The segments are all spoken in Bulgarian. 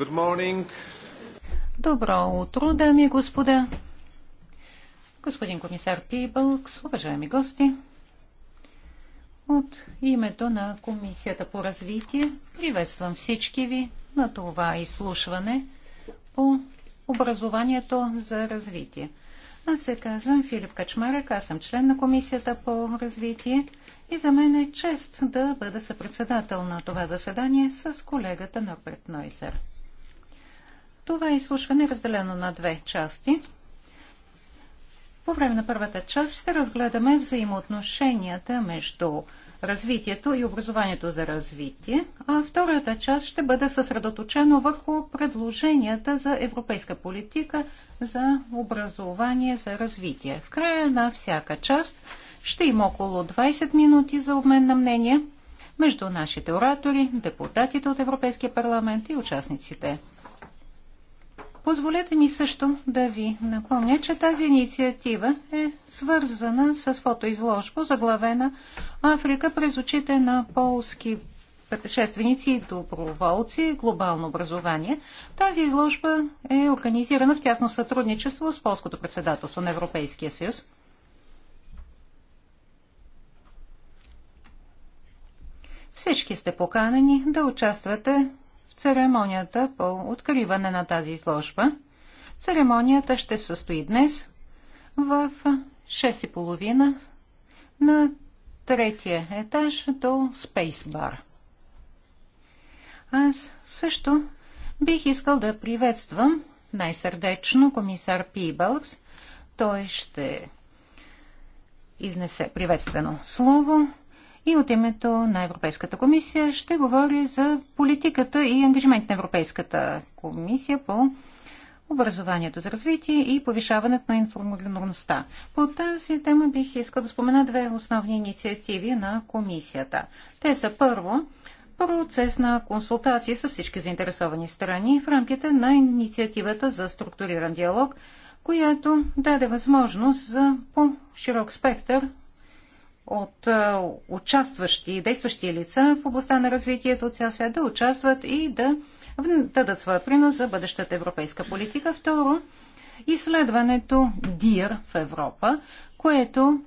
Good morning. Добро утро, дами и господа. Господин комисар Пибълкс, уважаеми гости. От името на Комисията по развитие приветствам всички ви на това изслушване по образованието за развитие. Аз се казвам Филип Качмарък, аз съм член на Комисията по развитие и за мен е чест да бъда съпредседател на това заседание с колегата Норберт Нойсер. Това е изслушване разделено на две части. По време на първата част ще разгледаме взаимоотношенията между развитието и образованието за развитие, а втората част ще бъде съсредоточено върху предложенията за европейска политика за образование за развитие. В края на всяка част ще има около 20 минути за обмен на мнения между нашите оратори, депутатите от Европейския парламент и участниците Позволете ми също да ви напомня, че тази инициатива е свързана с фотоизложба, заглавена Африка през очите на полски пътешественици и доброволци, глобално образование. Тази изложба е организирана в тясно сътрудничество с Полското председателство на Европейския съюз. Всички сте поканени да участвате церемонията по откриване на тази изложба. Церемонията ще се състои днес в 6.30 на третия етаж до Bar. Аз също бих искал да приветствам най-сърдечно комисар Пибалкс. Той ще изнесе приветствено слово и от името на Европейската комисия ще говори за политиката и ангажимент на Европейската комисия по образованието за развитие и повишаването на информираността. По тази тема бих искал да спомена две основни инициативи на комисията. Те са първо процес на консултации с всички заинтересовани страни в рамките на инициативата за структуриран диалог, която даде възможност за по-широк спектър от участващи и действащи лица в областта на развитието от цял свят да участват и да дадат своя принос за бъдещата европейска политика. Второ, изследването ДИР в Европа, което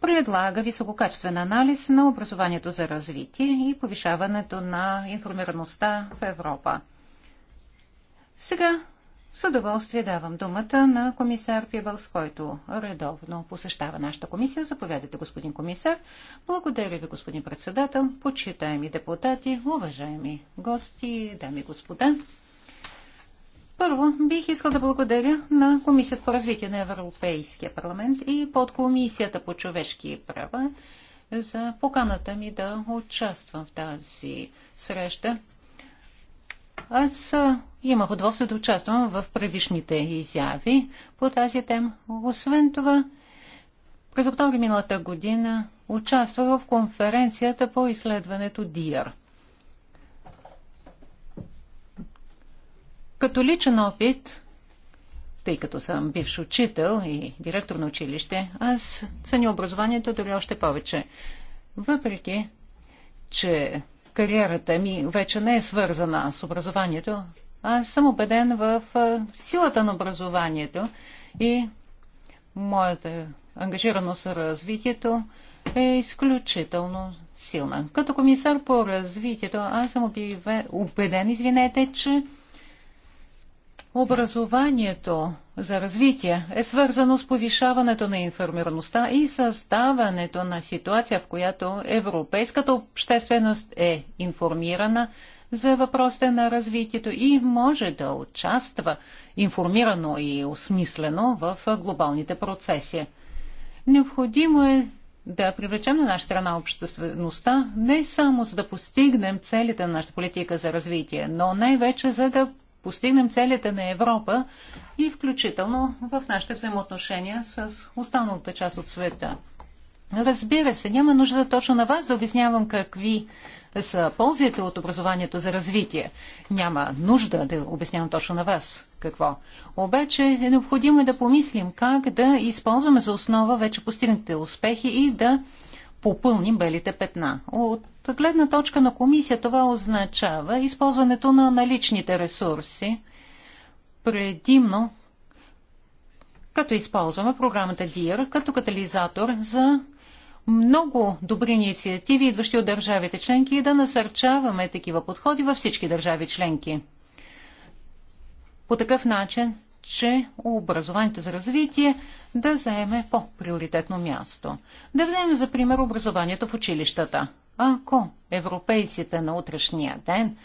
предлага висококачествен анализ на образованието за развитие и повишаването на информираността в Европа. Сега с удоволствие давам думата на комисар Пибълс, който редовно посещава нашата комисия. Заповядайте, господин комисар. Благодаря ви, господин председател, почитаеми депутати, уважаеми гости, дами и господа. Първо, бих искал да благодаря на Комисията по развитие на Европейския парламент и под Комисията по човешки права за поканата ми да участвам в тази среща. Аз имах удоволствие да участвам в предишните изяви по тази тема. Освен това, през октомври миналата година участвах в конференцията по изследването ДИАР. Като личен опит, тъй като съм бивш учител и директор на училище, аз ценя образованието дори още повече. Въпреки, че кариерата ми вече не е свързана с образованието. Аз съм убеден в силата на образованието и моята ангажираност за развитието е изключително силна. Като комисар по развитието, аз съм убеден, извинете, че образованието за развитие е свързано с повишаването на информираността и създаването на ситуация, в която европейската общественост е информирана за въпросите на развитието и може да участва информирано и осмислено в глобалните процеси. Необходимо е да привлечем на нашата страна обществеността не само за да постигнем целите на нашата политика за развитие, но най-вече за да постигнем целите на Европа и включително в нашите взаимоотношения с останалата част от света. Разбира се, няма нужда точно на вас да обяснявам какви са ползите от образованието за развитие. Няма нужда да обяснявам точно на вас какво. Обаче е необходимо да помислим как да използваме за основа вече постигнатите успехи и да попълним белите петна. От гледна точка на комисия това означава използването на наличните ресурси, предимно като използваме програмата DIR като катализатор за много добри инициативи, идващи от държавите членки и да насърчаваме такива подходи във всички държави членки. По такъв начин че образованието за развитие да заеме по-приоритетно място. Да вземем за пример образованието в училищата. Ако европейците на утрешния ден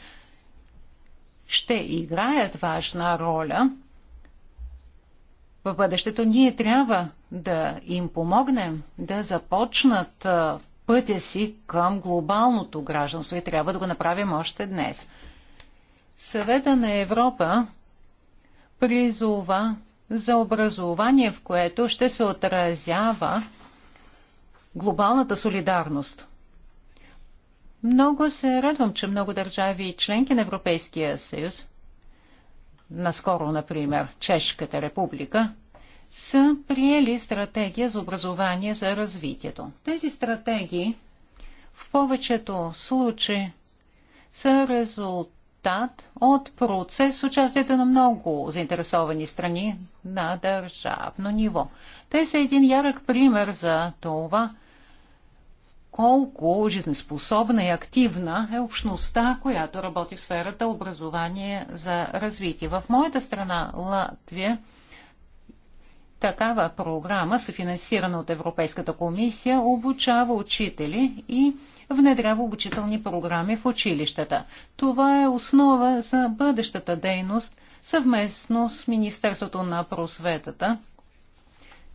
ще играят важна роля в бъдещето, ние трябва да им помогнем да започнат пътя си към глобалното гражданство и трябва да го направим още днес. Съвета на Европа призова за образование, в което ще се отразява глобалната солидарност. Много се радвам, че много държави и членки на Европейския съюз, наскоро, например, Чешката република, са приели стратегия за образование за развитието. Тези стратегии в повечето случаи са резултат резултат от процес с участието на много заинтересовани страни на държавно ниво. Те са един ярък пример за това, колко жизнеспособна и активна е общността, която работи в сферата образование за развитие. В моята страна, Латвия, такава програма, съфинансирана от Европейската комисия, обучава учители и внедрява обучителни програми в училищата. Това е основа за бъдещата дейност съвместно с Министерството на просветата.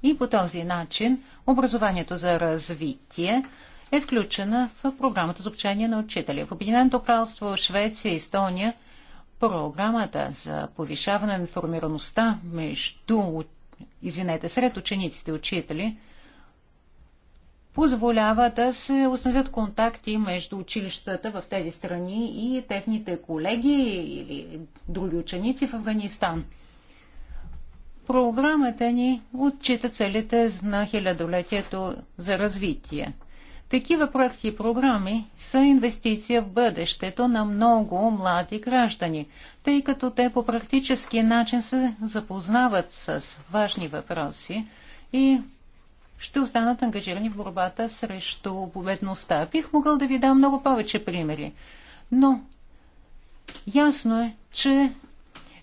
И по този начин образованието за развитие е включена в програмата за обучение на учители. В Обединеното кралство, Швеция и Естония програмата за повишаване на информираността между извинете, сред учениците и учители – позволява да се установят контакти между училищата в тези страни и техните колеги или други ученици в Афганистан. Програмата ни отчита целите на хилядолетието за развитие. Такива проекти и програми са инвестиция в бъдещето на много млади граждани, тъй като те по практически начин се запознават с важни въпроси и ще останат ангажирани в борбата срещу поведността. Бих могъл да ви дам много повече примери, но ясно е, че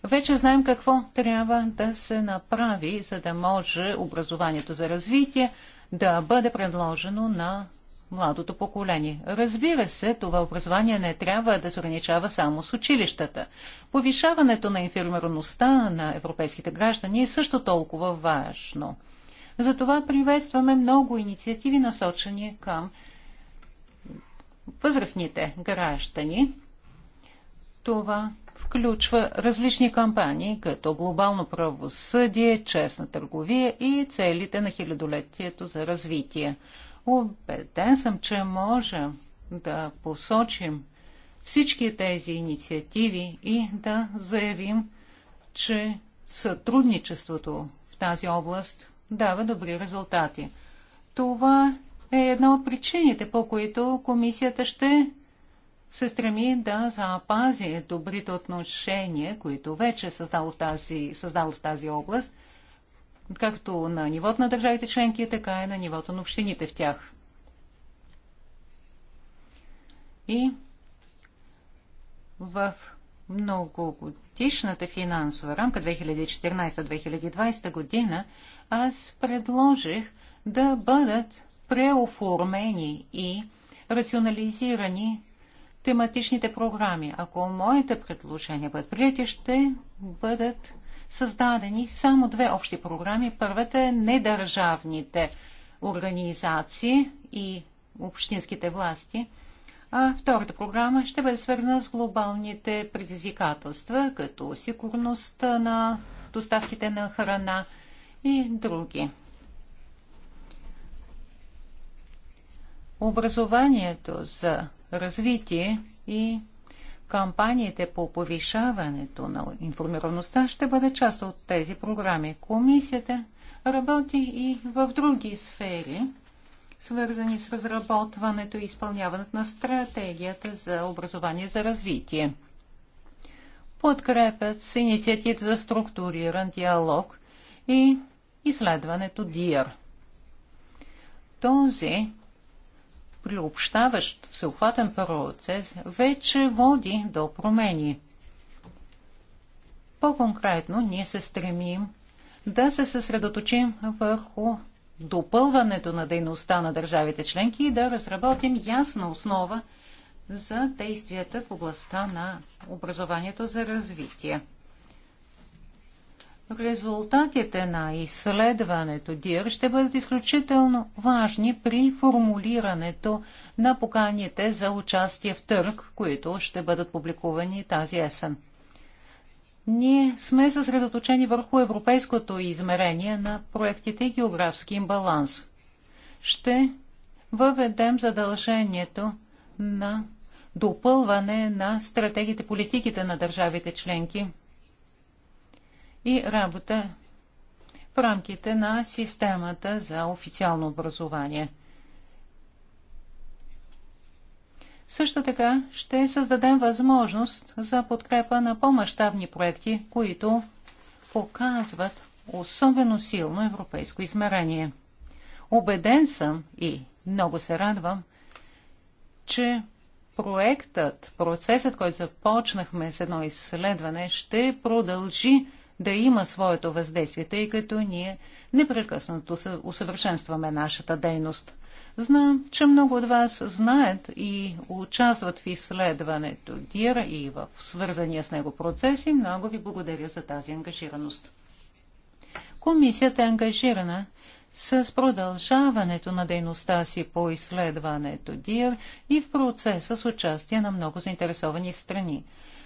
вече знаем какво трябва да се направи, за да може образованието за развитие да бъде предложено на младото поколение. Разбира се, това образование не трябва да се ограничава само с училищата. Повишаването на информираността на европейските граждани е също толкова важно – затова приветстваме много инициативи, насочени към възрастните граждани. Това включва различни кампании, като глобално правосъдие, честна търговия и целите на хилядолетието за развитие. Обеден съм, че можем да посочим всички тези инициативи и да заявим, че сътрудничеството в тази област дава добри резултати. Това е една от причините, по които комисията ще се стреми да запази добрите отношения, които вече е създал в тази, създал в тази област, както на нивото на държавите членки, така и на нивото на общините в тях. И в многогодишната финансова рамка 2014-2020 година, аз предложих да бъдат преоформени и рационализирани тематичните програми. Ако моите предложения бъдат прияти, ще бъдат създадени само две общи програми. Първата е недържавните организации и общинските власти – а втората програма ще бъде свързана с глобалните предизвикателства, като сигурността на доставките на храна и други. Образованието за развитие и кампаниите по повишаването на информираността ще бъде част от тези програми. Комисията работи и в други сфери свързани с разработването и изпълняването на стратегията за образование за развитие. Подкрепят с инициатив за структуриран диалог и изследването ДИР. Този приобщаващ всеохватен процес вече води до промени. По-конкретно ние се стремим да се съсредоточим върху допълването на дейността на държавите членки и да разработим ясна основа за действията в областта на образованието за развитие. Резултатите на изследването ДИР ще бъдат изключително важни при формулирането на поканите за участие в търг, които ще бъдат публикувани тази есен. Ние сме съсредоточени върху европейското измерение на проектите и географски баланс. Ще въведем задължението на допълване на стратегите, политиките на държавите членки и работа в рамките на системата за официално образование – Също така ще създадем възможност за подкрепа на по-масштабни проекти, които показват особено силно европейско измерение. Обеден съм и много се радвам, че проектът, процесът, който започнахме с едно изследване, ще продължи да има своето въздействие, тъй като ние непрекъснато усъвършенстваме нашата дейност. Знам, че много от вас знаят и участват в изследването ДИР и в свързания с него процеси. Много ви благодаря за тази ангажираност. Комисията е ангажирана с продължаването на дейността си по изследването ДИР и в процеса с участие на много заинтересовани страни.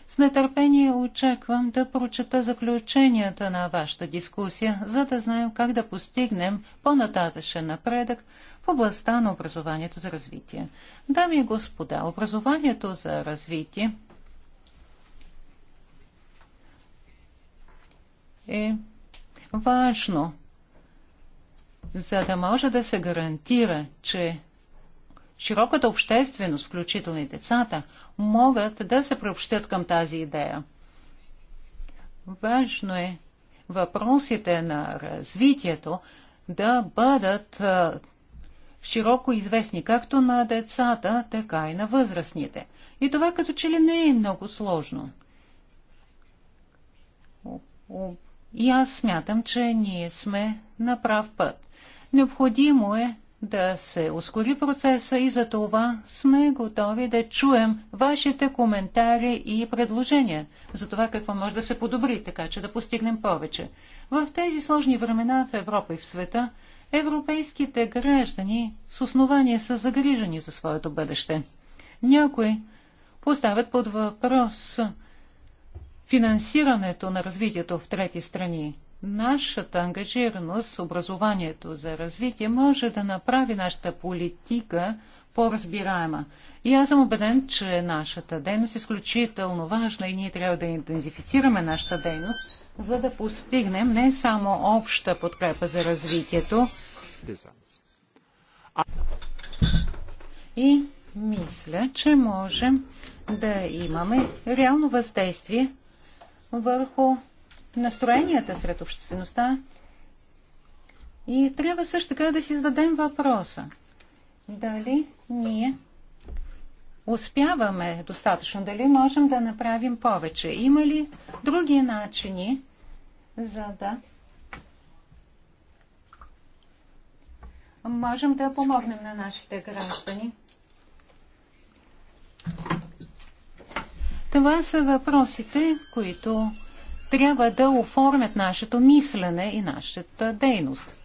С нетърпение очаквам да прочета заключенията на вашата дискусия, за да знаем как да постигнем по-нататъчен напредък – областта на образованието за развитие. Дами и господа, образованието за развитие е важно, за да може да се гарантира, че широката общественост, включително и децата, могат да се приобщат към тази идея. Важно е въпросите на развитието да бъдат широко известни както на децата, така и на възрастните. И това като че ли не е много сложно. И аз смятам, че ние сме на прав път. Необходимо е да се ускори процеса и за това сме готови да чуем вашите коментари и предложения за това какво може да се подобри, така че да постигнем повече. В тези сложни времена в Европа и в света – Европейските граждани с основание са загрижени за своето бъдеще. Някои поставят под въпрос финансирането на развитието в трети страни. Нашата ангажираност с образованието за развитие може да направи нашата политика по-разбираема. И аз съм убеден, че нашата дейност е изключително важна и ние трябва да интензифицираме нашата дейност за да постигнем не само обща подкрепа за развитието. И мисля, че можем да имаме реално въздействие върху настроенията сред обществеността. И трябва също така да си зададем въпроса. Дали ние успяваме достатъчно, дали можем да направим повече. Има ли други начини, за да можем да помогнем на нашите граждани? Това са въпросите, които трябва да оформят нашето мислене и нашата дейност.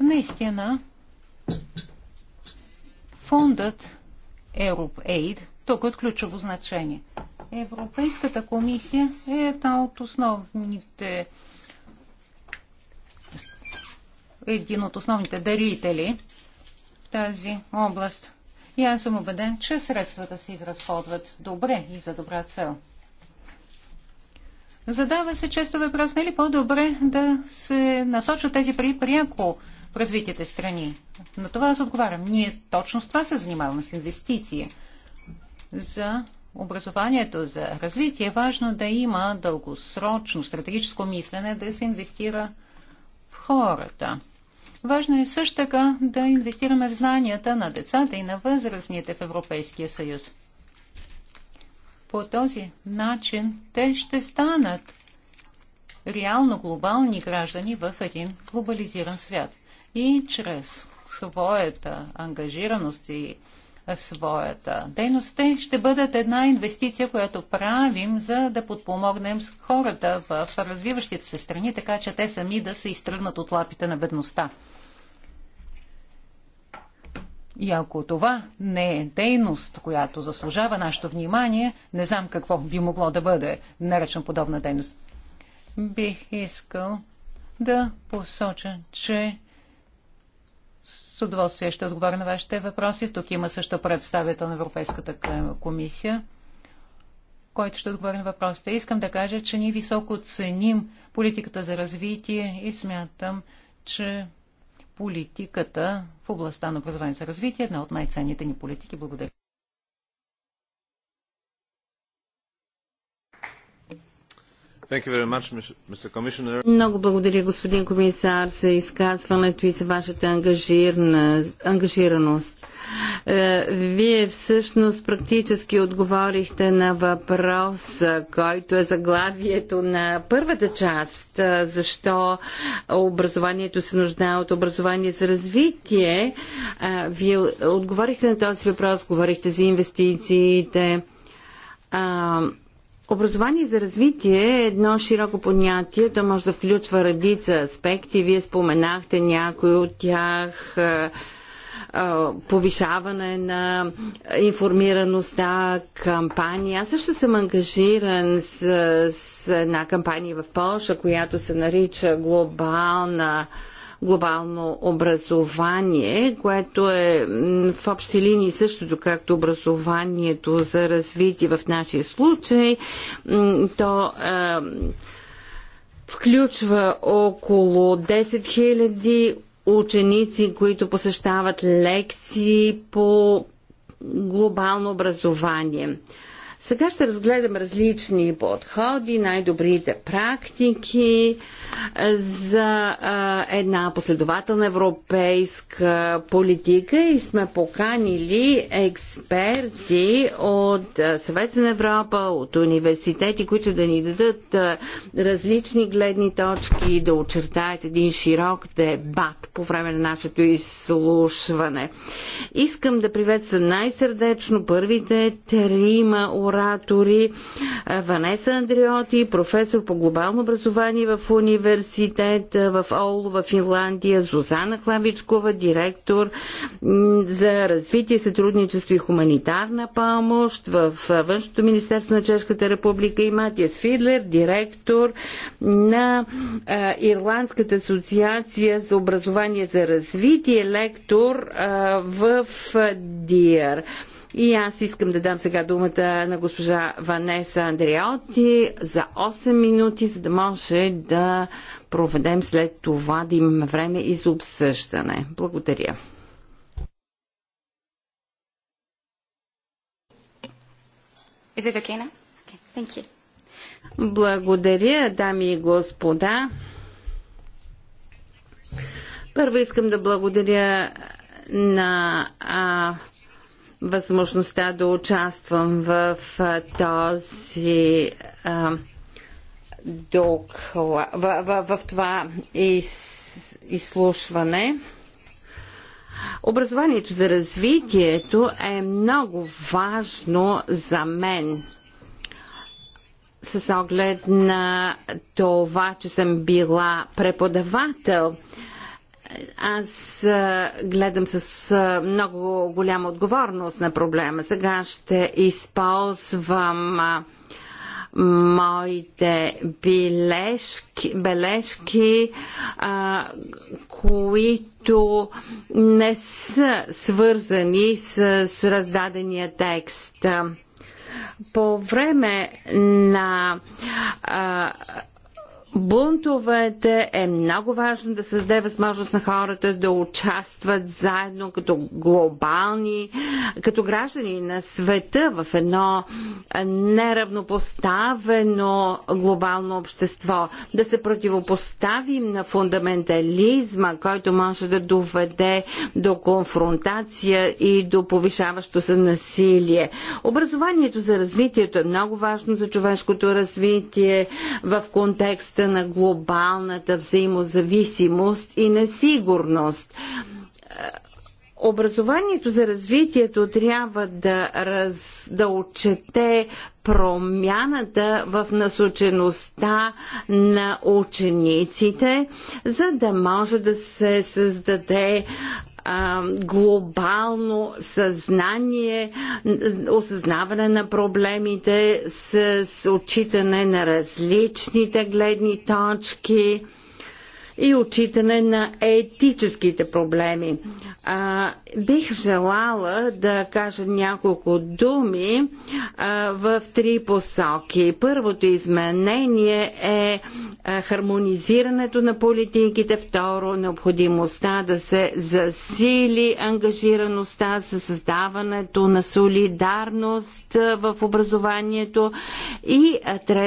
Наистина, фондът Europe Aid, тук е от ключово значение. Европейската комисия е една от основните един от основните дарители в тази област. И аз съм убеден, че средствата се изразходват добре и за добра цел. Задава се често въпрос, нали по-добре да се насочат тези пари пряко в развитите страни. На това аз отговарям. Ние точно с това се занимаваме с инвестиции. За образованието, за развитие е важно да има дългосрочно стратегическо мислене, да се инвестира в хората. Важно е също така да инвестираме в знанията на децата и на възрастните в Европейския съюз. По този начин те ще станат реално глобални граждани в един глобализиран свят и чрез своята ангажираност и своята дейност, те ще бъдат една инвестиция, която правим, за да подпомогнем хората в развиващите се страни, така че те сами да се изтръгнат от лапите на бедността. И ако това не е дейност, която заслужава нашето внимание, не знам какво би могло да бъде наречено подобна дейност. Бих искал да посоча, че с удоволствие ще отговоря на вашите въпроси. Тук има също представител на Европейската комисия, който ще отговори на въпросите. Искам да кажа, че ние високо ценим политиката за развитие и смятам, че политиката в областта на образование за развитие е една от най-ценните ни политики. Благодаря. Много благодаря, господин комисар, за изказването и за вашата ангажирна, ангажираност. Е, вие всъщност практически отговорихте на въпрос, който е заглавието на първата част. Е, защо образованието се нуждае от образование за развитие? Е, вие отговорихте на този въпрос, говорихте за инвестициите Образование за развитие е едно широко понятие. То може да включва редица аспекти. Вие споменахте някои от тях повишаване на информираността, кампания. Аз също съм ангажиран с, с една кампания в Польша, която се нарича глобална глобално образование, което е в общи линии същото както образованието за развитие в нашия случай. То е, включва около 10 000 ученици, които посещават лекции по глобално образование. Сега ще разгледам различни подходи, най-добрите практики за една последователна европейска политика и сме поканили експерти от Съвета на Европа, от университети, които да ни дадат различни гледни точки, да очертаят един широк дебат по време на нашето изслушване. Искам да приветствам най-сърдечно първите трима оратори е, Ванеса Андриоти, професор по глобално образование в университет е, в Оло, в Финландия, Зузана Хлавичкова, директор за развитие, сътрудничество и хуманитарна помощ в е, Външното министерство на Чешката република и Матия Сфидлер, директор на Ирландската асоциация за образование за развитие, лектор в ДИР. И аз искам да дам сега думата на госпожа Ванеса Андреоти за 8 минути, за да може да проведем след това да имаме време и за обсъждане. Благодаря. Is it okay now? Okay, thank you. Благодаря, дами и господа. Първо искам да благодаря на а, възможността да участвам в този докла, в, в, в, това изслушване. Образованието за развитието е много важно за мен с оглед на това, че съм била преподавател аз гледам с много голяма отговорност на проблема. Сега ще използвам моите бележки, бележки а, които не са свързани с, с раздадения текст. По време на а, бунтовете е много важно да се даде възможност на хората да участват заедно като глобални, като граждани на света в едно неравнопоставено глобално общество, да се противопоставим на фундаментализма, който може да доведе до конфронтация и до повишаващо се насилие. Образованието за развитието е много важно за човешкото развитие в контекста контекста на глобалната взаимозависимост и несигурност. Образованието за развитието трябва да, раз, да отчете промяната в насочеността на учениците, за да може да се създаде а, глобално съзнание, осъзнаване на проблемите с, с отчитане на различните гледни точки и отчитане на етическите проблеми. А, бих желала да кажа няколко думи а, в три посоки. Първото изменение е а, хармонизирането на политиките, второ необходимостта да се засили ангажираността за създаването на солидарност в образованието и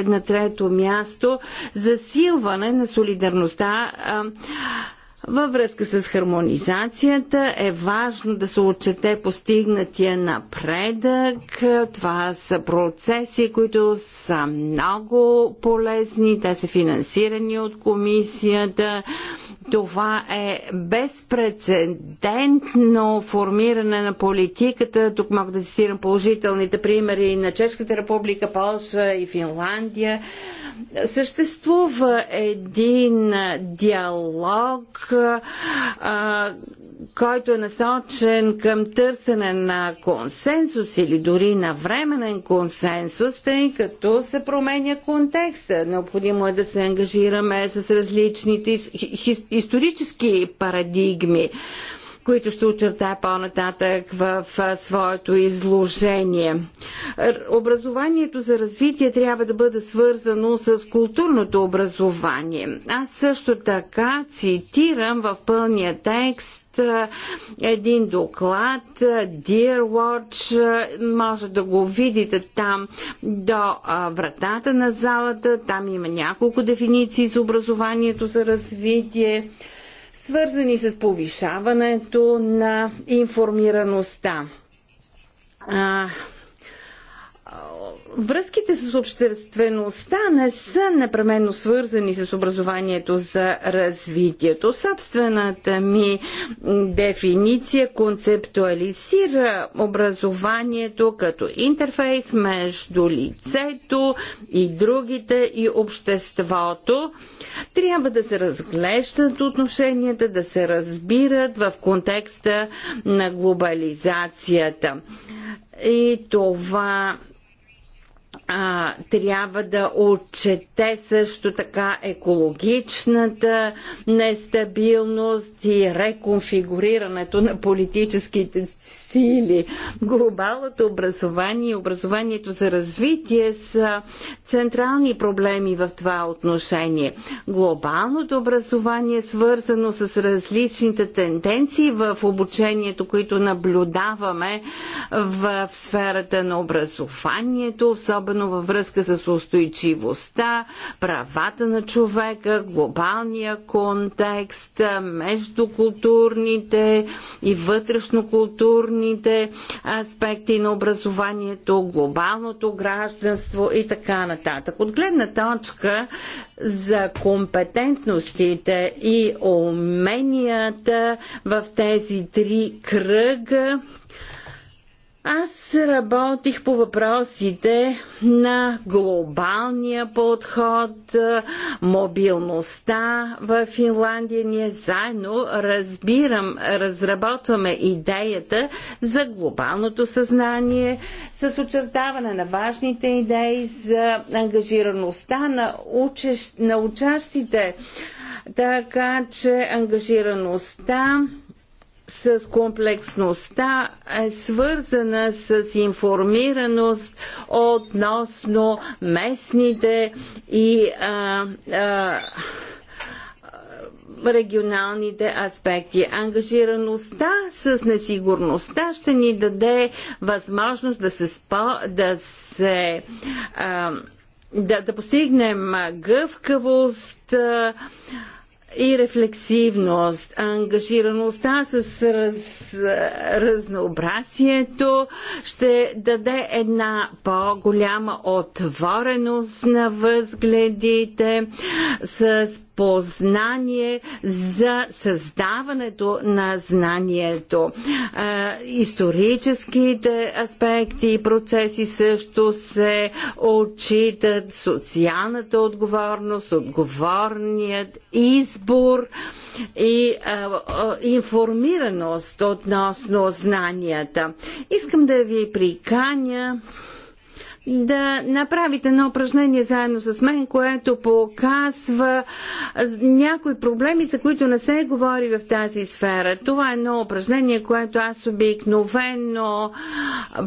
на трето място засилване на солидарността във връзка с хармонизацията е важно да се отчете постигнатия напредък. Това са процеси, които са много полезни. Те са финансирани от комисията. Това е безпредседентно формиране на политиката. Тук мога да цитирам положителните примери на Чешката република, Полша и Финландия съществува един диалог, а, който е насочен към търсене на консенсус или дори на временен консенсус, тъй като се променя контекста. Необходимо е да се ангажираме с различните исторически парадигми които ще очертая по-нататък в своето изложение. Образованието за развитие трябва да бъде свързано с културното образование. Аз също така цитирам в пълния текст един доклад, Dear Watch, може да го видите там до вратата на залата, там има няколко дефиниции за образованието за развитие свързани с повишаването на информираността връзките с обществеността не са непременно свързани с образованието за развитието. Собствената ми дефиниция концептуализира образованието като интерфейс между лицето и другите и обществото. Трябва да се разглеждат отношенията, да се разбират в контекста на глобализацията. И това а, трябва да отчете също така екологичната нестабилност и реконфигурирането на политическите сили. Глобалното образование и образованието за развитие са централни проблеми в това отношение. Глобалното образование е свързано с различните тенденции в обучението, които наблюдаваме в сферата на образованието, особено във връзка с устойчивостта, правата на човека, глобалния контекст, междукултурните и вътрешнокултурни социалните аспекти на образованието, глобалното гражданство и така нататък. От гледна точка за компетентностите и уменията в тези три кръга аз работих по въпросите на глобалния подход, мобилността в Финландия. Ние заедно разбирам, разработваме идеята за глобалното съзнание, с очертаване на важните идеи за ангажираността на, учещ, на учащите, така че ангажираността с комплексността е свързана с информираност относно местните и а, а, регионалните аспекти. Ангажираността с несигурността ще ни даде възможност да се, спа, да се а, да, да постигнем гъвкавост, и рефлексивност, ангажираността с раз, разнообразието ще даде една по-голяма отвореност на възгледите с познание за създаването на знанието. Историческите аспекти и процеси също се отчитат, социалната отговорност, отговорният избор и информираност относно знанията. Искам да ви приканя да направите едно упражнение заедно с мен, което показва някои проблеми, за които не се говори в тази сфера. Това е едно упражнение, което аз обикновено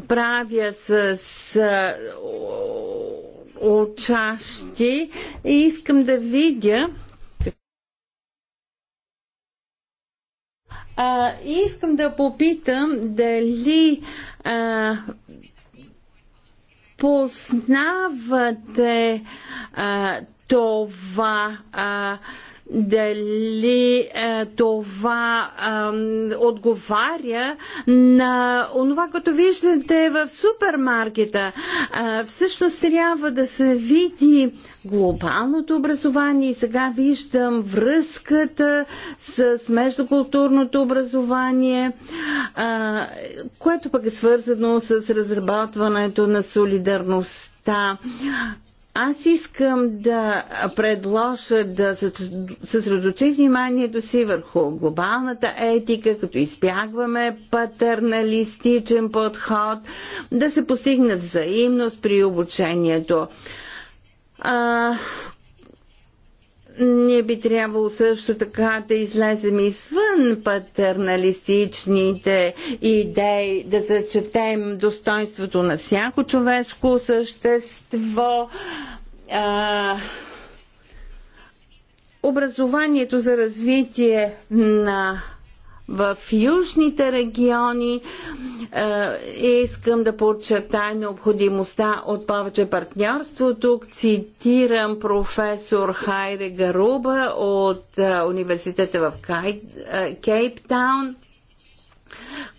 правя с, учащи и искам да видя а, искам да попитам дали а, познавате а, това а, дали е, това е, отговаря на онова, което виждате в супермаркета. Е, всъщност трябва да се види глобалното образование и сега виждам връзката с междукултурното образование, е, което пък е свързано с разработването на солидарността аз искам да предложа да съсредочи вниманието си върху глобалната етика, като избягваме патерналистичен подход, да се постигне взаимност при обучението. А, ние би трябвало също така да излезем извън патерналистичните идеи, да зачетем достоинството на всяко човешко същество. А, образованието за развитие на в южните региони. Е, искам да подчертая необходимостта от повече партньорство. Тук цитирам професор Хайре Гаруба от е, университета в Кай, е, Кейптаун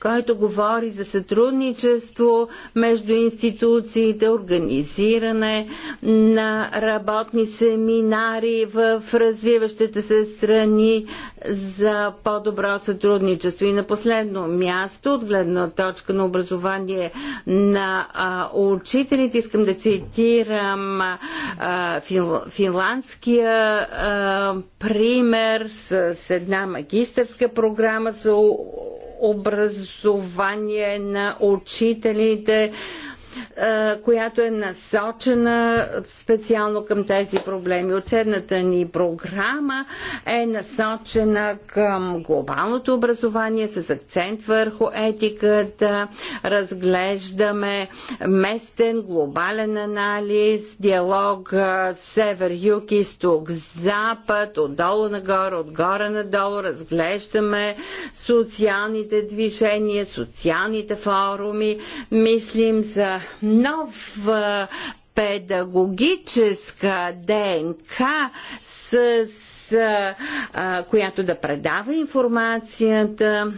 който говори за сътрудничество между институциите, организиране на работни семинари в развиващите се страни за по-добро сътрудничество. И на последно място, от гледна точка на образование на а, учителите, искам да цитирам а, фин, финландския а, пример с, с една магистърска програма за образование на учителите, която е насочена специално към тези проблеми. Учебната ни програма е насочена към глобалното образование с акцент върху етиката. Разглеждаме местен глобален анализ, диалог север-юг, изток-запад, отдолу нагоре, отгоре надолу. Разглеждаме социалните движения, социалните форуми. Мислим за нов педагогическа ДНК, с, с а, която да предава информацията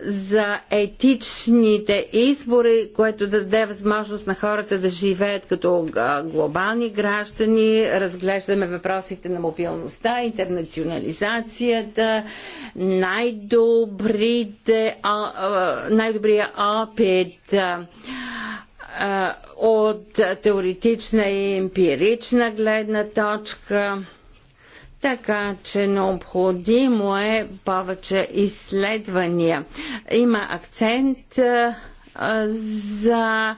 за етичните избори, което да даде възможност на хората да живеят като глобални граждани. Разглеждаме въпросите на мобилността, интернационализацията, най добрите най опит от теоретична и емпирична гледна точка. Така че необходимо е повече изследвания. Има акцент за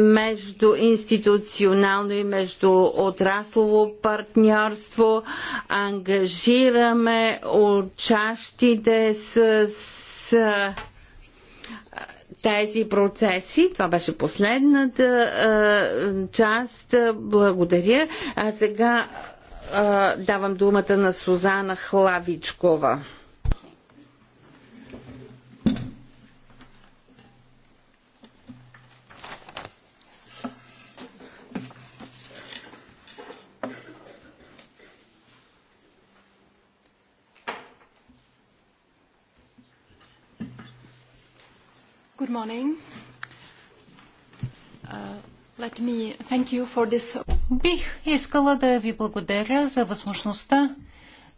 между институционално и между отраслово партньорство. Ангажираме учащите с, с тези процеси. Това беше последната част. Благодаря. А сега давам думата на Сузана Хлавичкова. Good morning. Uh, let me thank you for this. Бих искала да ви благодаря за възможността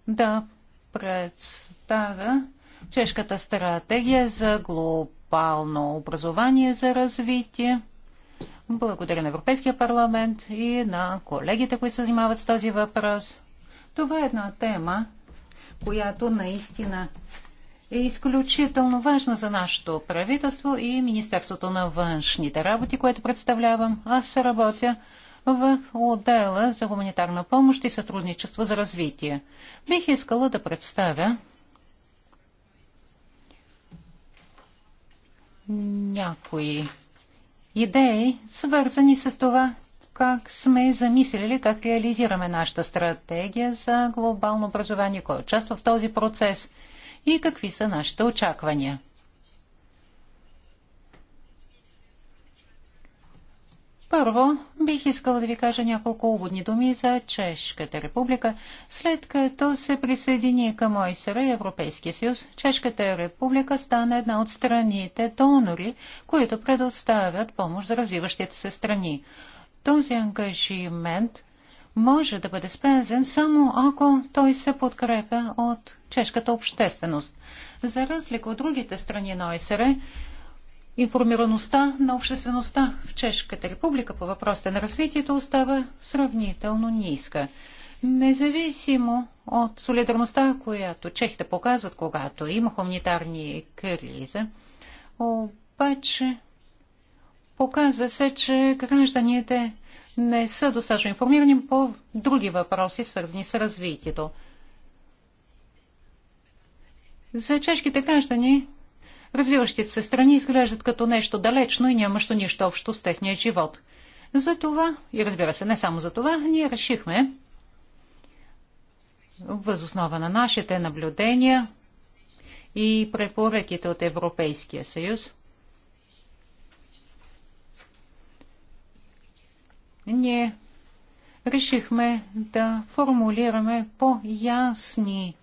да представя чешката стратегия за глобално образование за развитие. Благодаря на Европейския парламент и на колегите, които се занимават с този въпрос. Това е една тема, която наистина е изключително важна за нашето правителство и Министерството на външните работи, което представлявам. Аз работя в отдела за хуманитарна помощ и сътрудничество за развитие. Бих искала да представя някои идеи, свързани с това, как сме замислили, как реализираме нашата стратегия за глобално образование, кой участва в този процес – и какви са нашите очаквания. Първо, бих искала да ви кажа няколко уводни думи за Чешката република. След като се присъедини към ОИСР и Европейския съюз, Чешката република стана една от страните донори, които предоставят помощ за развиващите се страни. Този ангажимент може да бъде спазен само ако той се подкрепя от чешката общественост. За разлика от другите страни на ОСР, информираността на обществеността в Чешката република по въпросите на развитието остава сравнително ниска. Независимо от солидарността, която чехите показват, когато има хуманитарни кризи, обаче показва се, че гражданите не са достатъчно информирани по други въпроси, свързани с развитието. За чешките граждани развиващите се страни изглеждат като нещо далечно и нямащо нищо общо с техния живот. За това, и разбира се, не само за това, ние решихме възоснова на нашите наблюдения и препоръките от Европейския съюз – ние решихме да формулираме по-ясни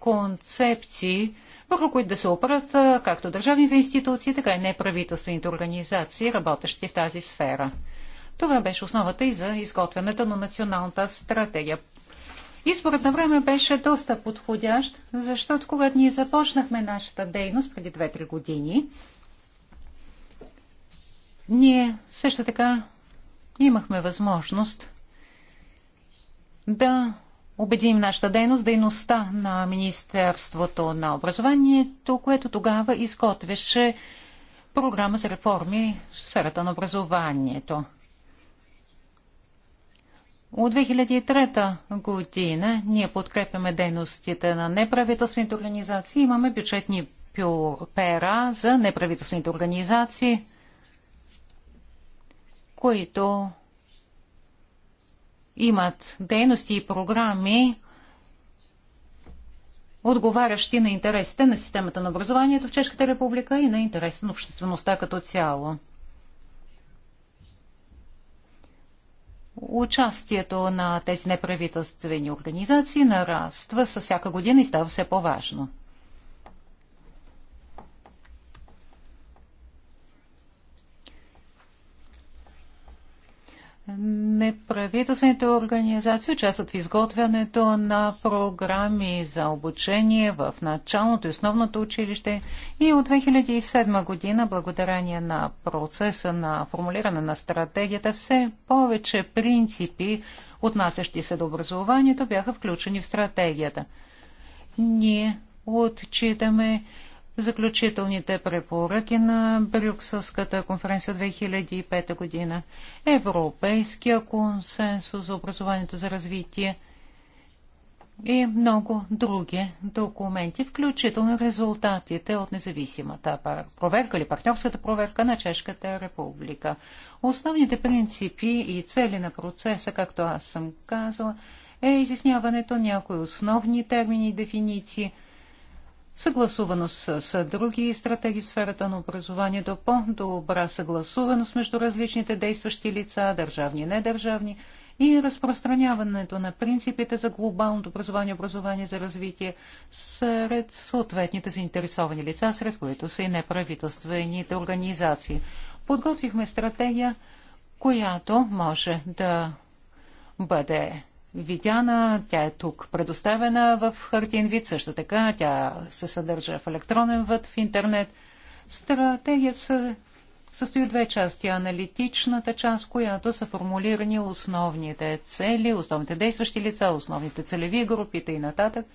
концепции, върху които да се опрат както държавните институции, така и неправителствените организации, работещи в тази сфера. Това беше основата и за изготвянето на националната стратегия. Изборът на време беше доста подходящ, защото когато ние започнахме нашата дейност преди 2-3 години, ние също така имахме възможност да убедим нашата дейност, дейността на Министерството на образованието, което тогава изготвяше програма за реформи в сферата на образованието. От 2003 година ние подкрепяме дейностите на неправителствените организации. Имаме бюджетни пера за неправителствените организации – които имат дейности и програми, отговарящи на интересите на системата на образованието в Чешката република и на интересите на обществеността като цяло. Участието на тези неправителствени организации нараства със всяка година и става все по-важно. Неправителствените организации участват в изготвянето на програми за обучение в началното и основното училище и от 2007 година, благодарение на процеса на формулиране на стратегията, все повече принципи, отнасящи се до образованието, бяха включени в стратегията. Ние отчитаме заключителните препоръки на Брюкселската конференция от 2005 година, Европейския консенсус за образованието за развитие и много други документи, включително резултатите от независимата проверка или партньорската проверка на Чешката република. Основните принципи и цели на процеса, както аз съм казала, е изясняването някои основни термини и дефиниции – съгласувано с, с други стратегии в сферата на образованието, по-добра съгласуваност между различните действащи лица, държавни и недържавни, и разпространяването на принципите за глобалното образование и образование за развитие сред съответните заинтересовани лица, сред които са и неправителствените организации. Подготвихме стратегия, която може да бъде видяна, тя е тук предоставена в хартиен вид, също така тя се съдържа в електронен вид, в интернет. Стратегията се състои от две части. Аналитичната част, в която са формулирани основните цели, основните действащи лица, основните целеви групи и нататък.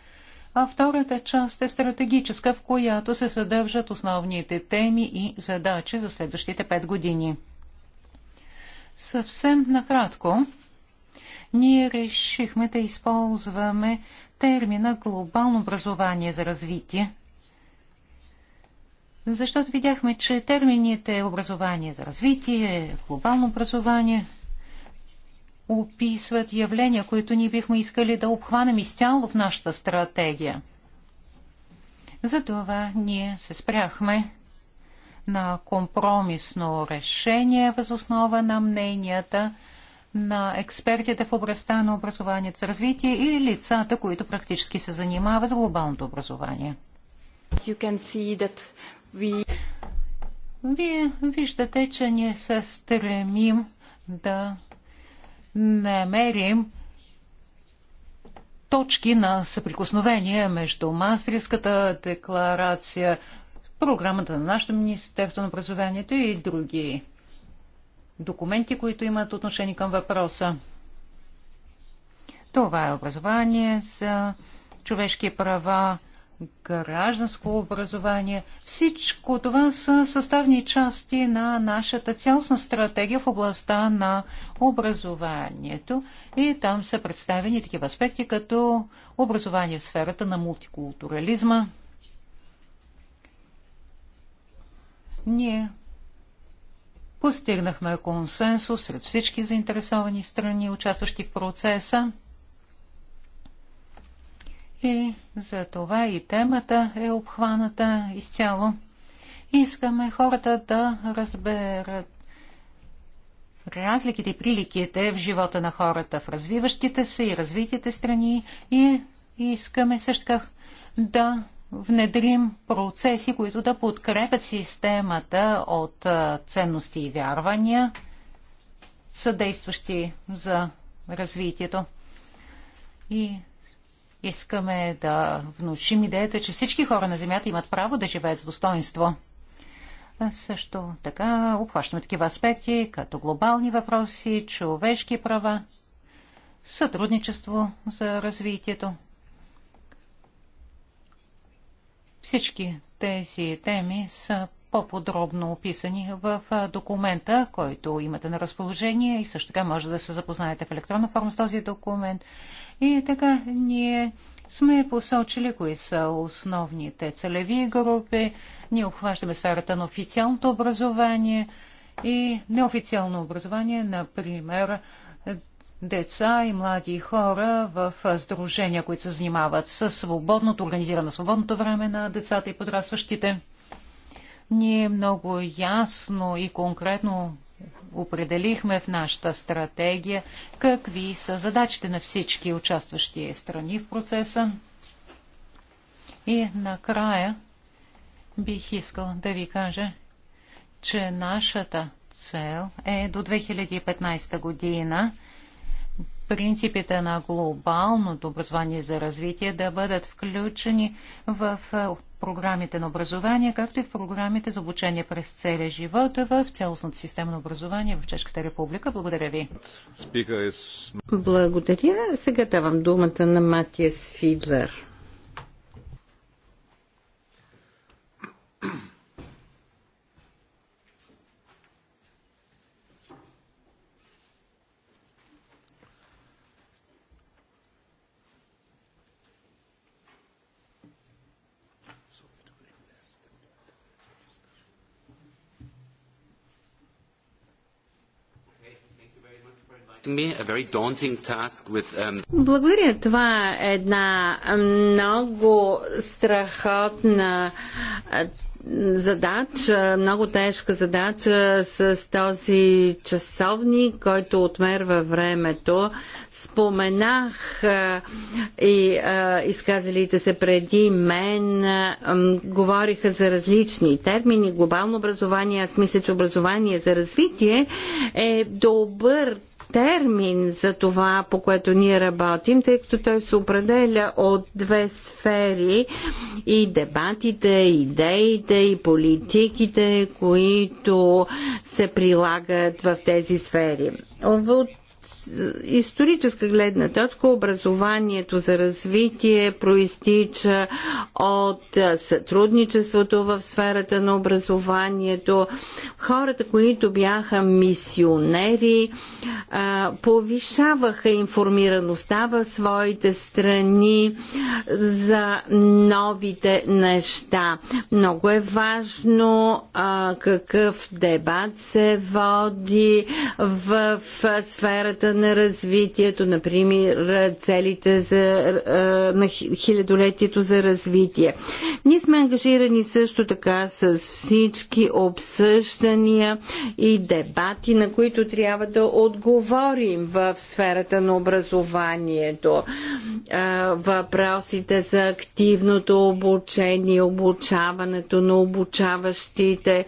А втората част е стратегическа, в която се съдържат основните теми и задачи за следващите пет години. Съвсем накратко, ние решихме да използваме термина глобално образование за развитие, защото видяхме, че термините образование за развитие, глобално образование описват явления, които ние бихме искали да обхванем изцяло в нашата стратегия. Затова ние се спряхме на компромисно решение възоснова на мненията на експертите в областта на образованието за развитие и лицата, които практически се занимават с глобалното образование. We... Вие виждате, че ние се стремим да намерим точки на съприкосновение между Мастриската декларация, програмата на нашето Министерство на образованието и други документи, които имат отношение към въпроса. Това е образование за човешки права, гражданско образование. Всичко това са съставни части на нашата цялостна стратегия в областта на образованието. И там са представени такива аспекти, като образование в сферата на мултикултурализма. Ние Постигнахме консенсус сред всички заинтересовани страни, участващи в процеса. И за това и темата е обхваната изцяло. Искаме хората да разберат разликите и приликите в живота на хората в развиващите се и развитите страни и искаме също така да внедрим процеси, които да подкрепят системата от ценности и вярвания, съдействащи за развитието. И искаме да внушим идеята, че всички хора на Земята имат право да живеят с достоинство. А също така обхващаме такива аспекти, като глобални въпроси, човешки права, сътрудничество за развитието, Всички тези теми са по-подробно описани в документа, който имате на разположение и също така може да се запознаете в електронна форма с този документ. И така, ние сме посочили кои са основните целеви групи. Ние обхващаме сферата на официалното образование и неофициално образование, например, деца и млади хора в сдружения, които се занимават с свободното, организирано свободното време на децата и подрастващите. Ние много ясно и конкретно определихме в нашата стратегия какви са задачите на всички участващи страни в процеса. И накрая бих искал да ви кажа, че нашата цел е до 2015 година принципите на глобалното образование за развитие да бъдат включени в програмите на образование, както и в програмите за обучение през целия живот в цялостната система на образование в Чешката република. Благодаря ви. Благодаря. Сега давам думата на Матия Сфидлер. Um, Благодаря. Това е една много страхотна задача, много тежка задача с този часовник, който отмерва времето. Споменах и изказалите се преди мен, говориха за различни термини. Глобално образование, аз мисля, че образование за развитие е добър термин за това, по което ние работим, тъй като той се определя от две сфери и дебатите, идеите и политиките, които се прилагат в тези сфери. От историческа гледна точка образованието за развитие проистича от сътрудничеството в сферата на образованието. Хората, които бяха мисионери, повишаваха информираността в своите страни за новите неща. Много е важно какъв дебат се води в сферата на развитието, например целите за, на хилядолетието за развитие. Ние сме ангажирани също така с всички обсъждания и дебати, на които трябва да отговорим в сферата на образованието. Въпросите за активното обучение, обучаването на обучаващите.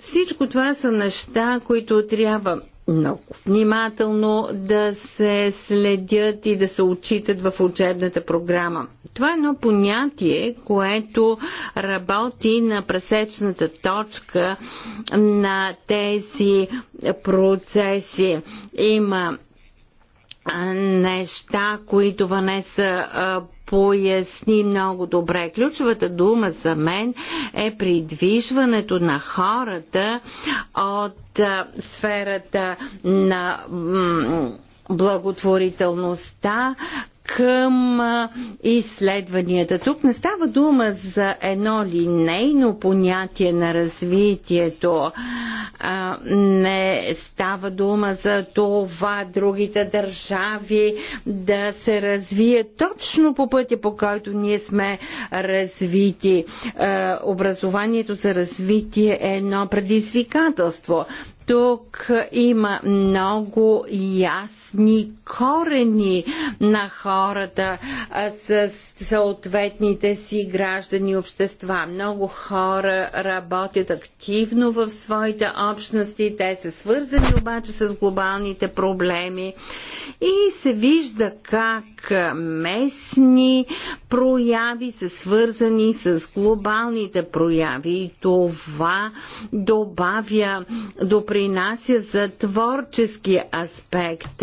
Всичко това са неща, които трябва много внимателно да се следят и да се отчитат в учебната програма. Това е едно понятие, което работи на пресечната точка на тези процеси. Има неща, които Ванеса а, поясни много добре. Ключовата дума за мен е придвижването на хората от а, сферата на благотворителността към изследванията. Тук не става дума за едно линейно понятие на развитието. А, не става дума за това другите държави да се развият точно по пътя, по който ние сме развити. А, образованието за развитие е едно предизвикателство. Тук има много ясно десни корени на хората с съответните си граждани общества. Много хора работят активно в своите общности, те са свързани обаче с глобалните проблеми и се вижда как местни прояви са свързани с глобалните прояви и това добавя, допринася за творчески аспект.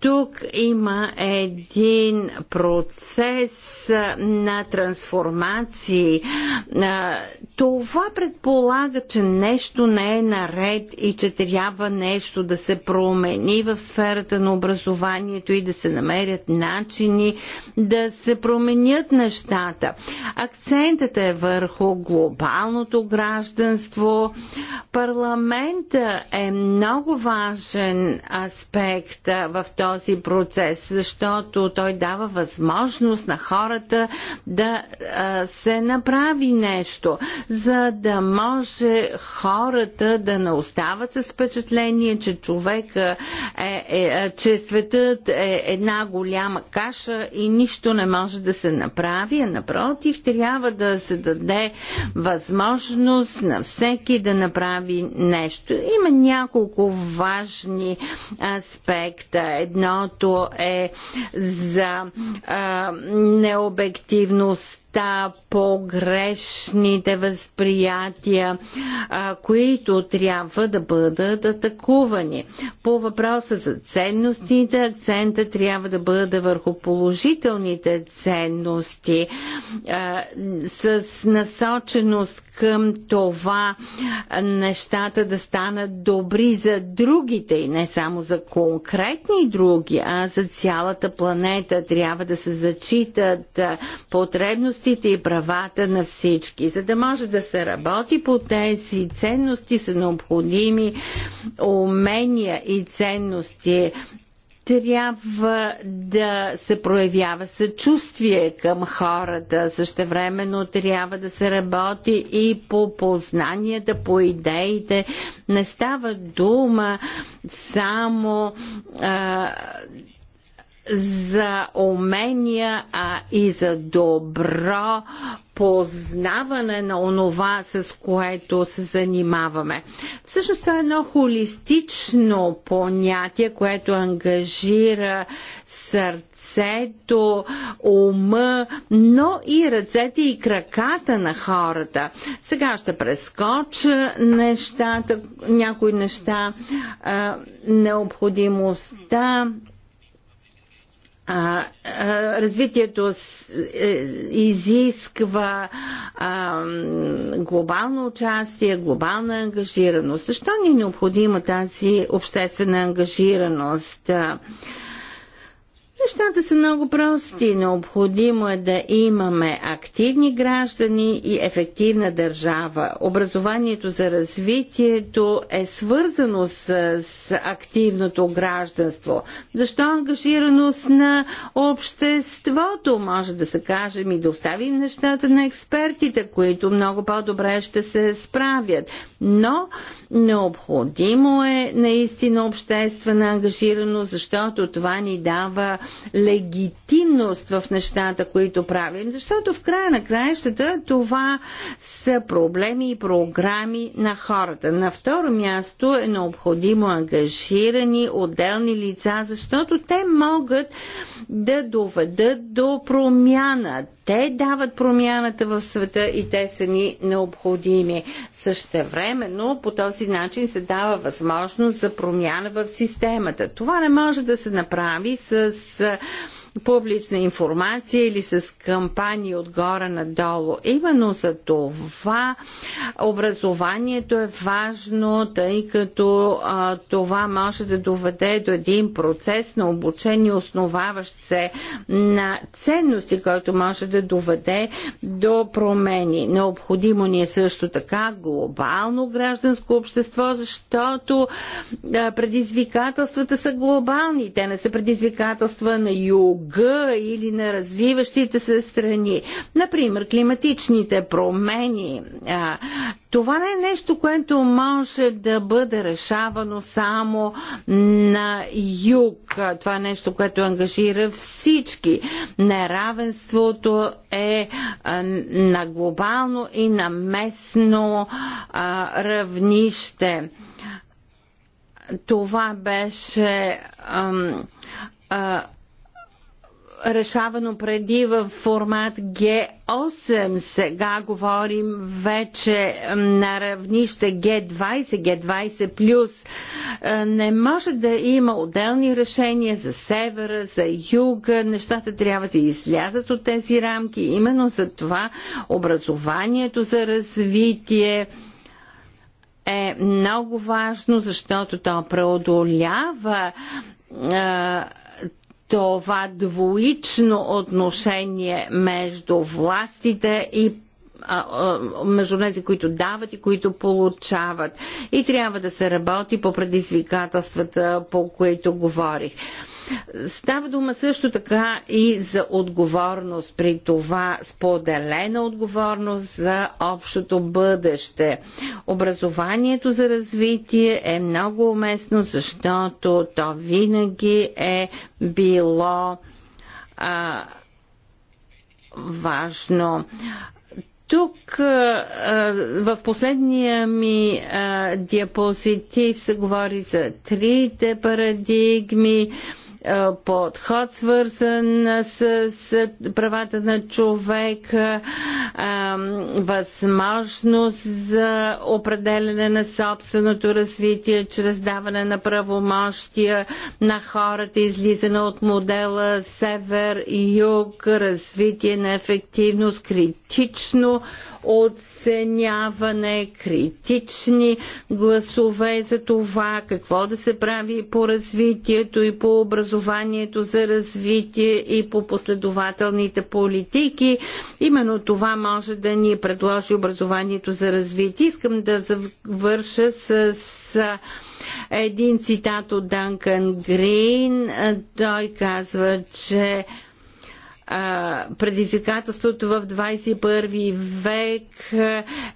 Тук има един процес на трансформации. Това предполага, че нещо не е наред и че трябва нещо да се промени в сферата на образованието и да се намерят начини да се променят нещата. Акцентът е върху глобалното гражданство. Парламента е много важен аспект в този този процес, защото той дава възможност на хората да се направи нещо, за да може хората да не остават с впечатление, че човека е, е, че светът е една голяма каша и нищо не може да се направи, а напротив, трябва да се даде възможност на всеки да направи нещо. Има няколко важни аспекта. едно. Едното е за а, необективност неща, погрешните възприятия, а, които трябва да бъдат атакувани. По въпроса за ценностите, акцента трябва да бъде върху положителните ценности а, с насоченост към това нещата да станат добри за другите и не само за конкретни други, а за цялата планета. Трябва да се зачитат потребности ценностите и правата на всички. За да може да се работи по тези ценности са необходими умения и ценности трябва да се проявява съчувствие към хората. Същевременно трябва да се работи и по познанията, по идеите. Не става дума само а, за умения, а и за добро познаване на онова, с което се занимаваме. Всъщност това е едно холистично понятие, което ангажира сърцето, ума, но и ръцете и краката на хората. Сега ще прескоча нещата, някои неща, необходимостта а, а, развитието с, е, изисква а, глобално участие, глобална ангажираност. Защо ни е необходима тази обществена ангажираност? А, Нещата са много прости. Необходимо е да имаме активни граждани и ефективна държава. Образованието за развитието е свързано с, с активното гражданство. Защо ангажираност на обществото? Може да се кажем и да оставим нещата на експертите, които много по-добре ще се справят. Но необходимо е наистина обществена ангажираност, защото това ни дава легитимност в нещата, които правим, защото в края на краищата това са проблеми и програми на хората. На второ място е необходимо ангажирани отделни лица, защото те могат да доведат до промяна те дават промяната в света и те са ни необходими. Същевременно по този начин се дава възможност за промяна в системата. Това не може да се направи с публична информация или с кампании отгоре надолу. Именно за това образованието е важно, тъй като а, това може да доведе до един процес на обучение, основаващ се на ценности, който може да доведе до промени. Необходимо ни е също така глобално гражданско общество, защото а, предизвикателствата са глобални. Те не са предизвикателства на юг юга или на развиващите се страни. Например, климатичните промени. Това не е нещо, което може да бъде решавано само на юг. Това е нещо, което ангажира всички. Неравенството е на глобално и на местно равнище. Това беше. А, а, решавано преди в формат G8. Сега говорим вече на равнище G20, G20+. Е, не може да има отделни решения за севера, за юга. Нещата трябва да излязат от тези рамки. Именно за това образованието за развитие е много важно, защото то преодолява е, това двоично отношение между властите и между тези, които дават и които получават. И трябва да се работи по предизвикателствата, по които говорих. Става дума също така и за отговорност, при това споделена отговорност за общото бъдеще. Образованието за развитие е много уместно, защото то винаги е било а, важно. Тук в последния ми диапозитив се говори за трите парадигми, е, подход, свързан с, с правата на човека, е, възможност за определене на собственото развитие чрез даване на правомощия на хората, излизане от модела север-юг, развитие на ефективност, критично оценяване, критични гласове за това какво да се прави по развитието и по образованието за развитие и по последователните политики. Именно това може да ни предложи образованието за развитие. Искам да завърша с един цитат от Данкан Грин. Той казва, че предизвикателството в 21 век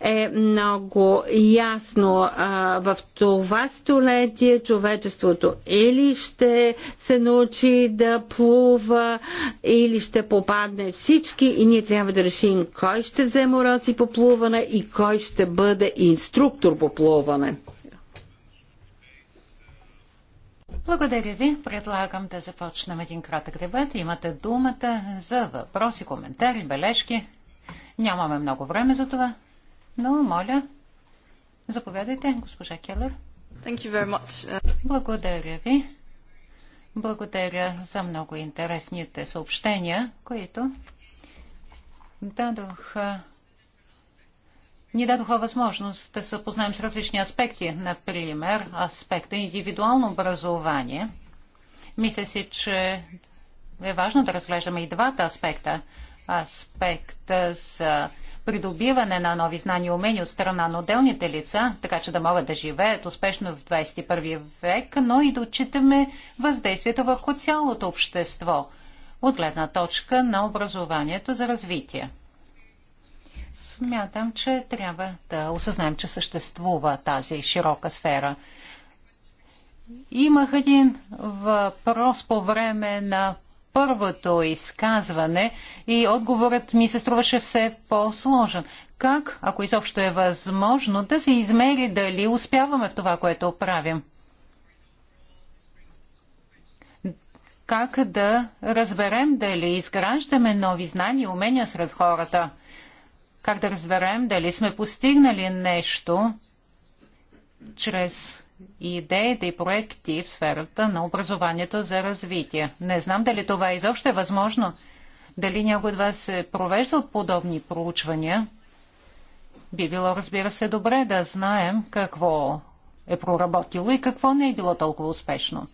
е много ясно. А, в това столетие човечеството или ще се научи да плува, или ще попадне всички и ние трябва да решим кой ще вземе уроци по плуване и кой ще бъде инструктор по плуване. Благодаря ви. Предлагам да започнем един кратък дебат. Имате думата за въпроси, коментари, бележки. Нямаме много време за това, но моля, заповядайте, госпожа Келър. Благодаря ви. Благодаря за много интересните съобщения, които дадоха ни дадоха възможност да се познаем с различни аспекти, например аспекта индивидуално образование. Мисля си, че е важно да разглеждаме и двата аспекта. Аспекта за придобиване на нови знания и умения от страна на отделните лица, така че да могат да живеят успешно в 21 век, но и да отчитаме въздействието върху цялото общество от гледна точка на образованието за развитие. Смятам, че трябва да осъзнаем, че съществува тази широка сфера. Имах един въпрос по време на първото изказване и отговорът ми се струваше все по-сложен. Как, ако изобщо е възможно, да се измери дали успяваме в това, което правим? Как да разберем дали изграждаме нови знания и умения сред хората? как да разберем дали сме постигнали нещо чрез идеите и проекти в сферата на образованието за развитие. Не знам дали това изобщо е възможно, дали някой от вас е провеждал подобни проучвания. Би било, разбира се, добре да знаем какво е проработило и какво не е било толкова успешно.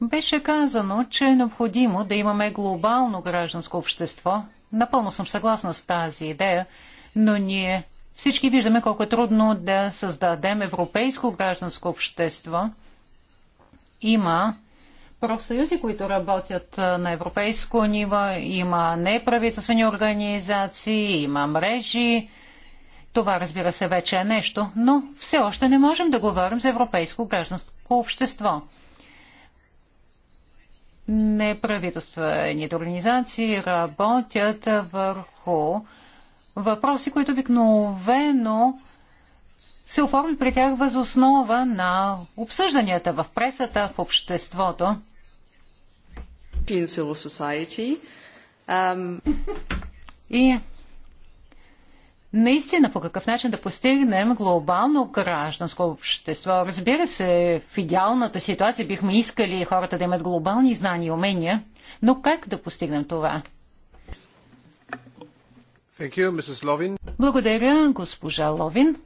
Беше казано, че е необходимо да имаме глобално гражданско общество, Напълно съм съгласна с тази идея, но ние всички виждаме колко е трудно да създадем европейско гражданско общество. Има профсъюзи, които работят на европейско ниво, има неправителствени организации, има мрежи. Това, разбира се, вече е нещо, но все още не можем да говорим за европейско гражданско общество неправителствените организации работят върху въпроси, които обикновено се оформят при тях въз основа на обсъжданията в пресата, в обществото. Um, И наистина по какъв начин да постигнем глобално гражданско общество. Разбира се, в идеалната ситуация бихме искали хората да имат глобални знания и умения, но как да постигнем това? You, Благодаря, госпожа Ловин.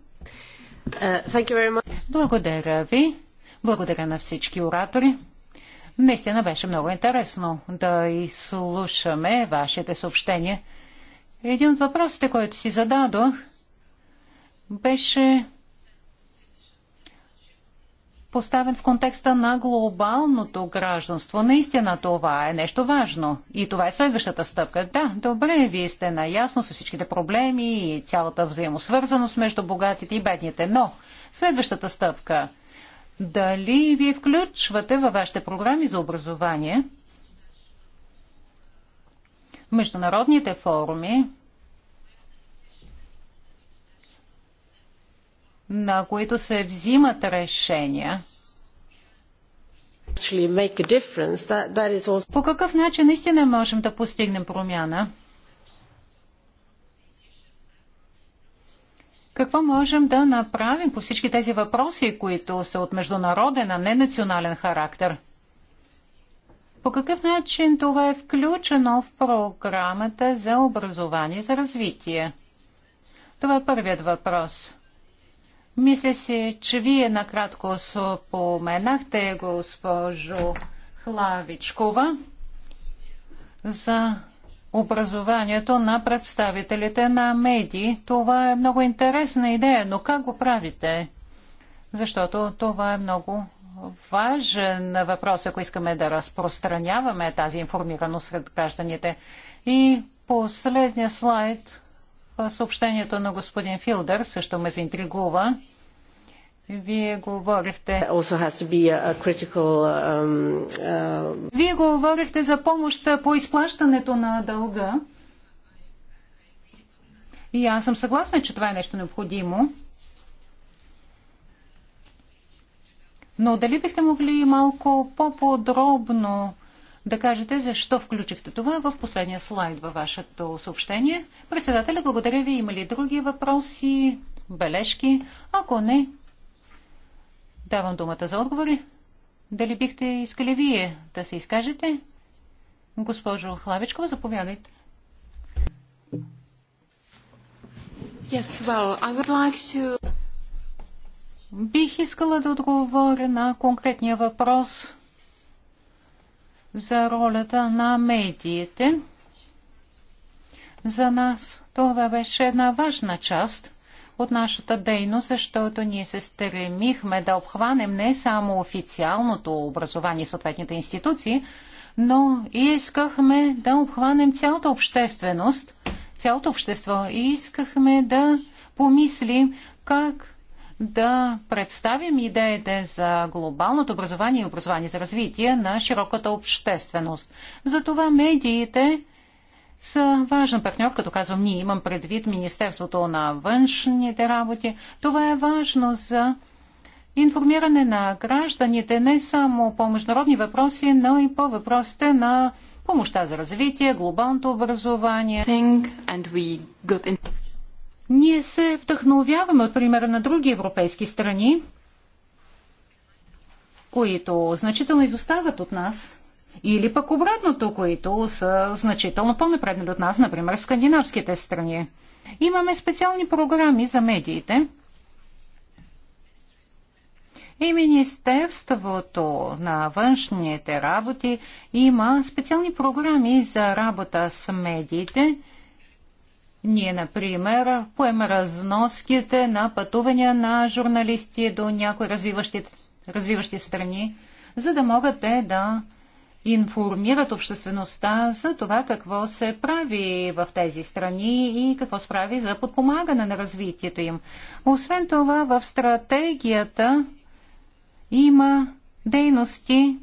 Uh, Благодаря ви. Благодаря на всички оратори. Наистина беше много интересно да изслушаме вашите съобщения. Един от въпросите, който си зададох, беше поставен в контекста на глобалното гражданство. Наистина това е нещо важно. И това е следващата стъпка. Да, добре, вие сте наясно с всичките проблеми и цялата взаимосвързаност между богатите и бедните. Но следващата стъпка. Дали вие включвате във вашите програми за образование – международните форуми, на които се взимат решения, по какъв начин наистина можем да постигнем промяна? Какво можем да направим по всички тези въпроси, които са от международен, а не национален характер? По какъв начин това е включено в програмата за образование за развитие? Това е първият въпрос. Мисля си, че вие накратко споменахте, госпожо Хлавичкова, за образованието на представителите на медии. Това е много интересна идея, но как го правите? Защото това е много важен въпрос, ако искаме да разпространяваме тази информираност сред гражданите. И последния слайд, съобщението на господин Филдър, също ме заинтригува. Вие говорихте... Critical, uh, um, uh... Вие говорихте за помощ по изплащането на дълга. И аз съм съгласна, че това е нещо необходимо. Но дали бихте могли малко по-подробно да кажете защо включихте това в последния слайд във вашето съобщение? Председателя, благодаря ви. Има ли други въпроси, бележки? Ако не, давам думата за отговори. Дали бихте искали вие да се изкажете? Госпожо Хлавичкова, заповядайте. Yes, well, I would like to... Бих искала да отговоря на конкретния въпрос за ролята на медиите. За нас това беше една важна част от нашата дейност, защото ние се стремихме да обхванем не само официалното образование и съответните институции, но искахме да обхванем цялата общественост, цялото общество и искахме да помислим как да представим идеите за глобалното образование и образование за развитие на широката общественост. Затова медиите са важен партньор, като казвам ние, имам предвид Министерството на външните работи. Това е важно за информиране на гражданите не само по международни въпроси, но и по въпросите на помощта за развитие, глобалното образование. Ние се вдъхновяваме от примера на други европейски страни, които значително изостават от нас, или пък обратното, които са значително по-напреднали от нас, например скандинавските страни. Имаме специални програми за медиите и Министерството на външните работи има специални програми за работа с медиите – ние, например, поема разноските на пътувания на журналисти до някои развиващи, развиващи страни, за да могат те да информират обществеността за това какво се прави в тези страни и какво се прави за подпомагане на развитието им. Освен това, в стратегията има дейности,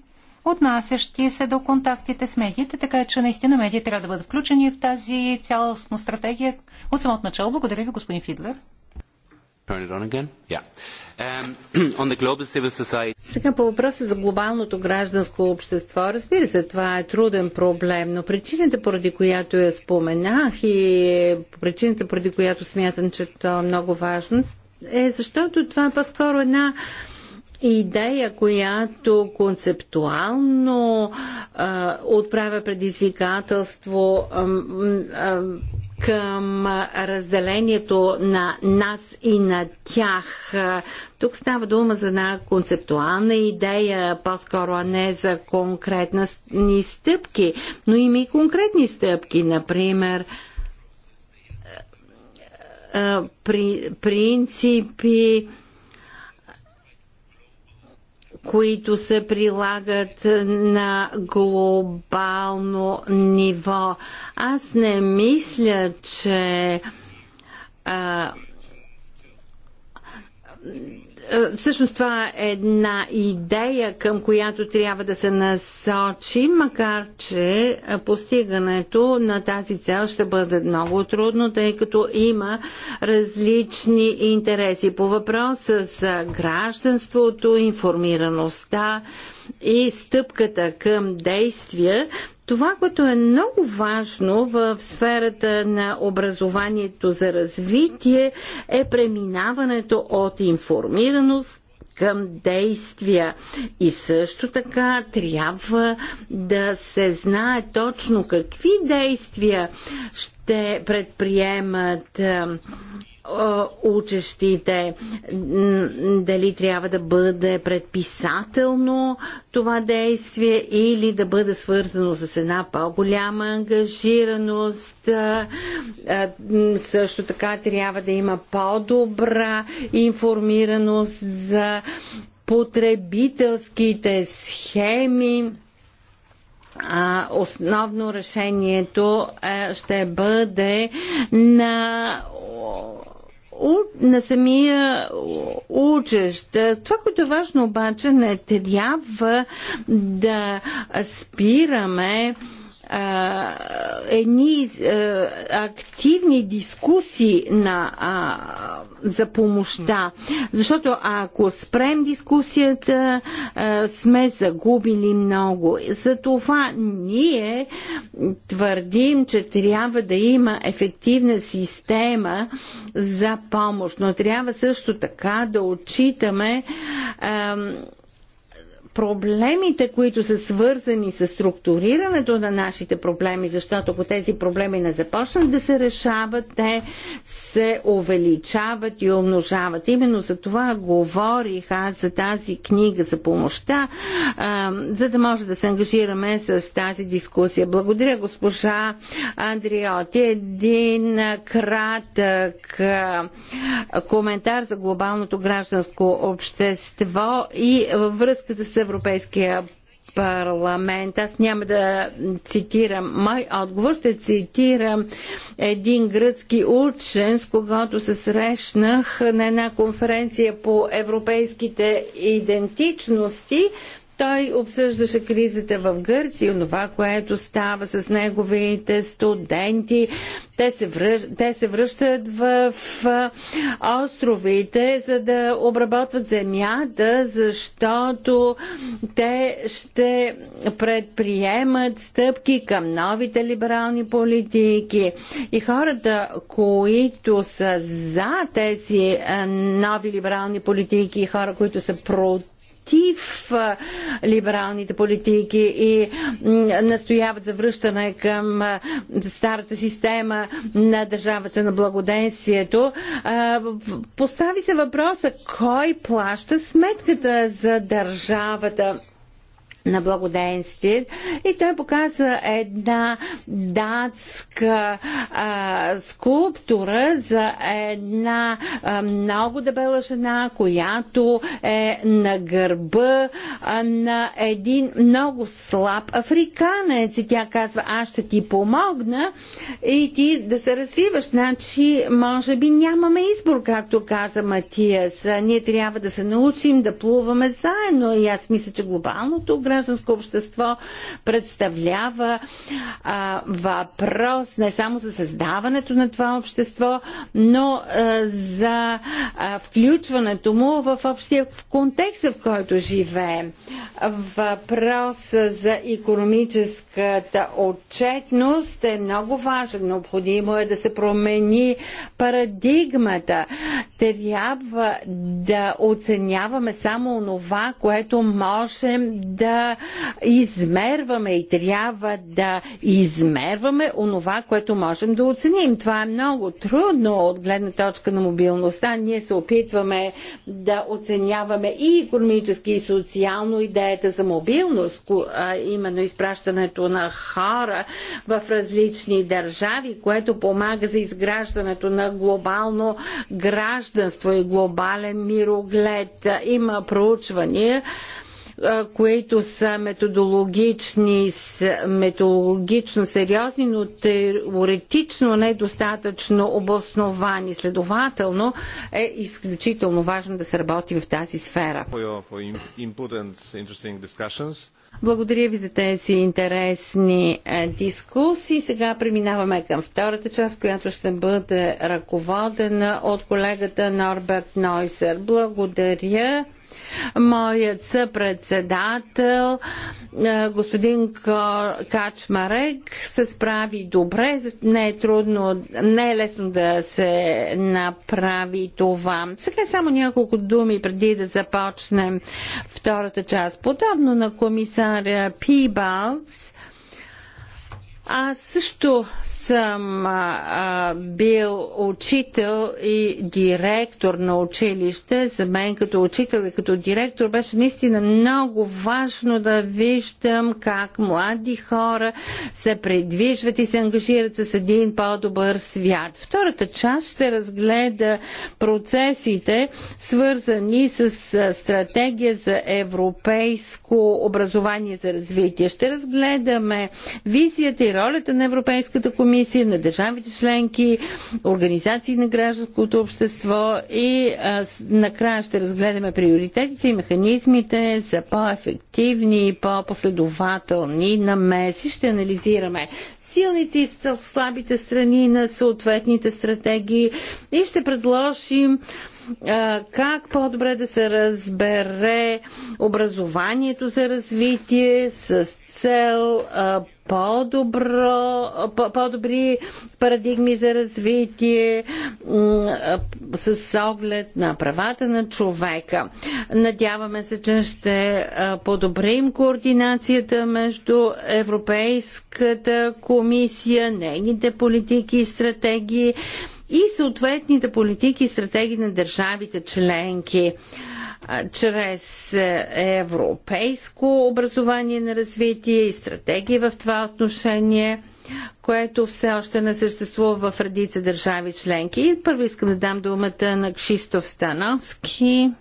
отнасящи се до контактите с медиите, така че наистина медиите трябва да бъдат включени в тази цялостна стратегия от самото начало. Благодаря ви, господин Фидлер. Yeah. Um, Сега по въпроса за глобалното гражданско общество. Разбира се, това е труден проблем, но причината, поради която я споменах и причината, поради която смятам, че това е много важно, е защото това е по-скоро една идея, която концептуално а, отправя предизвикателство а, а, към разделението на нас и на тях. Тук става дума за една концептуална идея, по-скоро а не за конкретни стъпки, но има и конкретни стъпки, например при, принципи, които се прилагат на глобално ниво. Аз не мисля, че а, е, всъщност това е една идея, към която трябва да се насочи, макар че е, постигането на тази цел ще бъде много трудно, тъй като има различни интереси. По въпроса за гражданството, информираността и стъпката към действия, това, което е много важно в сферата на образованието за развитие, е преминаването от информираност към действия. И също така трябва да се знае точно какви действия ще предприемат учещите, дали трябва да бъде предписателно това действие или да бъде свързано с една по-голяма ангажираност. Също така трябва да има по-добра информираност за потребителските схеми а, основно решението а, ще бъде на на самия учещ. Това, което е важно обаче, не трябва да спираме едни а, активни дискусии на, а, за помощта. Защото ако спрем дискусията, а, сме загубили много. Затова ние твърдим, че трябва да има ефективна система за помощ, но трябва също така да отчитаме а, проблемите, които са свързани с структурирането на нашите проблеми, защото ако тези проблеми не започнат да се решават, те се увеличават и умножават. Именно за това говорих аз за тази книга за помощта, а, за да може да се ангажираме с тази дискусия. Благодаря госпожа Андриоти. Един кратък коментар за глобалното гражданско общество и във връзката с Европейския парламент. Аз няма да цитирам мой отговор, ще цитирам един гръцки учен, с когато се срещнах на една конференция по европейските идентичности. Той обсъждаше кризата в Гърция, това, което става с неговите студенти. Те се, връщ, те се връщат в островите, за да обработват земята, защото те ще предприемат стъпки към новите либерални политики. И хората, които са за тези нови либерални политики, хора, които са против, против либералните политики и настояват за връщане към старата система на държавата на благоденствието. Постави се въпроса кой плаща сметката за държавата на благоденствие. И той показа една датска а, скулптура за една а, много дебела жена, която е на гърба а, на един много слаб африканец. И тя казва, аз ще ти помогна и ти да се развиваш. Значи, може би нямаме избор, както каза Матиас. Ние трябва да се научим да плуваме заедно. И аз мисля, че глобалното гражданско общество представлява а, въпрос не само за създаването на това общество, но а, за а, включването му в общия в контекста, в който живеем. Въпрос за економическата отчетност е много важен. Необходимо е да се промени парадигмата трябва да оценяваме само онова, което можем да измерваме и трябва да измерваме онова, което можем да оценим. Това е много трудно от гледна точка на мобилността. Ние се опитваме да оценяваме и економически, и социално идеята за мобилност, именно изпращането на хора в различни държави, което помага за изграждането на глобално гражданство гражданство и глобален мироглед. Има проучвания, които са методологични, методологично сериозни, но теоретично недостатъчно обосновани. Следователно е изключително важно да се работи в тази сфера. Благодаря ви за тези интересни е, дискусии. Сега преминаваме към втората част, която ще бъде ръководена от колегата Норберт Нойсер. Благодаря Моят съпредседател, господин Качмарек, се справи добре. Не е трудно, не е лесно да се направи това. Сега само няколко думи преди да започнем втората част. Подобно на комисаря Пибалс, аз също съм а, бил учител и директор на училище. За мен като учител и като директор беше наистина много важно да виждам как млади хора се придвижват и се ангажират с един по-добър свят. Втората част ще разгледа процесите, свързани с стратегия за европейско образование за развитие. Ще разгледаме визията и ролята на Европейската комисия комисия, на държавите членки, организации на гражданското общество и а, накрая ще разгледаме приоритетите и механизмите за по-ефективни и по-последователни намеси. Ще анализираме силните и слабите страни на съответните стратегии и ще предложим как по-добре да се разбере образованието за развитие с цел по-добро, по-добри парадигми за развитие с оглед на правата на човека. Надяваме се, че ще подобрим координацията между Европейската комисия, нейните политики и стратегии и съответните политики и стратегии на държавите членки чрез е, европейско образование на развитие и стратегии в това отношение, което все още не съществува в редица държави членки. И първо искам да дам думата на Кшистов Становски.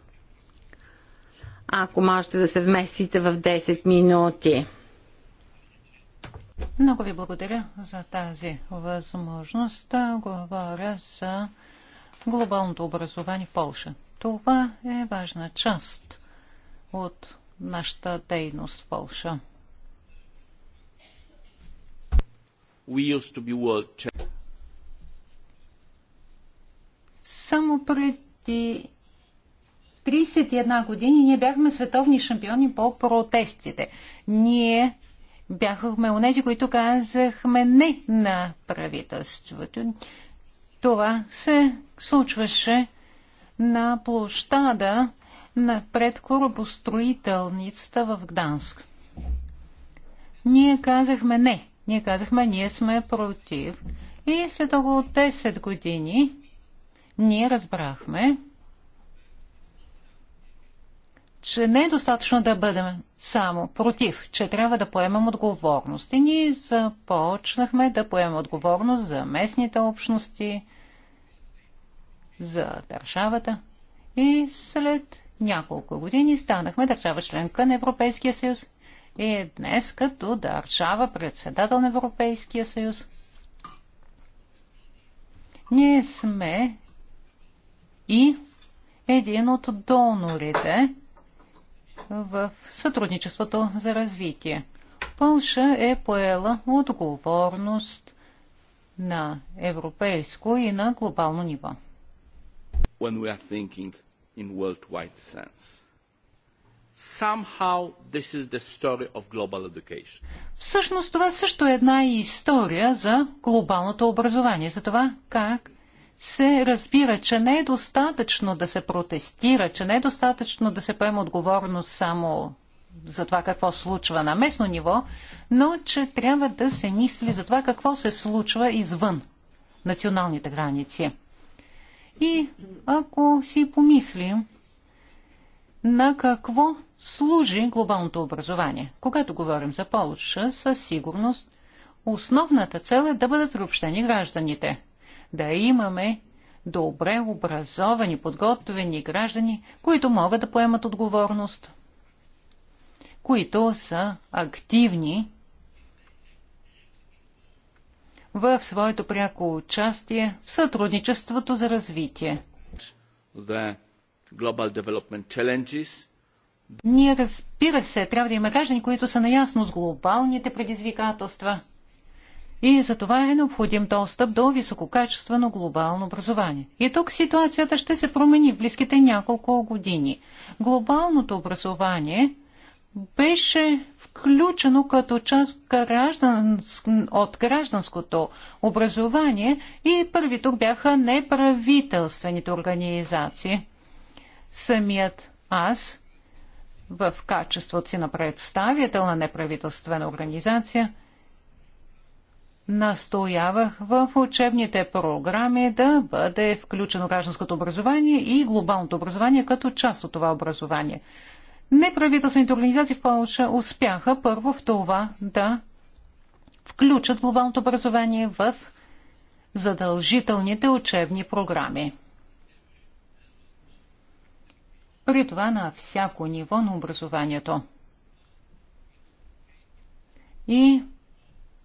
Ако можете да се вместите в 10 минути. Много ви благодаря за тази възможност да говоря за глобалното образование в Польша. Това е важна част от нашата дейност в Польша. Само преди 31 години ние бяхме световни шампиони по протестите. Ние бяхме онези, които казахме не на правителството. Това се случваше на площада на предкоробостроителницата в Гданск. Ние казахме не. Ние казахме, ние сме против. И след около 10 години ние разбрахме, че не е достатъчно да бъдем само против, че трябва да поемем отговорност. И ние започнахме да поемем отговорност за местните общности, за държавата. И след няколко години станахме държава членка на Европейския съюз. И днес като държава председател на Европейския съюз. Ние сме и един от донорите в сътрудничеството за развитие. Полша е поела отговорност на европейско и на глобално ниво. Всъщност това също е една история за глобалното образование, за това как се разбира, че не е достатъчно да се протестира, че не е достатъчно да се поема отговорност само за това какво случва на местно ниво, но че трябва да се мисли за това какво се случва извън националните граници. И ако си помислим на какво служи глобалното образование, когато говорим за Полша, със сигурност основната цел е да бъдат приобщени гражданите – да имаме добре образовани, подготвени граждани, които могат да поемат отговорност, които са активни в своето пряко участие в сътрудничеството за развитие. Ние, разбира се, трябва да има граждани, които са наясно с глобалните предизвикателства – и за това е необходим достъп до висококачествено глобално образование. И тук ситуацията ще се промени в близките няколко години. Глобалното образование беше включено като част от гражданското образование и първи тук бяха неправителствените организации. Самият аз в качеството си на представител на неправителствена организация – настоявах в учебните програми да бъде включено гражданското образование и глобалното образование като част от това образование. Неправителствените организации в Польша успяха първо в това да включат глобалното образование в задължителните учебни програми. При това на всяко ниво на образованието. И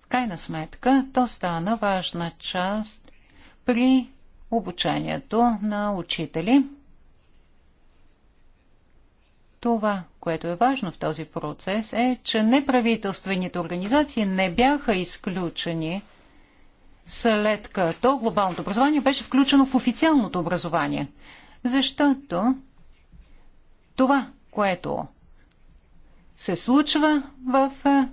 крайна сметка, то стана важна част при обучението на учители. Това, което е важно в този процес, е, че неправителствените организации не бяха изключени след като глобалното образование беше включено в официалното образование. Защото това, което се случва в е,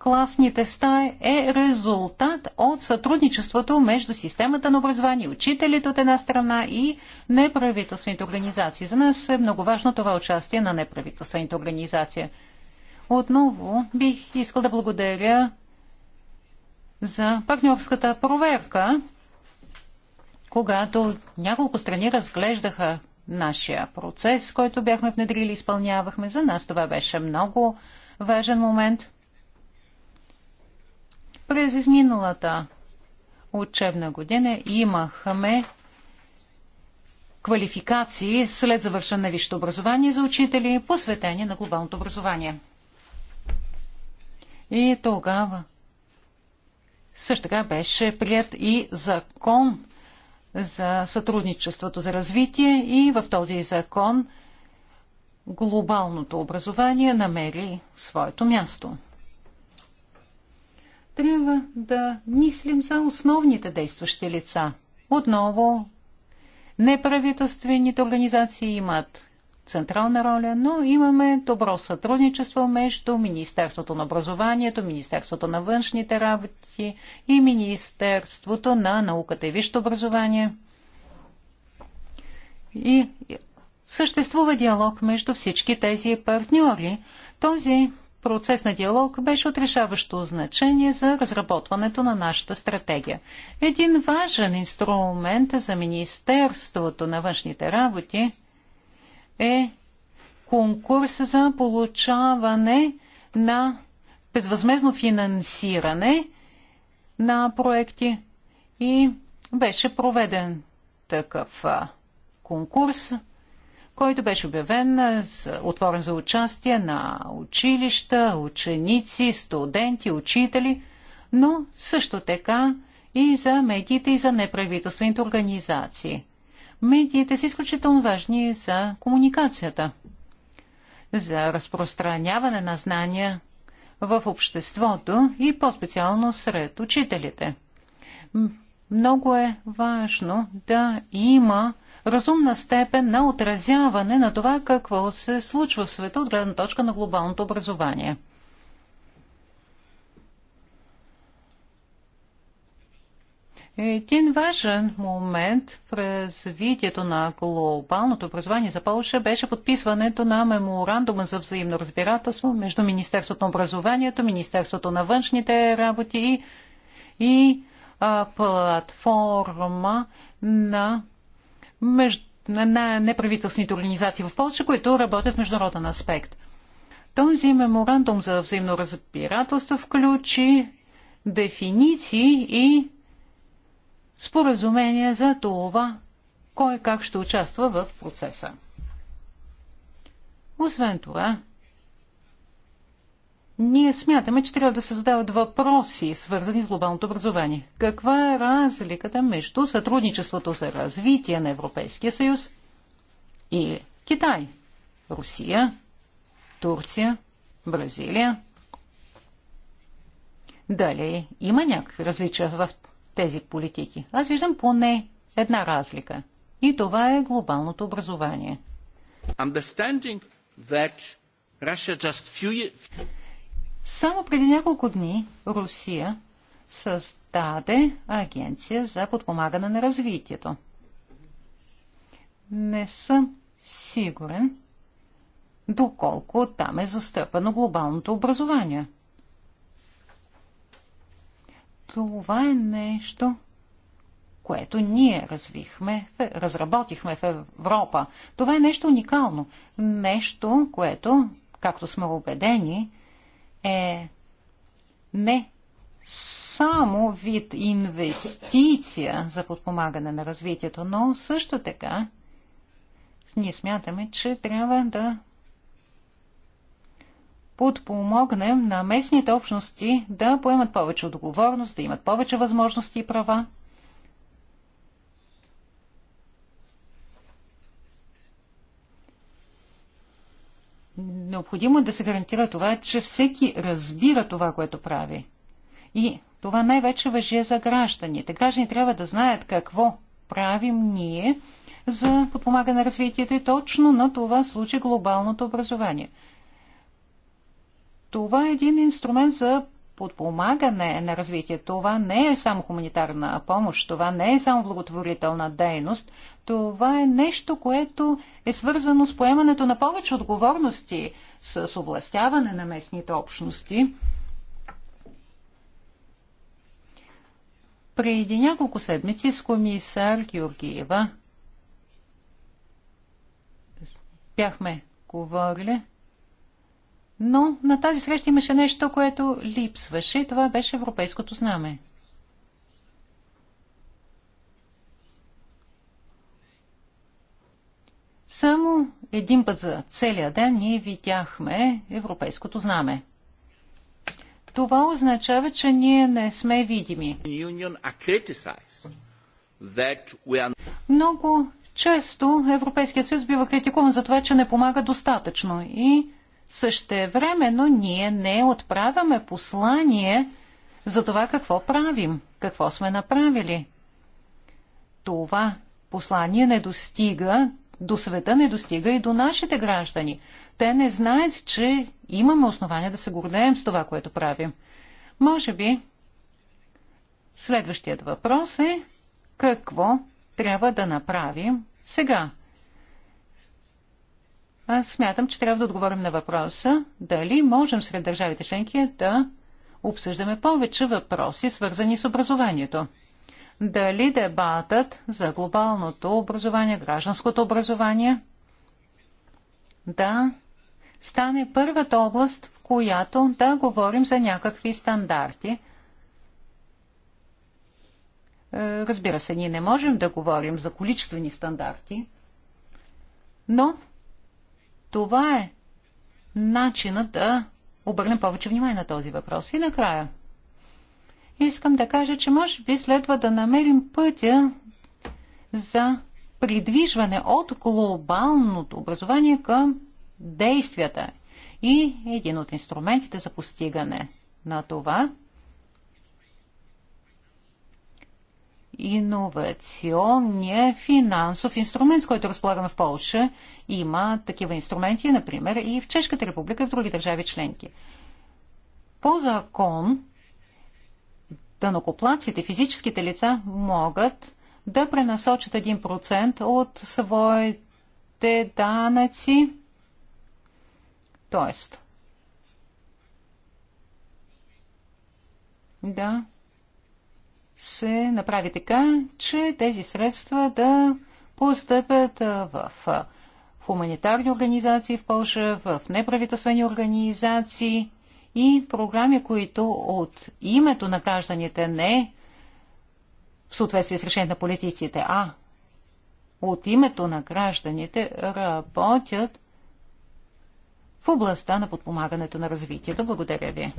класните стаи е резултат от сътрудничеството между системата на образование, учителите от една страна и неправителствените организации. За нас е много важно това участие на неправителствените организации. Отново бих искал да благодаря за партньорската проверка, когато няколко страни разглеждаха нашия процес, който бяхме внедрили и изпълнявахме. За нас това беше много важен момент – през изминалата учебна година имахме квалификации след завършване на висшето образование за учители, посветени на глобалното образование. И тогава също така беше прият и закон за сътрудничеството за развитие и в този закон глобалното образование намери своето място трябва да мислим за основните действащи лица. Отново, неправителствените организации имат централна роля, но имаме добро сътрудничество между Министерството на образованието, Министерството на външните работи и Министерството на науката и висшето образование. И съществува диалог между всички тези партньори. Този процес на диалог беше от решаващо значение за разработването на нашата стратегия. Един важен инструмент за Министерството на външните работи е конкурс за получаване на безвъзмезно финансиране на проекти и беше проведен такъв конкурс който беше обявен отворен за участие на училища, ученици, студенти, учители, но също така и за медиите и за неправителствените организации. Медиите са изключително важни за комуникацията, за разпространяване на знания в обществото и по-специално сред учителите. Много е важно да има разумна степен на отразяване на това какво се случва в света от гледна точка на глобалното образование. Един важен момент в развитието на глобалното образование за Полша беше подписването на меморандума за взаимно разбирателство между Министерството на образованието, Министерството на външните работи и, и а, платформа на между, на неправителствените организации в Польша, които работят в международен аспект. Този меморандум за взаимно разбирателство включи дефиниции и споразумение за това, кой как ще участва в процеса. Освен това, ние смятаме, че трябва да се задават въпроси, свързани с глобалното образование. Каква е разликата между сътрудничеството за развитие на Европейския съюз и Китай, Русия, Турция, Бразилия? Дали има някакви различия в тези политики? Аз виждам поне една разлика. И това е глобалното образование. Few... Само преди няколко дни Русия създаде агенция за подпомагане на развитието. Не съм сигурен доколко там е застъпено глобалното образование. Това е нещо, което ние развихме, разработихме в Европа. Това е нещо уникално. Нещо, което, както сме убедени, е не само вид инвестиция за подпомагане на развитието, но също така ние смятаме, че трябва да подпомогнем на местните общности да поемат повече отговорност, да имат повече възможности и права. необходимо е да се гарантира това, че всеки разбира това, което прави. И това най-вече въжи за гражданите. Граждани трябва да знаят какво правим ние за подпомагане на развитието и точно на това случи глобалното образование. Това е един инструмент за подпомагане на развитие. Това не е само хуманитарна помощ, това не е само благотворителна дейност, това е нещо, което е свързано с поемането на повече отговорности, с овластяване на местните общности. Преди няколко седмици с комисар Георгиева бяхме говорили но на тази среща имаше нещо, което липсваше и това беше европейското знаме. Само един път за целия ден ние видяхме европейското знаме. Това означава, че ние не сме видими. Много често Европейския съюз бива критикуван за това, че не помага достатъчно и Същевременно ние не отправяме послание за това какво правим, какво сме направили. Това послание не достига до света, не достига и до нашите граждани. Те не знаят, че имаме основания да се гордеем с това, което правим. Може би следващият въпрос е какво трябва да направим сега, аз смятам, че трябва да отговорим на въпроса дали можем сред държавите членки да обсъждаме повече въпроси, свързани с образованието. Дали дебатът за глобалното образование, гражданското образование, да стане първата област, в която да говорим за някакви стандарти. Е, разбира се, ние не можем да говорим за количествени стандарти, но това е начинът да обърнем повече внимание на този въпрос. И накрая. Искам да кажа, че може би следва да намерим пътя за придвижване от глобалното образование към действията. И един от инструментите за постигане на това иновационния финансов инструмент, с който разполагаме в Польша. Има такива инструменти, например, и в Чешката република, и в други държави членки. По закон, данокоплаците, физическите лица могат да пренасочат 1% от своите данъци. Тоест, да, се направи така, че тези средства да постъпят в хуманитарни организации в Польша, в неправителствени организации и програми, които от името на гражданите не в съответствие с решението на политиците, а от името на гражданите работят в областта на подпомагането на развитието. Благодаря ви.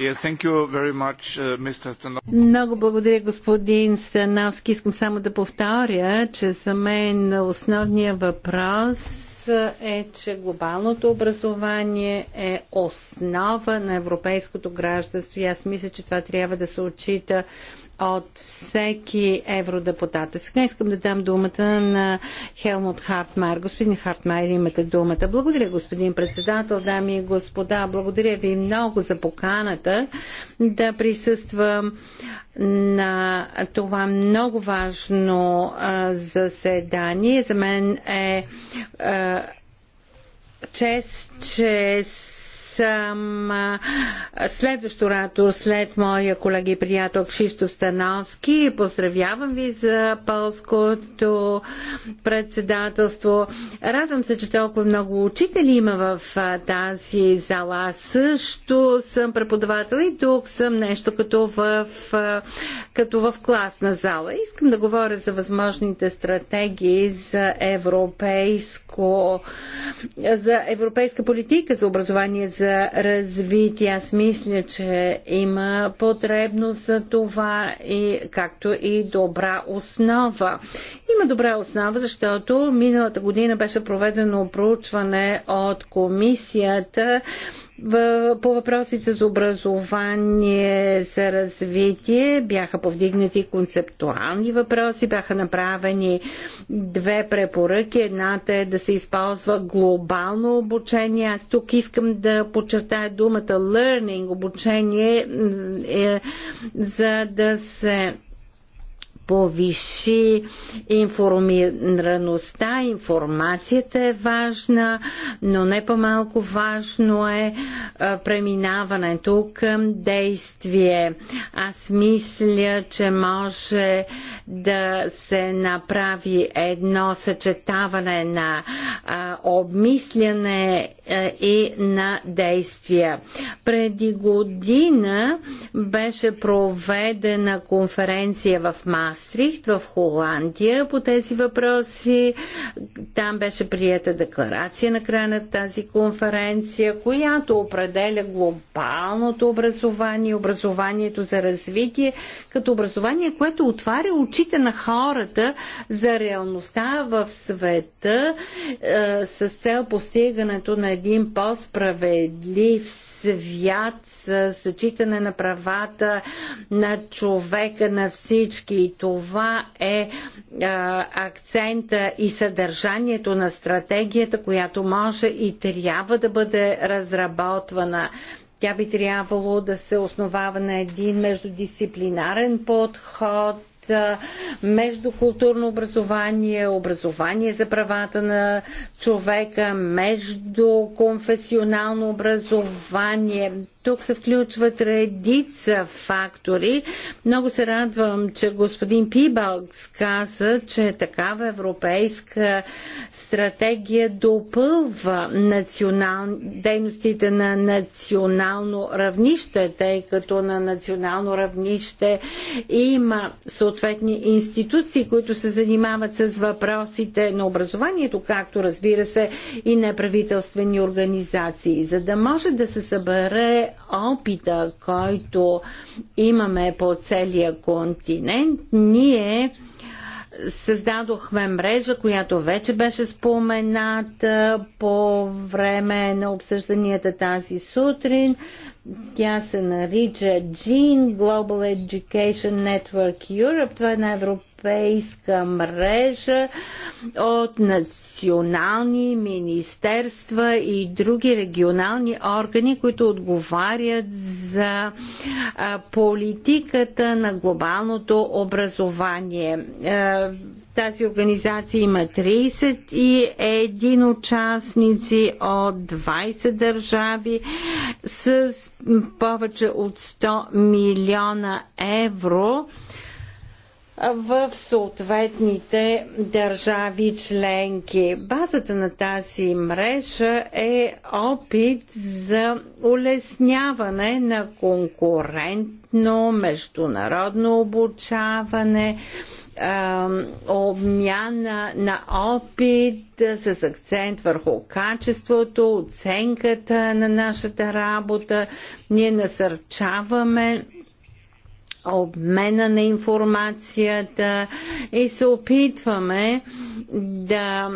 Uh, Много благодаря, господин Становски. Искам само да повторя, че за мен основният въпрос е, че глобалното образование е основа на европейското гражданство и аз мисля, че това трябва да се отчита от всеки евродепутат. Сега искам да дам думата на Хелмут Хартмайер. Господин Хартмайер, имате думата. Благодаря, господин председател, дами и господа. Благодаря ви много за поканата да присъствам на това много важно заседание. За мен е чест, че съм следващ оратор след моя колега и приятел Кшисто Становски. Поздравявам ви за полското председателство. Радвам се, че толкова много учители има в тази зала. Аз също съм преподавател и тук съм нещо като в, като в класна зала. Искам да говоря за възможните стратегии за европейско за европейска политика за образование за за развитие. Аз мисля, че има потребност за това, и, както и добра основа. Има добра основа, защото миналата година беше проведено проучване от комисията по въпросите за образование, за развитие бяха повдигнати концептуални въпроси, бяха направени две препоръки. Едната е да се използва глобално обучение. Аз тук искам да подчертая думата learning, обучение, е, за да се повиши информираността, информацията е важна, но не по-малко важно е преминаването към действие. Аз мисля, че може да се направи едно съчетаване на обмисляне и на действия. Преди година беше проведена конференция в Мас Мастрихт в Холандия по тези въпроси. Там беше прията декларация на края на тази конференция, която определя глобалното образование, образованието за развитие, като образование, което отваря очите на хората за реалността в света е, с цел постигането на един по-справедлив свят с зачитане на правата на човека, на всички. И това е а, акцента и съдържанието на стратегията, която може и трябва да бъде разработвана. Тя би трябвало да се основава на един междудисциплинарен подход, за междукултурно образование, образование за правата на човека, междуконфесионално образование. Тук се включват редица фактори. Много се радвам, че господин Пибалкс каза, че такава европейска стратегия допълва национал... дейностите на национално равнище, тъй като на национално равнище има съответни институции, които се занимават с въпросите на образованието, както разбира се и неправителствени организации. За да може да се събере опита, който имаме по целия континент, ние създадохме мрежа, която вече беше спомената по време на обсъжданията тази сутрин. Тя се нарича GENE Global Education Network Europe. Това е една европейска мрежа от национални министерства и други регионални органи, които отговарят за политиката на глобалното образование тази организация има 31 участници от 20 държави с повече от 100 милиона евро в съответните държави членки. Базата на тази мрежа е опит за улесняване на конкурентно международно обучаване, обмяна на опит с акцент върху качеството, оценката на нашата работа. Ние насърчаваме обмена на информацията и се опитваме да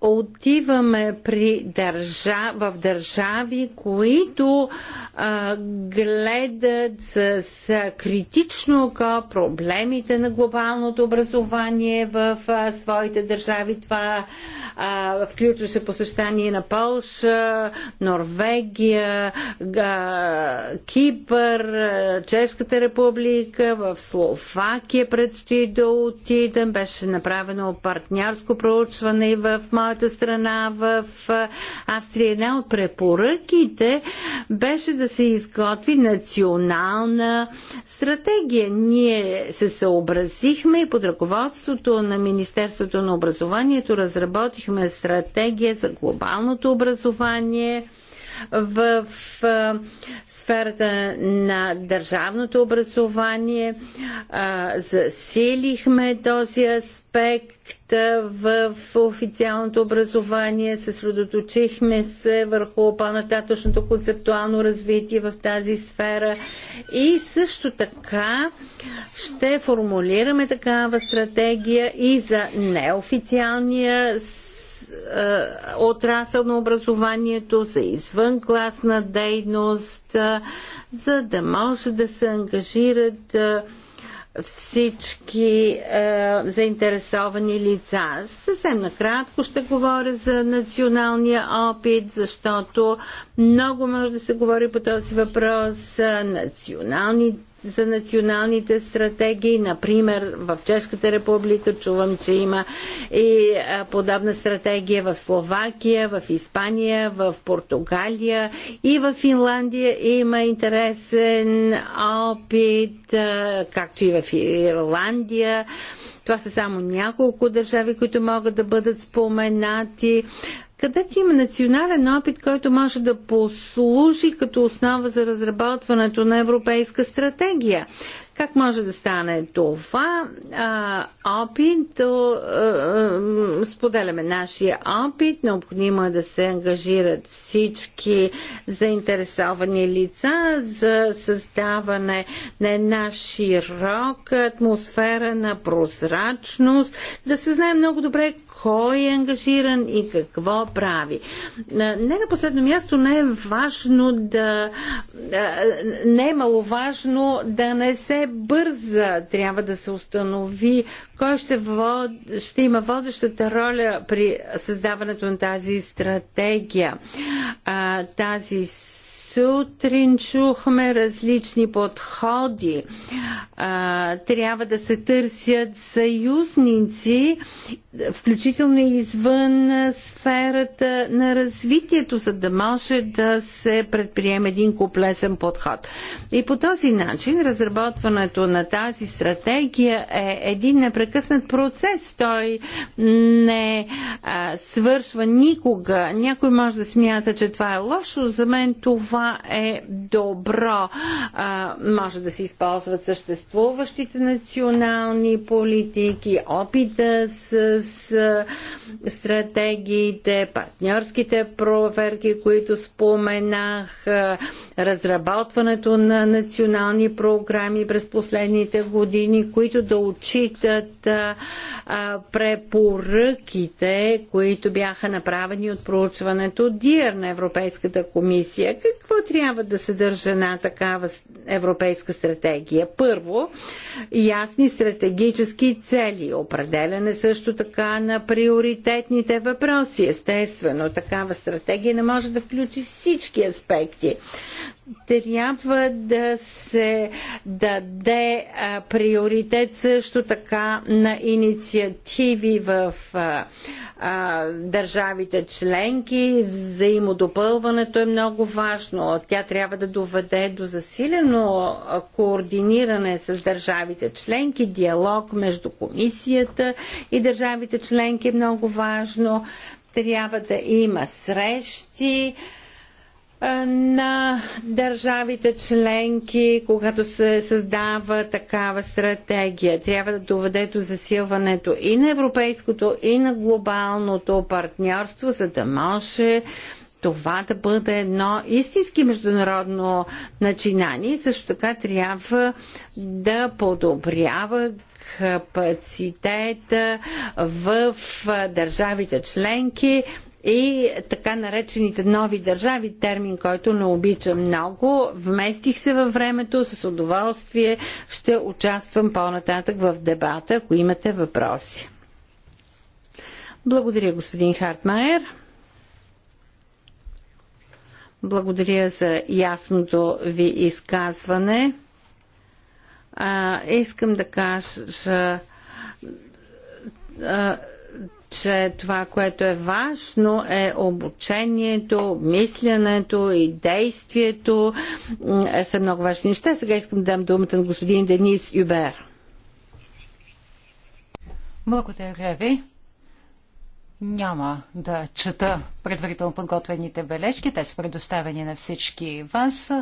отиваме при държа, в държави, които а, гледат с, с критично око проблемите на глобалното образование в а, своите държави. Това а, включва се посещание на Полша, Норвегия, а, Кипър, а, Чешката република, в Словакия предстои да отидем. Беше направено партньорско проучване и в Москва моята страна в Австрия. Една от препоръките беше да се изготви национална стратегия. Ние се съобразихме и под ръководството на Министерството на образованието разработихме стратегия за глобалното образование в сферата на държавното образование. Засилихме този аспект в официалното образование, съсредоточихме се върху по-нататъчното концептуално развитие в тази сфера и също така ще формулираме такава стратегия и за неофициалния е, отрасъл на образованието, за извънкласна дейност, е, за да може да се ангажират е, всички е, заинтересовани лица. Съвсем накратко ще говоря за националния опит, защото много може да се говори по този въпрос. Национални за националните стратегии. Например, в Чешката република чувам, че има и подобна стратегия в Словакия, в Испания, в Португалия и в Финландия има интересен опит, както и в Ирландия. Това са само няколко държави, които могат да бъдат споменати където има национален опит, който може да послужи като основа за разработването на европейска стратегия. Как може да стане това? А, опит, а, а, споделяме нашия опит, необходимо е да се ангажират всички заинтересовани лица за създаване на една широка атмосфера на прозрачност, да се знае много добре кой е ангажиран и какво прави. Не на последно място не е важно да не е маловажно да не се бърза. Трябва да се установи кой ще, вод, ще има водещата роля при създаването на тази стратегия. Тази сутрин чухме различни подходи. трябва да се търсят съюзници, включително извън сферата на развитието, за да може да се предприеме един комплексен подход. И по този начин разработването на тази стратегия е един непрекъснат процес. Той не а, свършва никога. Някой може да смята, че това е лошо. За мен това това е добро. А, може да се използват съществуващите национални политики, опита с, с стратегиите, партньорските проверки, които споменах, разработването на национални програми през последните години, които да отчитат а, препоръките, които бяха направени от проучването ДИР на Европейската комисия. Какво какво трябва да съдържа една такава европейска стратегия? Първо, ясни стратегически цели, определяне също така на приоритетните въпроси. Естествено, такава стратегия не може да включи всички аспекти трябва да се даде приоритет също така на инициативи в държавите членки. Взаимодопълването е много важно. Тя трябва да доведе до засилено координиране с държавите членки, диалог между комисията и държавите членки е много важно. Трябва да има срещи, на държавите членки, когато се създава такава стратегия. Трябва да доведе до засилването и на европейското, и на глобалното партньорство, за да може това да бъде едно истински международно начинание. Също така трябва да подобрява капацитета в държавите членки и така наречените нови държави, термин, който не обичам много. Вместих се във времето, с удоволствие ще участвам по-нататък в дебата, ако имате въпроси. Благодаря, господин Хартмайер. Благодаря за ясното ви изказване. А, искам да кажа, а, че това, което е важно е обучението, мисленето и действието е, са много важни неща. Сега искам да дам думата на господин Денис Юбер. Благодаря ви. Няма да чета предварително подготвените бележки. Те са предоставени на всички вас.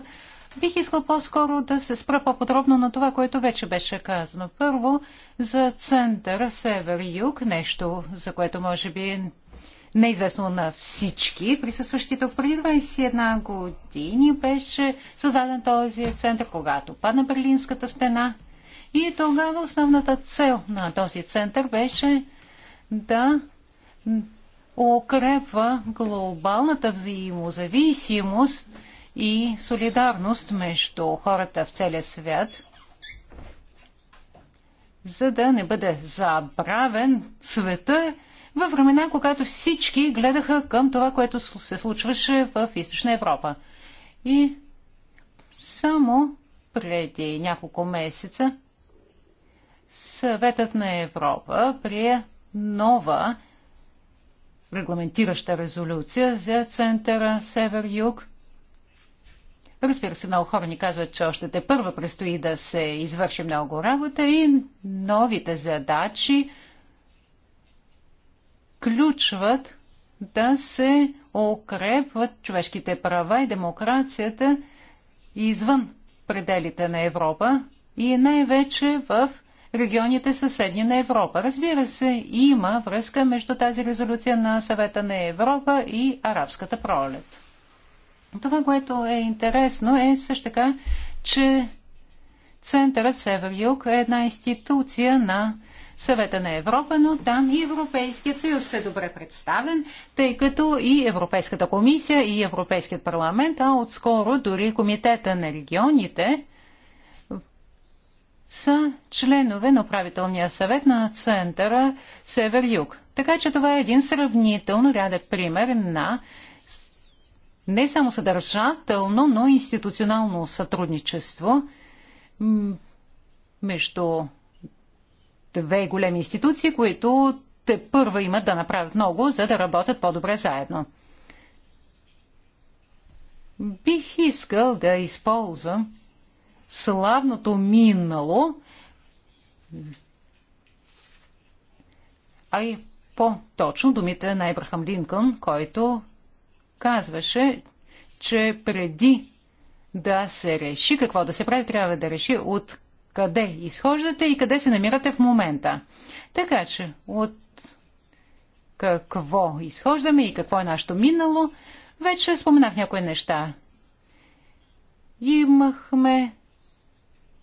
Бих искал по-скоро да се спра по-подробно на това, което вече беше казано. Първо, за център север-юг, нещо, за което може би е неизвестно на всички присъстващи тук. Преди 21 години беше създаден този център, когато падна Берлинската стена. И тогава основната цел на този център беше да укрепва глобалната взаимозависимост и солидарност между хората в целия свят, за да не бъде забравен света във времена, когато всички гледаха към това, което се случваше в Източна Европа. И само преди няколко месеца Съветът на Европа прие нова регламентираща резолюция за центъра Север-Юг – Разбира се, много хора ни казват, че още те първа предстои да се извърши много работа и новите задачи включват да се укрепват човешките права и демокрацията извън пределите на Европа и най-вече в регионите съседни на Европа. Разбира се, има връзка между тази резолюция на съвета на Европа и арабската пролет. Това, което е интересно е също така, че Центърът Север-Юг е една институция на Съвета на Европа, но там и Европейският съюз е добре представен, тъй като и Европейската комисия, и Европейският парламент, а отскоро дори Комитета на регионите са членове на управителния съвет на Центъра Север-Юг. Така че това е един сравнително рядък пример на не само съдържателно, но и институционално сътрудничество между две големи институции, които те първа имат да направят много, за да работят по-добре заедно. Бих искал да използвам славното минало, а и по-точно думите на Ебрахам Линкън, който казваше, че преди да се реши какво да се прави, трябва да реши от къде изхождате и къде се намирате в момента. Така че от какво изхождаме и какво е нашето минало, вече споменах някои неща. Имахме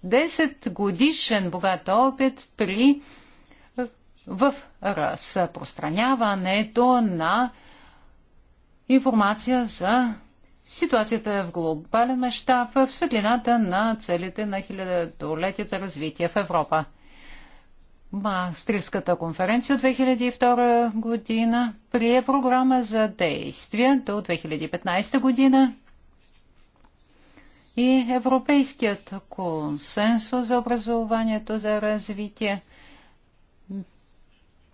10 годишен богат опит при в разпространяването на информация за ситуацията в глобален мащаб в светлината на целите на хилядолетието за развитие в Европа. Мастрилската конференция от 2002 година прие програма за действие до 2015 година и Европейският консенсус за образованието за развитие –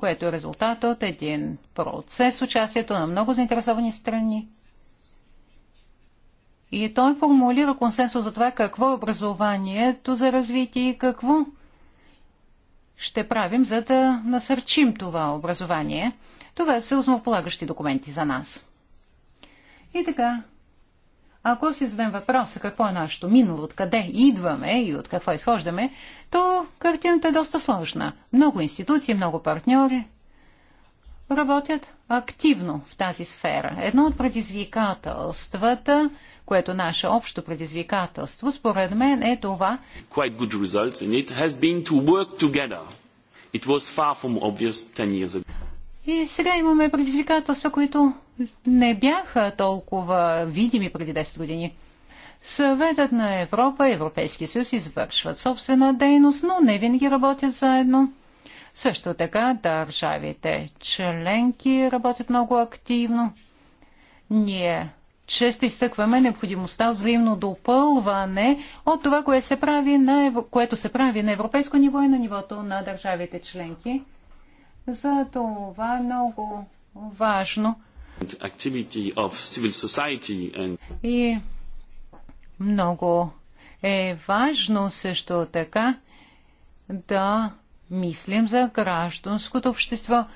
което е резултат от един процес, участието на много заинтересовани страни. И той формулира консенсус за това какво е образованието за развитие и какво ще правим, за да насърчим това образование. Това са основополагащи документи за нас. И така, ако си зададем въпроса какво е нашето минало, откъде идваме и от какво изхождаме, то картината е доста сложна. Много институции, много партньори работят активно в тази сфера. Едно от предизвикателствата, което наше общо предизвикателство, според мен е това. Quite good results it has been to work together. It was far from obvious 10 years ago. И сега имаме предизвикателства, които не бяха толкова видими преди 10 години. Съветът на Европа и Европейския съюз извършват собствена дейност, но не винаги работят заедно. Също така държавите членки работят много активно. Ние често изтъкваме необходимостта от взаимно допълване от това, кое се прави на, което се прави на европейско ниво и на нивото на държавите членки. За това е много важно. И много е важно също така да мислим за гражданското общество –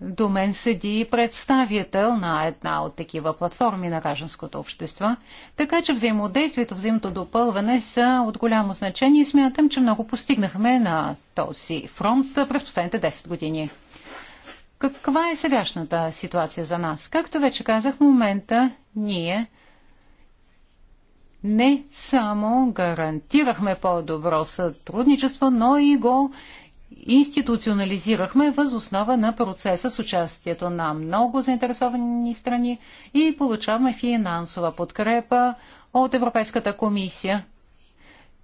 до мен седи представител на една от такива платформи на гражданското общество. Така че взаимодействието, взаимното допълване са от голямо значение и смятам, че много постигнахме на този фронт през последните 10 години. Каква е сегашната ситуация за нас? Както вече казах, в момента ние не само гарантирахме по-добро сътрудничество, но и го институционализирахме въз основа на процеса с участието на много заинтересовани страни и получаваме финансова подкрепа от Европейската комисия,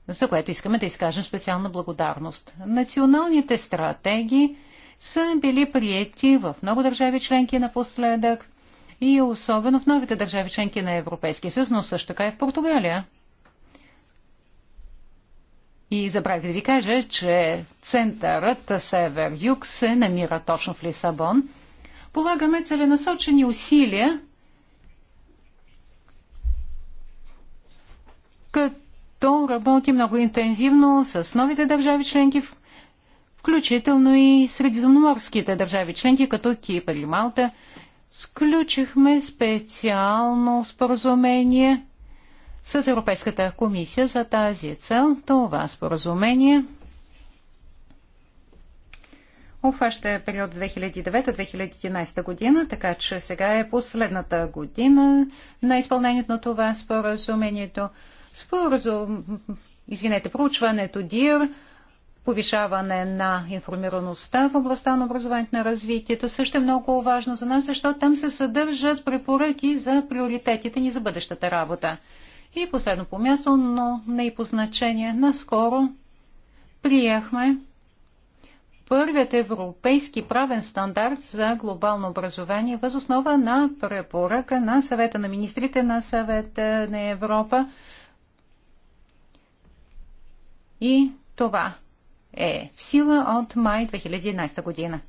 за което искаме да изкажем специална благодарност. Националните стратегии са били приети в много държави членки напоследък и особено в новите държави членки на Европейския съюз, но също така и в Португалия. И забравих да ви кажа, че центърът Север-Юг се намира точно в Лисабон. Полагаме целенасочени усилия, като работи много интензивно с новите държави членки, включително и средиземноморските държави членки, като Кипър и Малта. Сключихме специално споразумение – с Европейската комисия за тази цел. Това споразумение обхваща период 2009-2011 година, така че сега е последната година на изпълнението на това споразумението. Споразум... Извинете, проучването ДИР, повишаване на информираността в областта на образованието на развитието също е много важно за нас, защото там се съдържат препоръки за приоритетите ни за бъдещата работа. И последно по място, но не и по значение, наскоро приехме първият европейски правен стандарт за глобално образование възоснова на препоръка на съвета на министрите на съвета на Европа. И това е в сила от май 2011 година.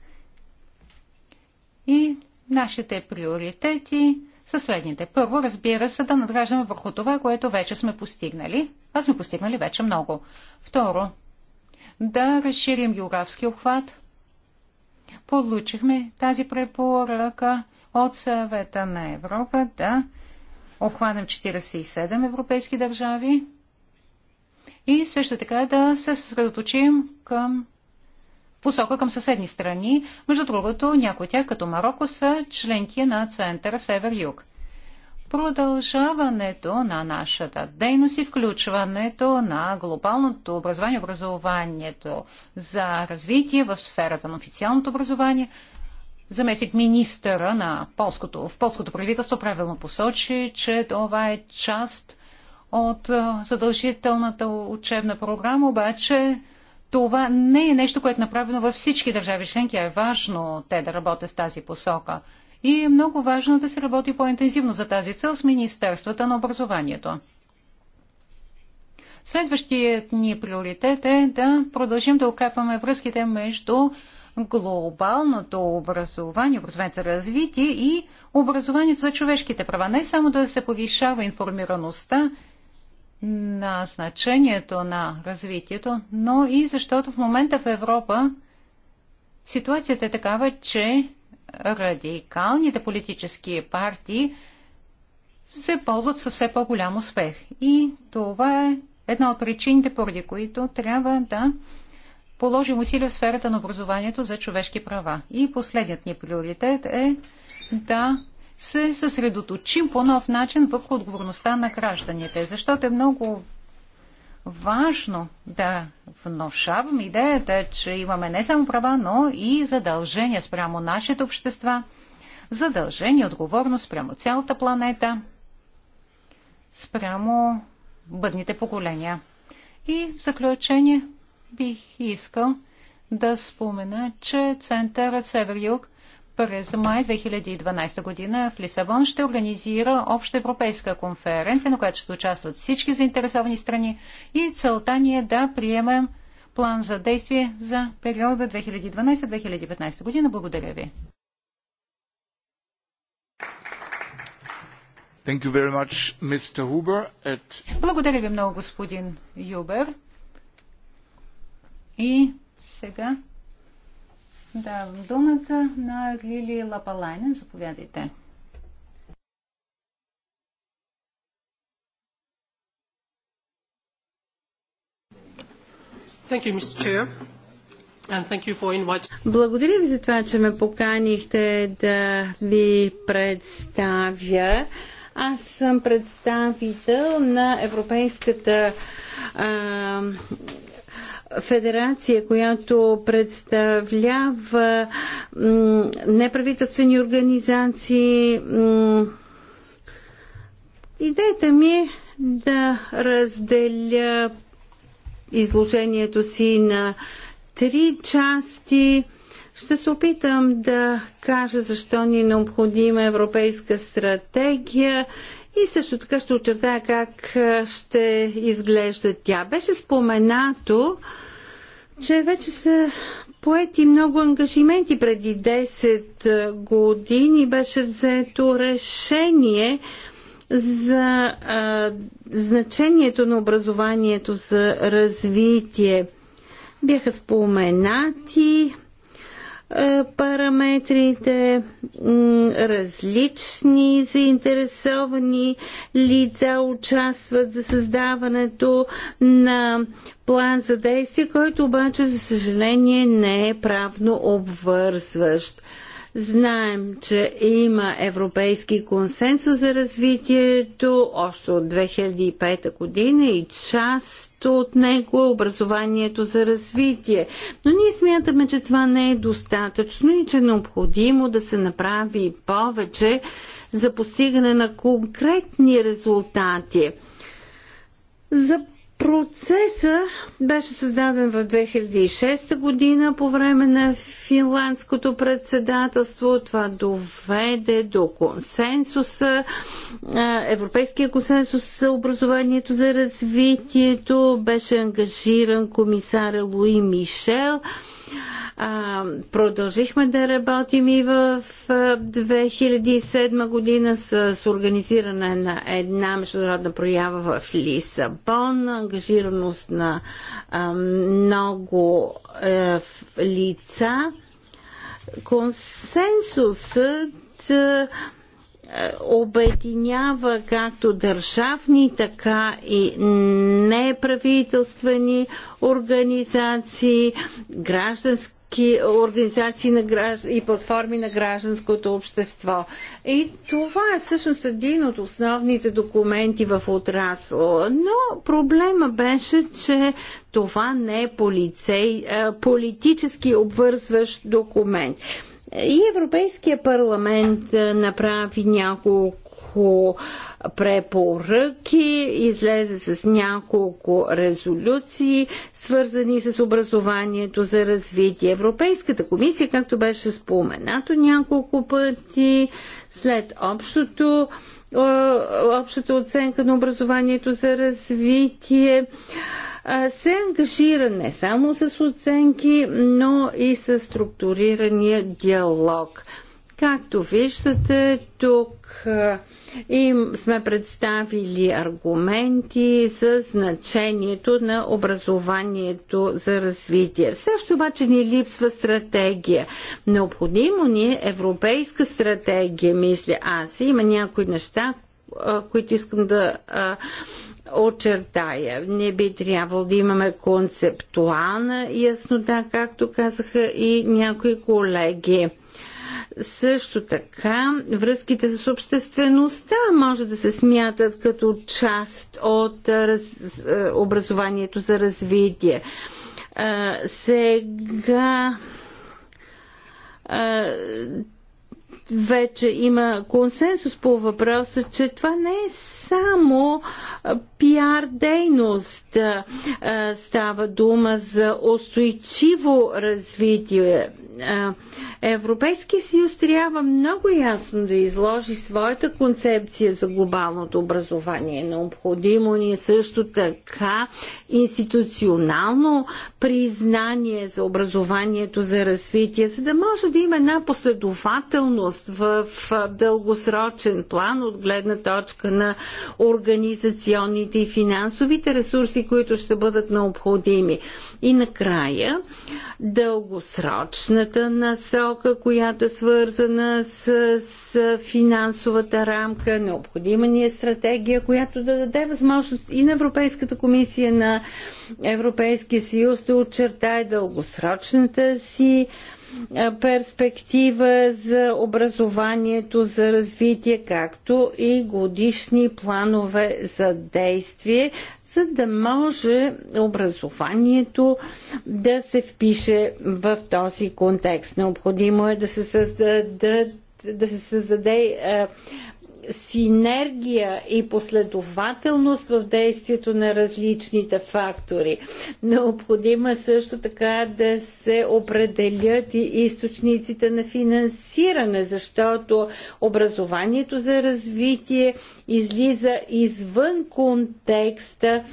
И нашите приоритети са следните. Първо, разбира се, да надграждаме върху това, което вече сме постигнали. А сме постигнали вече много. Второ, да разширим географски обхват. Получихме тази препоръка от съвета на Европа да обхванем 47 европейски държави и също така да се съсредоточим към посока към съседни страни. Между другото, някои от тях, като Марокко, са членки на Центъра Север-Юг. Продължаването на нашата дейност и включването на глобалното образование, образованието за развитие в сферата на официалното образование – заместник министъра на полското, в полското правителство правилно посочи, че това е част от задължителната учебна програма, обаче това не е нещо, което е направено във всички държави членки, а е важно те да работят в тази посока. И е много важно да се работи по-интензивно за тази цел с Министерствата на образованието. Следващият ни приоритет е да продължим да укрепваме връзките между глобалното образование, образованието за развитие и образованието за човешките права. Не само да се повишава информираността, на значението на развитието, но и защото в момента в Европа ситуацията е такава, че радикалните политически партии се ползват със все по-голям успех. И това е една от причините, поради които трябва да положим усилия в сферата на образованието за човешки права. И последният ни приоритет е да се съсредоточим по нов начин върху отговорността на гражданите, защото е много важно да вношаваме идеята, че имаме не само права, но и задължения спрямо нашите общества, задължения, отговорност спрямо цялата планета, спрямо бъдните поколения. И в заключение бих искал да спомена, че Центърът Север-Юг през май 2012 година в Лисабон ще организира обща европейска конференция, на която ще участват всички заинтересовани страни и целта ни е да приемем план за действие за периода 2012-2015 година. Благодаря ви. Much, Huber, at... Благодаря ви много, господин Юбер. И сега в думата на Лили Лапалайнен. Заповядайте. Благодаря ви за това, че ме поканихте да ви представя. Аз съм представител на Европейската а, федерация, която представлява неправителствени организации. Идеята ми е да разделя изложението си на три части. Ще се опитам да кажа защо ни е необходима европейска стратегия и също така ще очертая как ще изглежда тя. Беше споменато, че вече са поети много ангажименти. Преди 10 е, години беше взето решение за а, е, значението на образованието за развитие. Бяха споменати е, параметрите, различни заинтересовани лица участват за създаването на план за действие, който обаче, за съжаление, не е правно обвързващ. Знаем, че има европейски консенсус за развитието още от 2005 година и част от него е образованието за развитие. Но ние смятаме, че това не е достатъчно и че е необходимо да се направи повече за постигане на конкретни резултати. За Процеса беше създаден в 2006 година по време на финландското председателство. Това доведе до консенсуса, европейския консенсус за образованието за развитието. Беше ангажиран комисаря Луи Мишел – а, продължихме да работим и в 2007 година с, с организиране на една международна проява в Лисабон, ангажираност на а, много а, е, лица. Консенсусът обединява както държавни, така и неправителствени организации, граждански организации на гражд... и платформи на гражданското общество. И това е всъщност един от основните документи в отрасъл. Но проблема беше, че това не е полицей, политически обвързващ документ. И Европейския парламент е, направи няколко препоръки, излезе с няколко резолюции, свързани с образованието за развитие. Европейската комисия, както беше споменато няколко пъти, след общото общата оценка на образованието за развитие се ангажира не само с оценки, но и с структурирания диалог. Както виждате, тук им сме представили аргументи за значението на образованието за развитие. Все още обаче ни липсва стратегия. Необходимо ни е европейска стратегия, мисля аз. Има някои неща, които искам да очертая. Не би трябвало да имаме концептуална яснота, както казаха и някои колеги. Също така, връзките с обществеността може да се смятат като част от раз, образованието за развитие. А, сега а, вече има консенсус по въпроса, че това не е само пиар дейност. Става дума за устойчиво развитие. Европейския съюз трябва много ясно да изложи своята концепция за глобалното образование. Необходимо ни е също така институционално признание за образованието за развитие, за да може да има една последователност в дългосрочен план от гледна точка на организационните и финансовите ресурси, които ще бъдат необходими. И накрая, дългосрочната насока, която е свързана с, с финансовата рамка, необходима ни е стратегия, която да даде възможност и на Европейската комисия, на Европейския съюз да очертае дългосрочната си перспектива за образованието, за развитие, както и годишни планове за действие, за да може образованието да се впише в този контекст. Необходимо е да се създадат да се създаде е, синергия и последователност в действието на различните фактори. Необходимо е също така да се определят и източниците на финансиране, защото образованието за развитие излиза извън контекста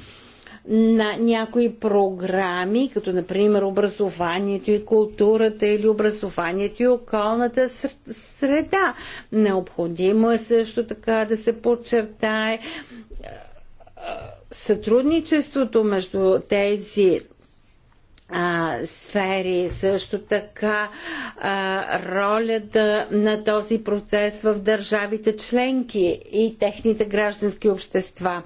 на някои програми, като например образованието и културата или образованието и околната среда. Необходимо е също така да се подчертае сътрудничеството между тези а, сфери, също така а, ролята на този процес в държавите членки и техните граждански общества.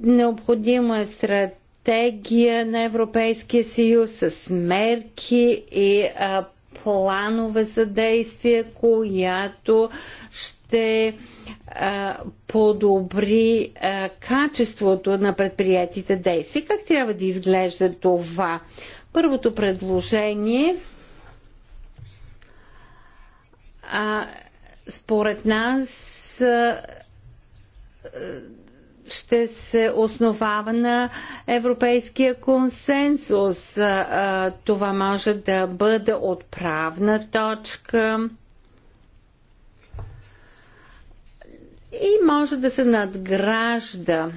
Необходима е стратегия на Европейския съюз с мерки и а, планове за действие, която ще а, подобри а, качеството на предприятите действия. Как трябва да изглежда това? Първото предложение а, според нас а, ще се основава на европейския консенсус. Това може да бъде отправна точка и може да се надгражда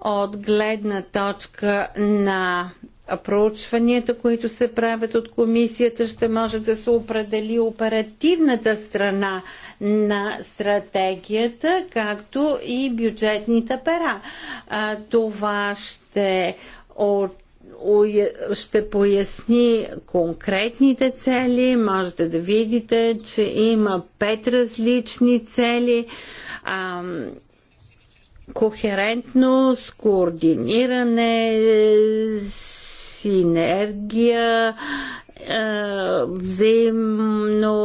от гледна точка на проучванията, които се правят от комисията, ще може да се определи оперативната страна на стратегията, както и бюджетните пера. Това ще от ще поясни конкретните цели. Можете да видите, че има пет различни цели. Ам, кохерентност, координиране, синергия, е, взаимно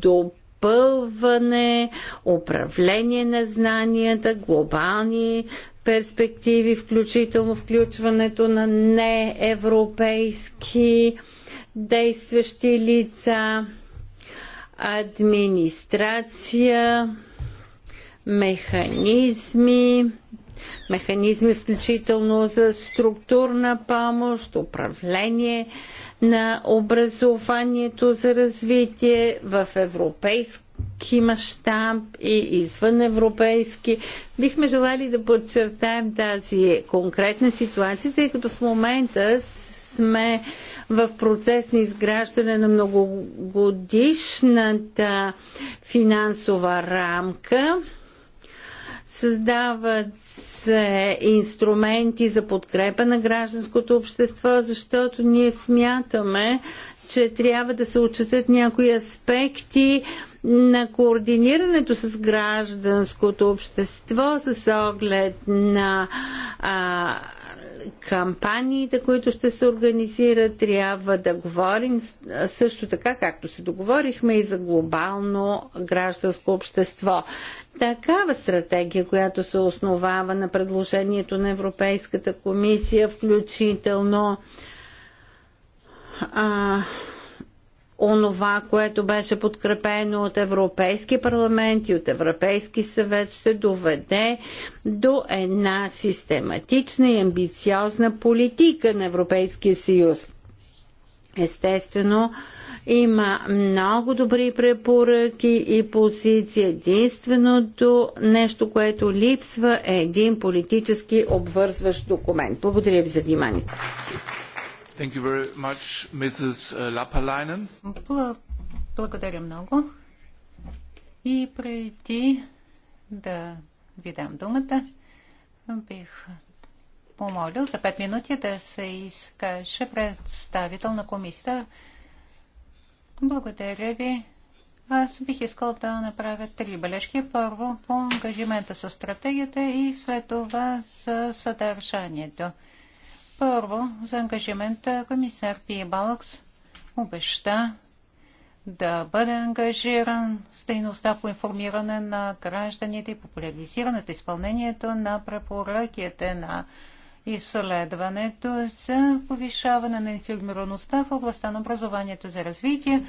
допълване, управление на знанията, глобални перспективи, включително включването на неевропейски действащи лица, администрация, механизми, механизми, включително за структурна помощ, управление на образованието за развитие в европейски мащаб и извън европейски. Бихме желали да подчертаем тази конкретна ситуация, тъй като в момента сме в процес на изграждане на многогодишната финансова рамка. Създават инструменти за подкрепа на гражданското общество, защото ние смятаме, че трябва да се отчитат някои аспекти на координирането с гражданското общество с оглед на а, кампаниите, които ще се организират, трябва да говорим също така, както се договорихме и за глобално гражданско общество. Такава стратегия, която се основава на предложението на Европейската комисия, включително а, онова, което беше подкрепено от Европейски парламент и от Европейски съвет, ще доведе до една систематична и амбициозна политика на Европейския съюз. Естествено, има много добри препоръки и позиции. Единственото нещо, което липсва е един политически обвързващ документ. Благодаря ви за вниманието. Thank you very much, Mrs. Uh, Lapalainen. Благодаря много. И преди да ви дам думата, бих помолил за 5 минути да се изкаже представител на комисията. Благодаря ви. Аз бих искал да направя три бележки. Първо по ангажимента с стратегията и след това за съдържанието. Първо, за ангажимента комисар Пи Балакс обеща да бъде ангажиран с дейността по информиране на гражданите и популяризирането изпълнението на препоръките на изследването за повишаване на информираността в областта на образованието за развитие.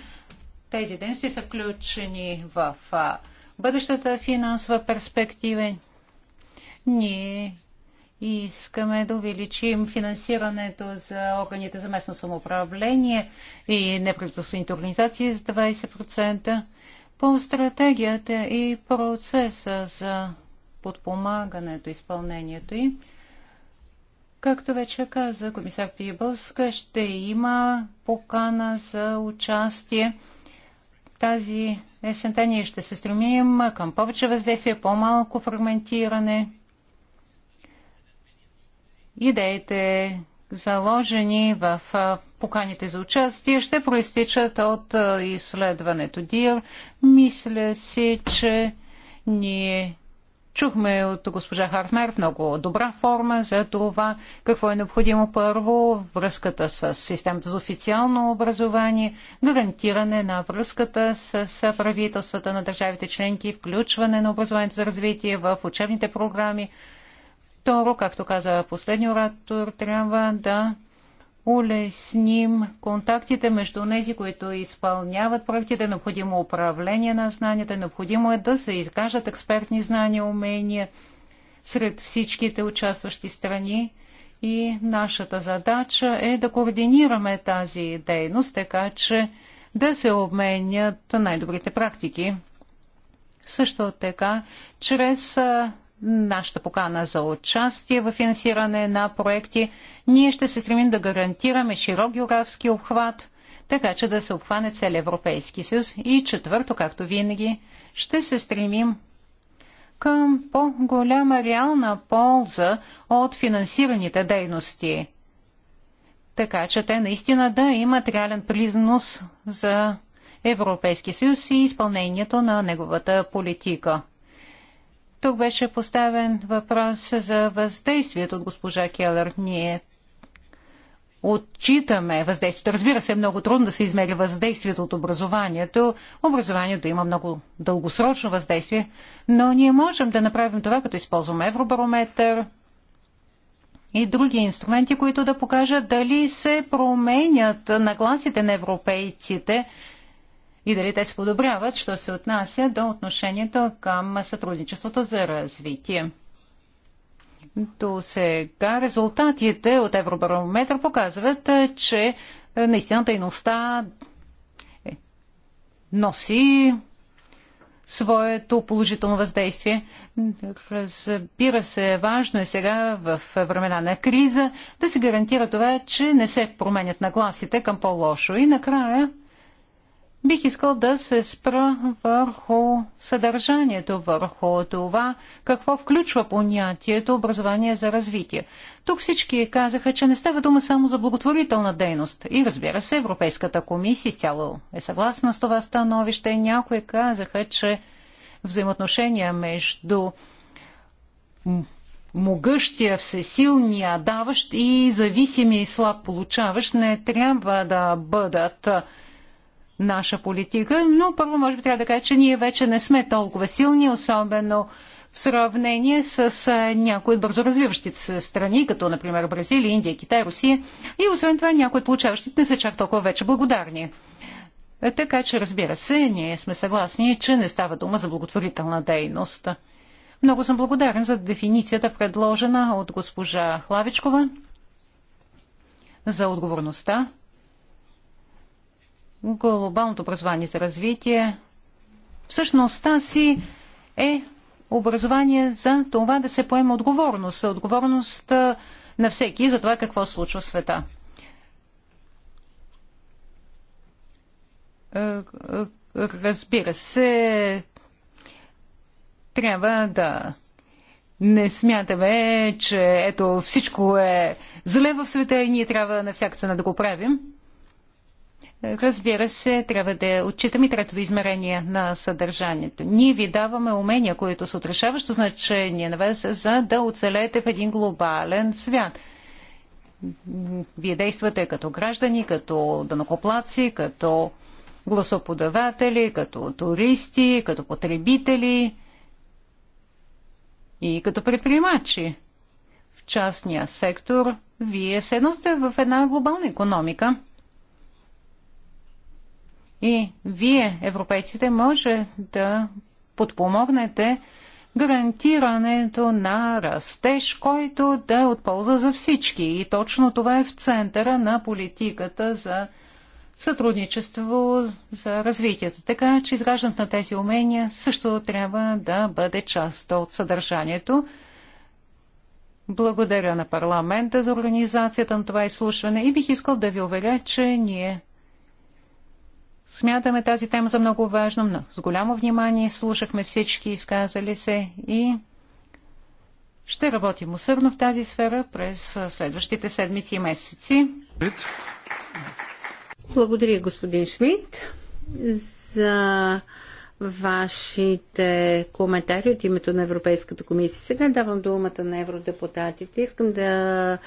Тези дейности са включени в бъдещата финансова перспектива. Ние и искаме да увеличим финансирането за органите за местно самоуправление и неправителствените организации с 20% по стратегията и процеса за подпомагането, изпълнението им. Както вече каза комисар Пибълска, ще има покана за участие. Тази есента ние ще се стремим към повече въздействие, по-малко фрагментиране – идеите, заложени в поканите за участие, ще проистичат от изследването ДИР. Мисля си, че ние чухме от госпожа Хартмер в много добра форма за това какво е необходимо първо, връзката с системата за официално образование, гарантиране на връзката с правителствата на държавите членки, включване на образованието за развитие в учебните програми, Второ, както каза последния оратор, трябва да улесним контактите между тези, които изпълняват проектите, необходимо управление на знанията, необходимо е да се изграждат експертни знания, умения сред всичките участващи страни. И нашата задача е да координираме тази дейност, така че да се обменят най-добрите практики. Също така, чрез нашата покана за участие в финансиране на проекти, ние ще се стремим да гарантираме широк географски обхват, така че да се обхване цел Европейски съюз. И четвърто, както винаги, ще се стремим към по-голяма реална полза от финансираните дейности, така че те наистина да имат реален признос за Европейски съюз и изпълнението на неговата политика. Тук беше поставен въпрос за въздействието от госпожа Келър. Ние отчитаме въздействието. Разбира се, е много трудно да се измери въздействието от образованието. Образованието има много дългосрочно въздействие, но ние можем да направим това, като използваме евробарометър и други инструменти, които да покажат дали се променят нагласите на европейците и дали те се подобряват, що се отнася до отношението към сътрудничеството за развитие. До сега резултатите от Евробарометър показват, е, че е, наистина тайността е, носи своето положително въздействие. Разбира се, важно е сега в времена на криза да се гарантира това, че не се променят нагласите към по-лошо. И накрая Бих искал да се спра върху съдържанието, върху това, какво включва понятието образование за развитие. Тук всички казаха, че не става дума само за благотворителна дейност. И разбира се, Европейската комисия изцяло е съгласна с това становище. Някои казаха, че взаимоотношения между могъщия, всесилния, даващ и зависимия и слаб получаващ не трябва да бъдат наша политика, но първо може би трябва да кажа, че ние вече не сме толкова силни, особено в сравнение с някои от бързо развиващите се страни, като например Бразилия, Индия, Китай, Русия. И освен това някои от получаващите не са чак толкова вече благодарни. Така че, разбира се, ние сме съгласни, че не става дума за благотворителна дейност. Много съм благодарен за дефиницията, предложена от госпожа Хлавичкова за отговорността глобалното образование за развитие, всъщността си е образование за това да се поема отговорност, отговорност на всеки за това какво случва в света. Е, е, разбира се, трябва да не смятаме, че ето всичко е зле в света и ние трябва на всяка цена да го правим. Разбира се, трябва да отчитаме третото измерение на съдържанието. Ние ви даваме умения, които са отрешаващо значение на вас, за да оцелеете в един глобален свят. Вие действате като граждани, като данокоплаци, като гласоподаватели, като туристи, като потребители и като предприемачи. В частния сектор вие все едно сте в една глобална економика – и вие, европейците, може да подпомогнете гарантирането на растеж, който да е от полза за всички. И точно това е в центъра на политиката за сътрудничество за развитието. Така че изграждането на тези умения също трябва да бъде част от съдържанието. Благодаря на парламента за организацията на това изслушване и бих искал да ви уверя, че ние Смятаме тази тема за много важна, но с голямо внимание слушахме всички изказали се и ще работим усърдно в тази сфера през следващите седмици и месеци. Благодаря, господин Шмидт, за вашите коментари от името на Европейската комисия. Сега давам думата на евродепутатите. Искам да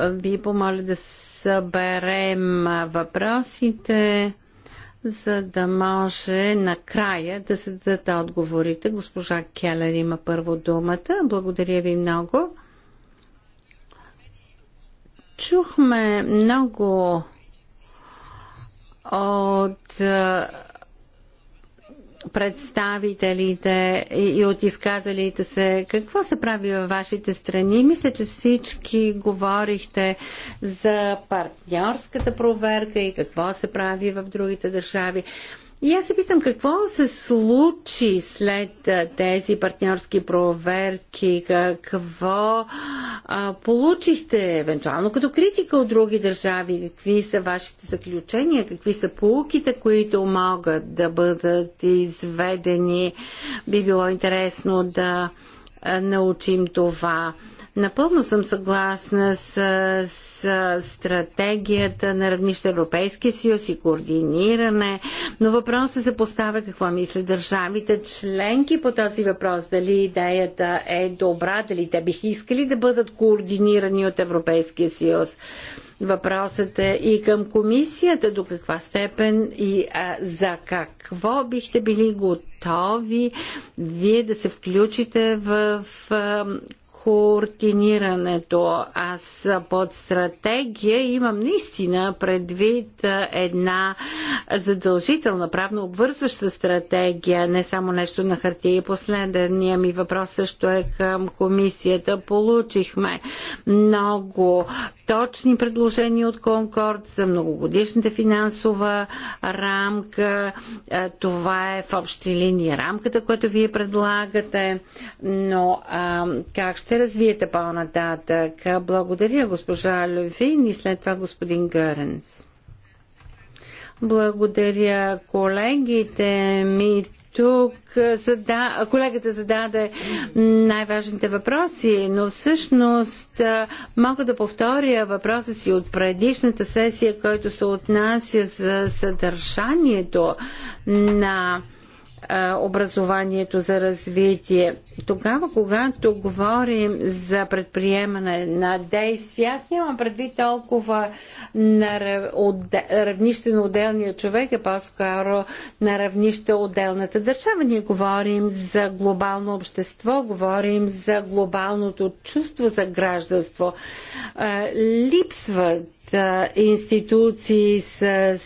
ви помоля да съберем въпросите за да може накрая да се дадат отговорите. Госпожа Келер има първо думата. Благодаря ви много. Чухме много от представителите и от изказалите се какво се прави във вашите страни. Мисля, че всички говорихте за партньорската проверка и какво се прави в другите държави. И аз се питам какво се случи след тези партньорски проверки, какво а, получихте евентуално като критика от други държави, какви са вашите заключения, какви са полуките, които могат да бъдат изведени. Би било интересно да научим това. Напълно съм съгласна с, с стратегията на равнище Европейския съюз и координиране, но въпросът се поставя какво мисля държавите членки по този въпрос. Дали идеята е добра, дали те бих искали да бъдат координирани от Европейския съюз. Въпросът е и към комисията до каква степен и а, за какво бихте били готови вие да се включите в а, координирането. Аз под стратегия имам наистина предвид една задължителна, правно обвързваща стратегия, не само нещо на хартия. И последния ми въпрос също е към комисията. Получихме много точни предложения от Конкорд за многогодишната финансова рамка. Това е в общи линии рамката, която вие предлагате, но а, как ще ще развиете по-нататък. Благодаря госпожа Левин и след това господин Гъренс. Благодаря колегите ми тук зада... колегата зададе най-важните въпроси, но всъщност мога да повторя въпроса си от предишната сесия, който се отнася за съдържанието на образованието за развитие. Тогава, когато говорим за предприемане на действия, аз нямам предвид толкова на равнище на отделния човек, а по-скоро на равнище отделната държава. Ние говорим за глобално общество, говорим за глобалното чувство за гражданство. Липсват институции с,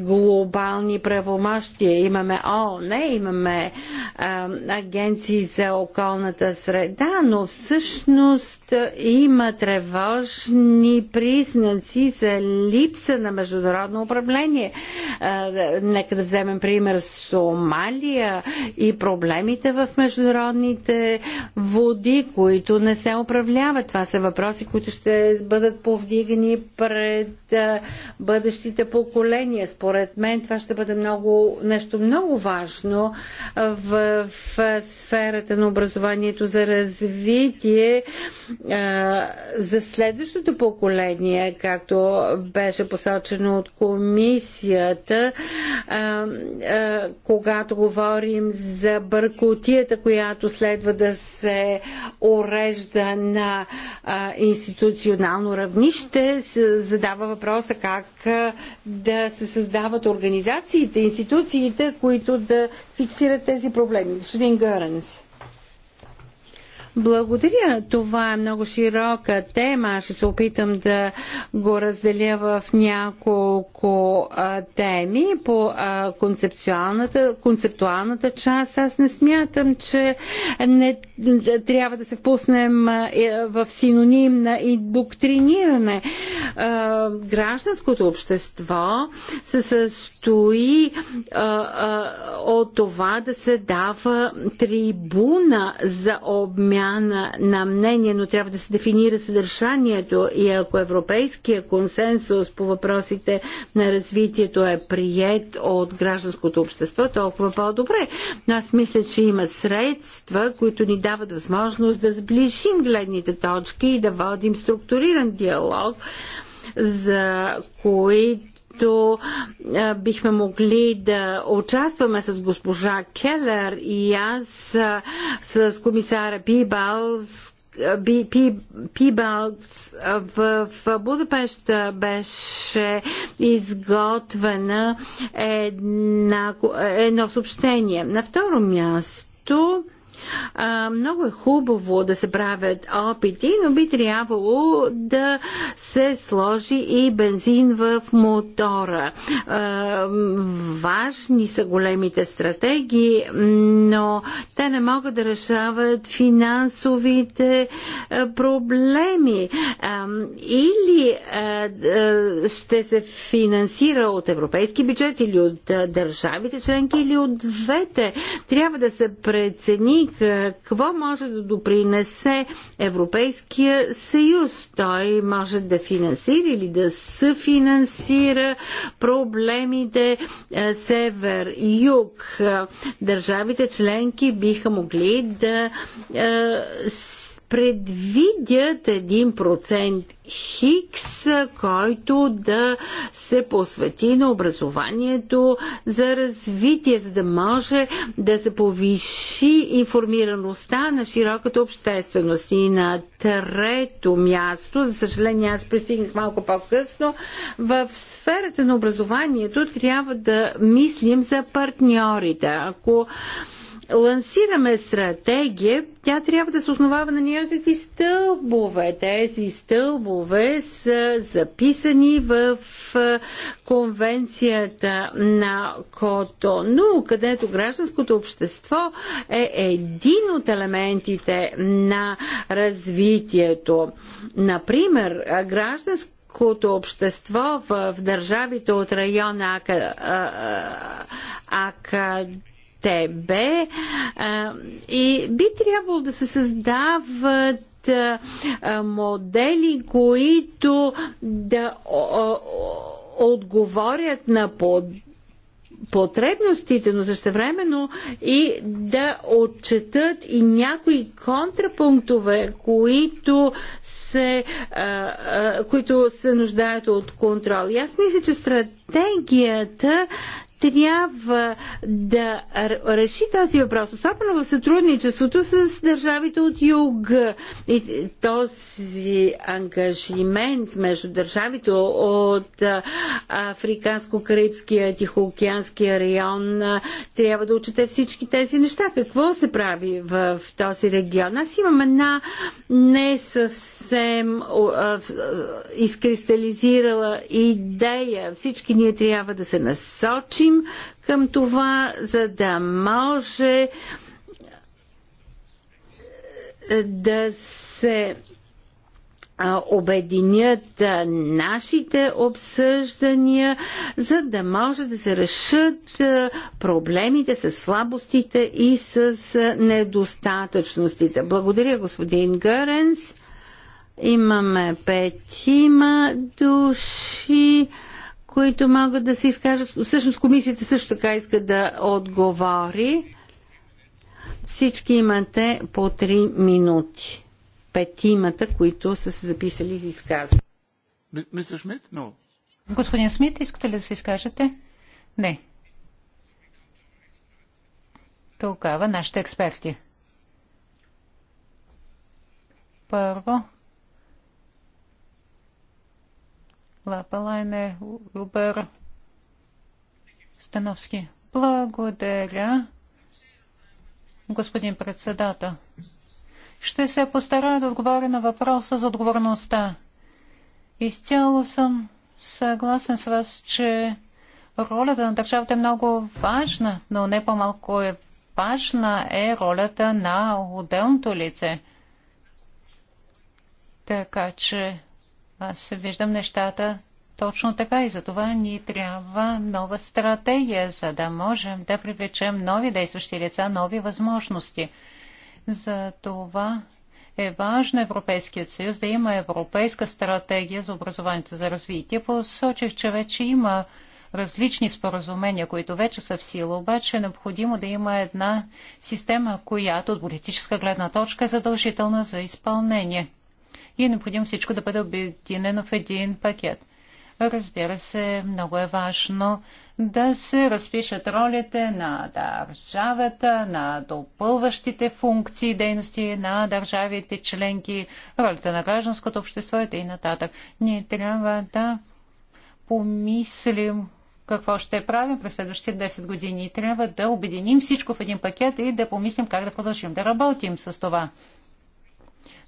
глобални правомощия. Имаме ООН, имаме а, агенции за околната среда, но всъщност има тревожни признаци за липса на международно управление. А, нека да вземем пример Сомалия и проблемите в международните води, които не се управляват. Това са въпроси, които ще бъдат повдигани пред а, бъдещите поколения. Според мен това ще бъде много, нещо много важно в, в сферата на образованието за развитие а, за следващото поколение, както беше посочено от комисията, а, когато говорим за бъркотията, която следва да се урежда на институционално равнище, се задава въпроса как да се създават организациите, институциите, които да фиксират тези проблеми. Господин Гъренс. Благодаря. Това е много широка тема. Ще се опитам да го разделя в няколко а, теми. По а, концептуалната, концептуалната част аз не смятам, че не трябва да се впуснем а, в синоним на индоктриниране. А, гражданското общество се състои а, а, от това да се дава трибуна за обмяна промяна на мнение, но трябва да се дефинира съдържанието и ако европейския консенсус по въпросите на развитието е прият от гражданското общество, толкова по-добре. Но аз мисля, че има средства, които ни дават възможност да сближим гледните точки и да водим структуриран диалог за които които бихме могли да участваме с госпожа Келер и аз с комисара Пибалс Пибалц в, Будапеща беше изготвена една, едно съобщение. На второ място а, много е хубаво да се правят опити, но би трябвало да се сложи и бензин в мотора. А, важни са големите стратегии, но те не могат да решават финансовите проблеми. А, или а, ще се финансира от европейски бюджет или от държавите членки или от двете. Трябва да се прецени е, какво може да допринесе Европейския съюз. Той може да финансира или да съфинансира проблемите е, север-юг. Е, държавите членки биха могли да предвидят един процент Хикс, който да се посвети на образованието за развитие, за да може да се повиши информираността на широката общественост. И на трето място, за съжаление аз пристигнах малко по-късно, в сферата на образованието трябва да мислим за партньорите. Ако лансираме стратегия, тя трябва да се основава на някакви стълбове. Тези стълбове са записани в конвенцията на Котону, където гражданското общество е един от елементите на развитието. Например, гражданско селското общество в, в държавите от района Академия Тебе и би трябвало да се създават модели, които да отговорят на потребностите, но същевременно и да отчетат и някои контрапунктове, които се, които се нуждаят от контрол. И аз мисля, че стратегията трябва да реши този въпрос, особено в сътрудничеството с държавите от юг. И този ангажимент между държавите от Африканско-Карибския, Тихоокеанския район трябва да учете всички тези неща. Какво се прави в този регион? Аз имам една не съвсем изкристализирала идея. Всички ние трябва да се насочим насочим към това, за да може е, да се е, обединят е, нашите обсъждания, за да може да се решат проблемите с слабостите и с недостатъчностите. Благодаря, господин Гъренс. Имаме петима души които могат да се изкажат. Всъщност комисията също така иска да отговори. Всички имате по 3 минути. Петимата, които са се записали за изказване. но... Господин Смит, искате ли да се изкажете? Не. Тогава нашите експерти. Първо, Лапалайне, Убер, Становски. Благодаря, господин председател. Ще се постарая да отговоря на въпроса за отговорността. Изцяло съм съгласен с вас, че ролята на държавата е много важна, но не по-малко е важна е ролята на отделното лице. Така че аз виждам нещата точно така и за това ни трябва нова стратегия, за да можем да привлечем нови действащи лица, нови възможности. За това е важно Европейският съюз да има европейска стратегия за образованието за развитие. Посочих, че вече има различни споразумения, които вече са в сила, обаче е необходимо да има една система, която от политическа гледна точка е задължителна за изпълнение и е необходимо всичко да бъде обединено в един пакет. Разбира се, много е важно да се разпишат ролите на държавата, на допълващите функции и дейности на държавите членки, ролите на гражданското общество и т.н. Ние трябва да помислим какво ще правим през следващите 10 години. Трябва да обединим всичко в един пакет и да помислим как да продължим да работим с това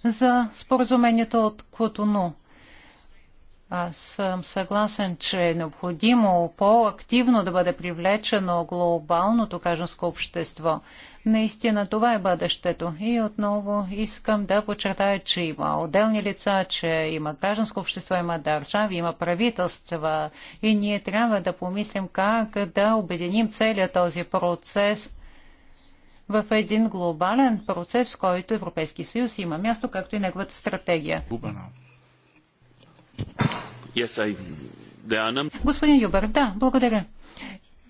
за споразумението от Котону. Аз съм съгласен, че е необходимо по-активно да бъде привлечено глобалното гражданско общество. Наистина това е бъдещето. И отново искам да подчертая, че има отделни лица, че има гражданско общество, има държави, има правителства и ние трябва да помислим как да обединим целият този процес в един глобален процес, в който Европейски съюз има място, както и неговата стратегия. Yes, I... Господин Юбер, да, благодаря.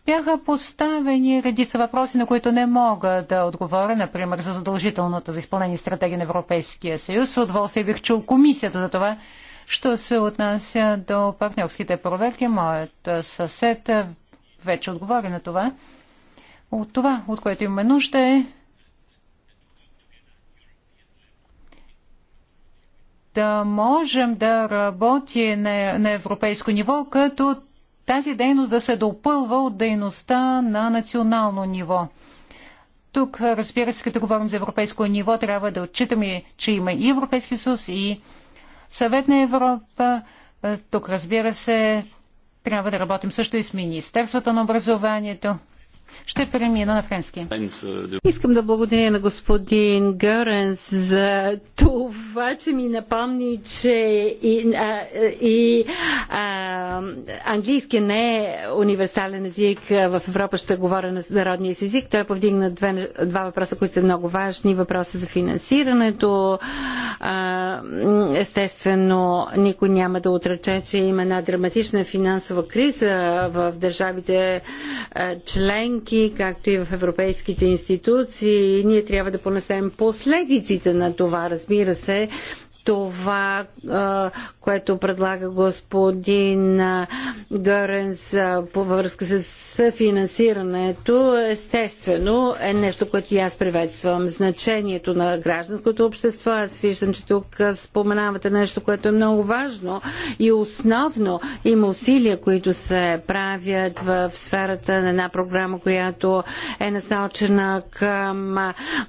Бяха поставени редица въпроси, на които не мога да отговоря, например за задължителната за изпълнение стратегия на Европейския съюз. С се бих чул комисията за това. Що се отнася до партньорските проверки, моят съсед вече отговори на това. От това, от което имаме нужда е да можем да работи на, на европейско ниво, като тази дейност да се допълва от дейността на национално ниво. Тук, разбира се, като говорим за европейско ниво, трябва да отчитаме, че има и Европейски съюз, и Съвет на Европа. Тук, разбира се, трябва да работим също и с Министерството на образованието. Ще премина на френски. Искам да благодаря на господин Гъренс за това, че ми напомни, че и, а, и а, английски не е универсален език. В Европа ще говоря на народния си език. Той повдигна две, два въпроса, които са много важни. Въпроса за финансирането. А, естествено, никой няма да отрече, че има една драматична финансова криза в държавите член членки, както и в европейските институции. Ние трябва да понесем последиците на това. Разбира се, това което предлага господин Гъренс по връзка с съфинансирането, естествено е нещо, което и аз приветствам. Значението на гражданското общество. Аз виждам, че тук споменавате нещо, което е много важно и основно има усилия, които се правят в сферата на една програма, която е насочена към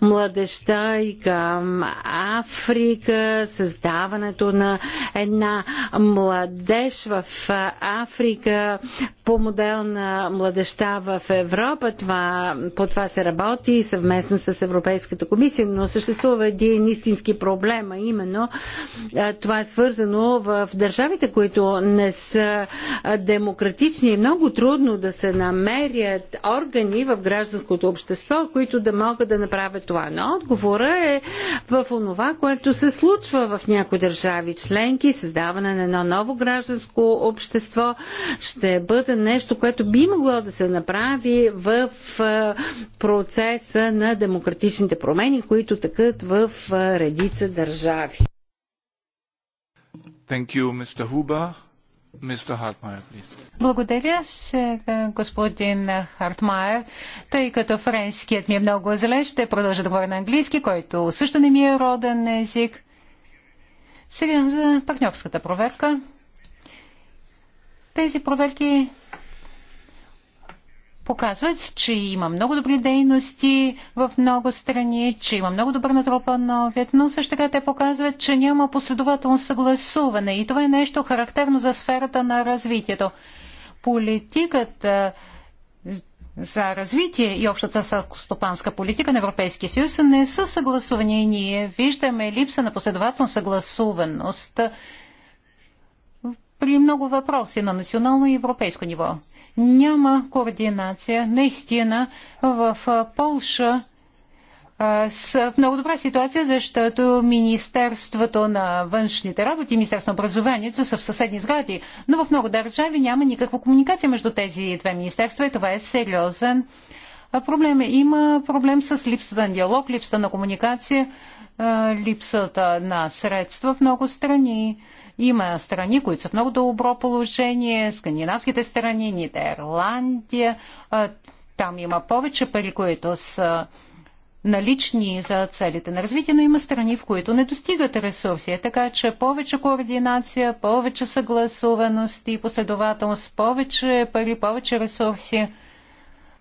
младеща и към Африка, създаването на една една младеж в Африка по модел на младеща в Европа. Това, по това се работи съвместно с Европейската комисия, но съществува един истински проблем, а именно това е свързано в държавите, които не са демократични и е много трудно да се намерят органи в гражданското общество, които да могат да направят това. Но отговора е в онова, което се случва в някои държави членки, създават създаване на едно ново гражданско общество ще бъде нещо, което би могло да се направи в процеса на демократичните промени, които тъкат в редица държави. Thank you, Mr. Huber. please. Благодаря се, господин Хартмайер. Тъй като френският ми е много зле, ще продължа да говоря на английски, който също не ми е роден език. Сега за партньорската проверка. Тези проверки показват, че има много добри дейности в много страни, че има много добър натрупан опит, но също така те показват, че няма последователно съгласуване и това е нещо характерно за сферата на развитието. Политиката за развитие и общата селскостопанска политика на Европейския съюз не са съгласувани. Ние виждаме липса на последователна съгласуваност при много въпроси на национално и европейско ниво. Няма координация. Наистина в Полша са в много добра ситуация, защото Министерството на външните работи и Министерството на образованието са в съседни сгради, но в много държави няма никаква комуникация между тези две министерства и това е сериозен проблем. Има проблем с липсата на диалог, липсата на комуникация, липсата на средства в много страни. Има страни, които са в много добро положение, скандинавските страни, Нидерландия. Там има повече пари, които са налични за целите на развитие, но има страни, в които не достигат ресурси. Така че повече координация, повече съгласуваност и последователност, повече пари, повече ресурси.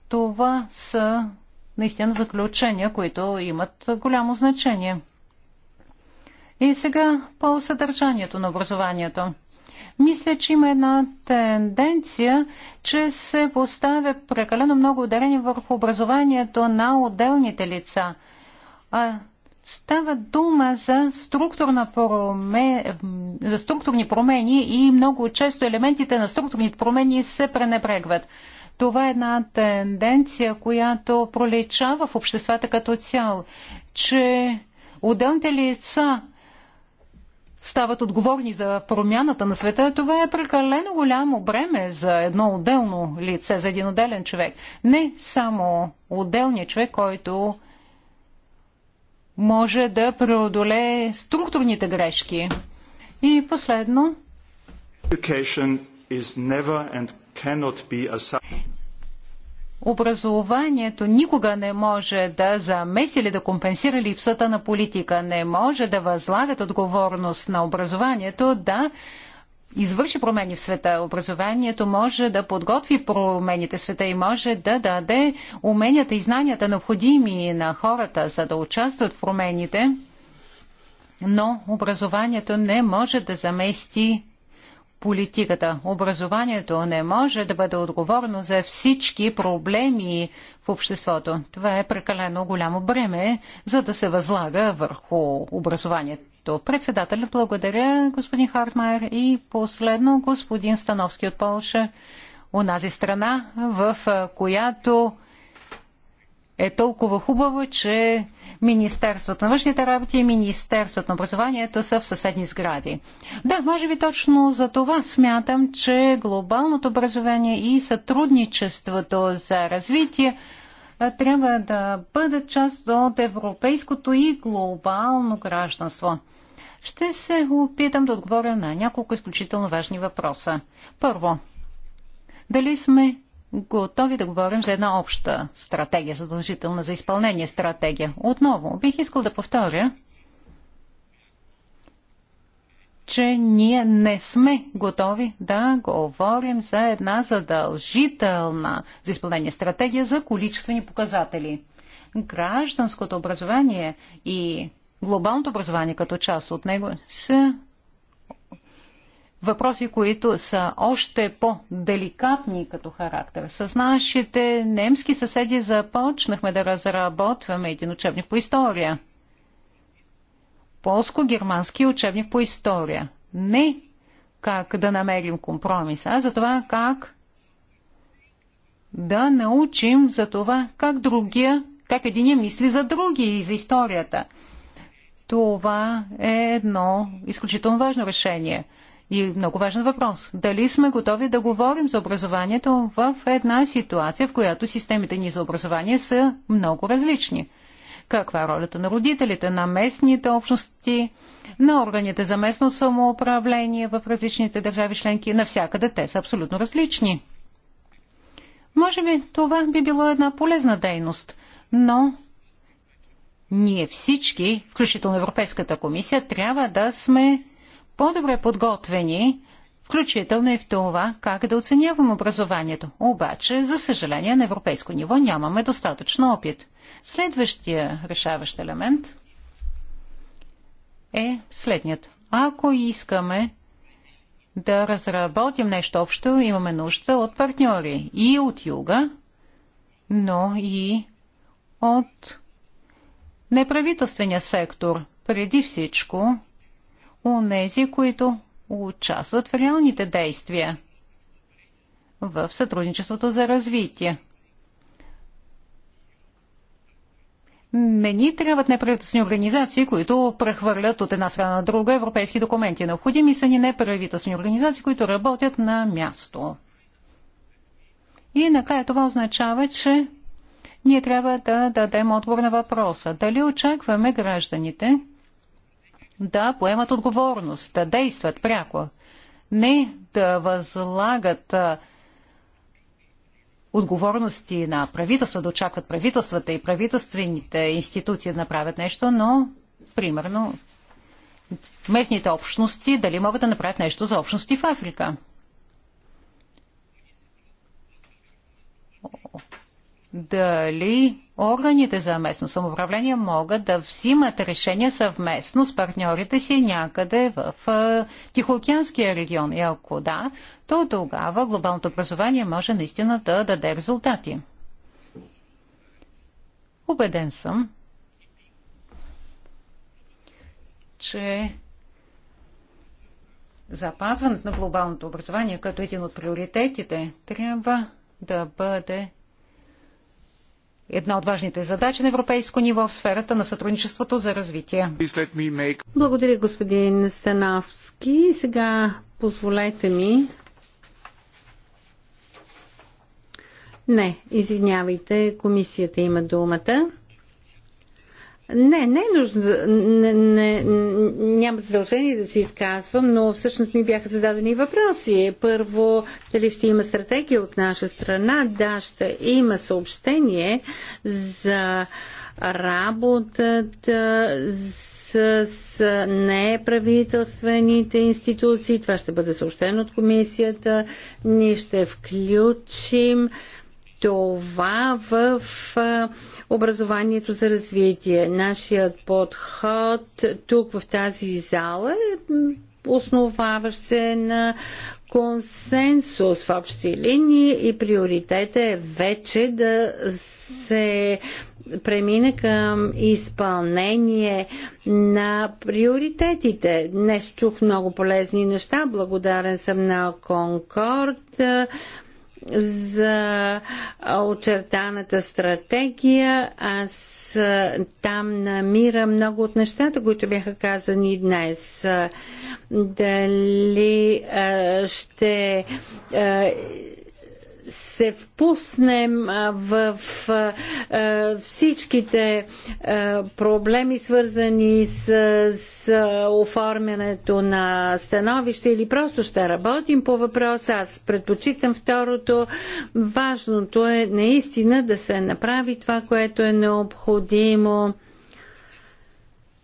Това са наистина заключения, които имат голямо значение. И сега по съдържанието на образованието мисля, че има една тенденция, че се поставя прекалено много ударение върху образованието на отделните лица. А става дума за, структурна промен... за структурни промени и много често елементите на структурните промени се пренебрегват. Това е една тенденция, която пролича в обществата като цяло, че отделните лица стават отговорни за промяната на света, това е прекалено голямо бреме за едно отделно лице, за един отделен човек. Не само отделният човек, който може да преодолее структурните грешки. И последно образованието никога не може да замеси или да компенсира липсата на политика. Не може да възлагат отговорност на образованието да извърши промени в света. Образованието може да подготви промените в света и може да даде уменията и знанията необходими на хората, за да участват в промените. Но образованието не може да замести политиката. Образованието не може да бъде отговорно за всички проблеми в обществото. Това е прекалено голямо бреме, за да се възлага върху образованието. Председателят благодаря, господин Хартмайер. И последно, господин Становски от Полша. Унази страна, в която е толкова хубаво, че Министерството на външните работи и Министерството на образованието са в съседни сгради. Да, може би точно за това смятам, че глобалното образование и сътрудничеството за развитие трябва да бъдат част от европейското и глобално гражданство. Ще се опитам да отговоря на няколко изключително важни въпроса. Първо, дали сме готови да говорим за една обща стратегия, задължителна за изпълнение стратегия. Отново, бих искал да повторя, че ние не сме готови да говорим за една задължителна за изпълнение стратегия за количествени показатели. Гражданското образование и глобалното образование като част от него са въпроси, които са още по-деликатни като характер. С нашите немски съседи започнахме да разработваме един учебник по история. Полско-германски учебник по история. Не как да намерим компромис, а за това как да научим за това как другия, как един я мисли за други и за историята. Това е едно изключително важно решение – и много важен въпрос. Дали сме готови да говорим за образованието в една ситуация, в която системите ни за образование са много различни? Каква е ролята на родителите, на местните общности, на органите за местно самоуправление в различните държави членки? Навсякъде те са абсолютно различни. Може би това би било една полезна дейност, но ние всички, включително Европейската комисия, трябва да сме по-добре подготвени, включително и в това как да оценяваме образованието. Обаче, за съжаление, на европейско ниво нямаме достатъчно опит. Следващия решаващ елемент е следният. Ако искаме да разработим нещо общо, имаме нужда от партньори и от юга, но и от неправителствения сектор. Преди всичко Нези, които участват в реалните действия в сътрудничеството за развитие. Не ни трябват неправителствени организации, които прехвърлят от една страна на друга европейски документи. Необходими са ни неправителствени организации, които работят на място. И накрая това означава, че ние трябва да дадем отговор на въпроса. Дали очакваме гражданите да поемат отговорност, да действат пряко. Не да възлагат отговорности на правителства, да очакват правителствата и правителствените институции да направят нещо, но, примерно, местните общности дали могат да направят нещо за общности в Африка. Дали органите за местно самоуправление могат да взимат решения съвместно с партньорите си някъде в Тихоокеанския регион. И ако да, то тогава глобалното образование може наистина да даде резултати. Убеден съм, че запазването на глобалното образование като един от приоритетите трябва да бъде една от важните задачи на европейско ниво в сферата на сътрудничеството за развитие. Благодаря, господин Станавски. Сега позволете ми. Не, извинявайте, комисията има думата. Не, не е нужно. Не, не, няма задължение да се изказвам, но всъщност ми бяха зададени въпроси. Първо, дали ще има стратегия от наша страна? Да, ще има съобщение за работата с, с неправителствените институции. Това ще бъде съобщено от комисията. Ние ще включим това в образованието за развитие. Нашият подход тук в тази зала е основаващ се на консенсус в общи линии и приоритета е вече да се премине към изпълнение на приоритетите. Днес чух много полезни неща. Благодарен съм на Конкорд за очертаната стратегия. Аз там намира много от нещата, които бяха казани днес. Дали ще се впуснем в всичките проблеми, свързани с, с оформянето на становище или просто ще работим по въпроса. Аз предпочитам второто. Важното е наистина да се направи това, което е необходимо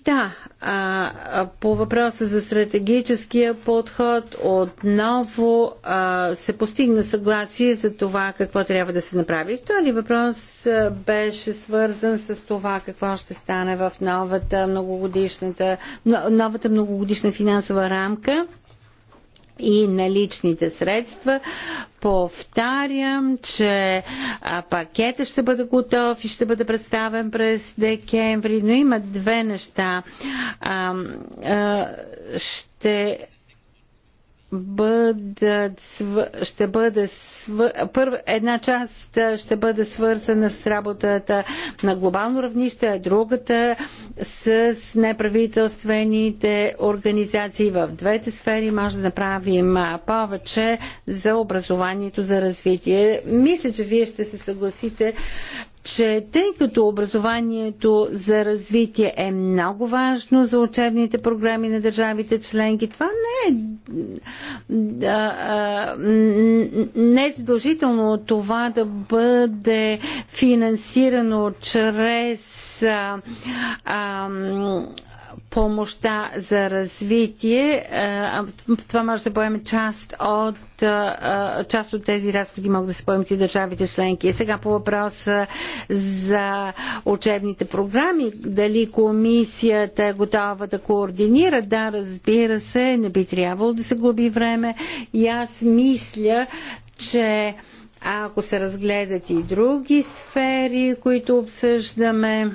да, а, а, по въпроса за стратегическия подход отново а, се постигна съгласие за това какво трябва да се направи. Втори въпрос а, беше свързан с това какво ще стане в новата многогодишната, новата многогодишна финансова рамка и наличните средства. Повтарям, че пакета ще бъде готов и ще бъде представен през декември, но има две неща. Ще бъдат, ще бъде свър... Първа, една част ще бъде свързана с работата на глобално равнище, а другата с неправителствените организации. В двете сфери може да направим повече за образованието за развитие. Мисля, че вие ще се съгласите че тъй като образованието за развитие е много важно за учебните програми на държавите членки, това не е не е задължително това да бъде финансирано чрез а, а, помощта за развитие. Е, това може да се поеме част от, е, част от тези разходи могат да се поемат и държавите членки. Сега по въпроса за учебните програми, дали комисията е готова да координира, да, разбира се, не би трябвало да се губи време. И аз мисля, че ако се разгледат и други сфери, които обсъждаме,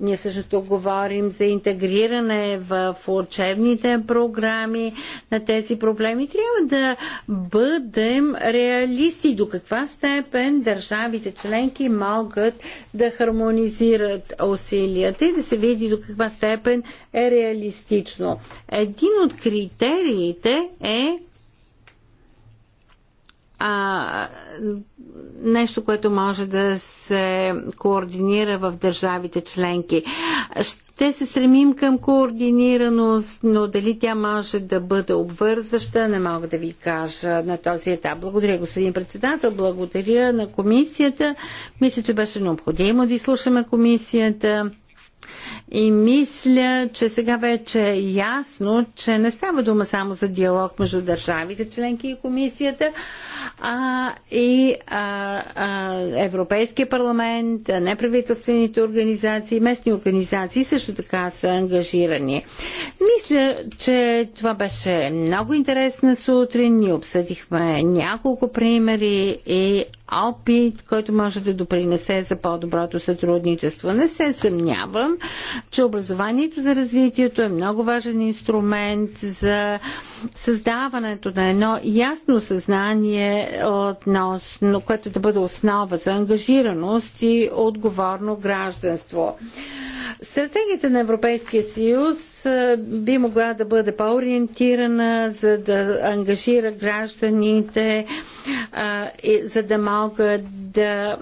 ние също говорим за интегриране в учебните програми на тези проблеми. Трябва да бъдем реалисти до каква степен държавите членки могат да хармонизират усилията и да се види до каква степен е реалистично. Един от критериите е а, нещо, което може да се координира в държавите членки. Ще се стремим към координираност, но дали тя може да бъде обвързваща, не мога да ви кажа на този етап. Благодаря, господин председател, благодаря на комисията. Мисля, че беше необходимо да изслушаме комисията. И мисля, че сега вече е ясно, че не става дума само за диалог между държавите, членки и комисията, а и а, а, Европейския парламент, неправителствените организации, местни организации също така са ангажирани. Мисля, че това беше много интересна сутрин. Ние обсъдихме няколко примери и опит, който може да допринесе за по-доброто сътрудничество. Не се съмнявам, че образованието за развитието е много важен инструмент за създаването на едно ясно съзнание относно, което да бъде основа за ангажираност и отговорно гражданство. Стратегията на Европейския съюз би могла да бъде по-ориентирана, за да ангажира гражданите, за да могат да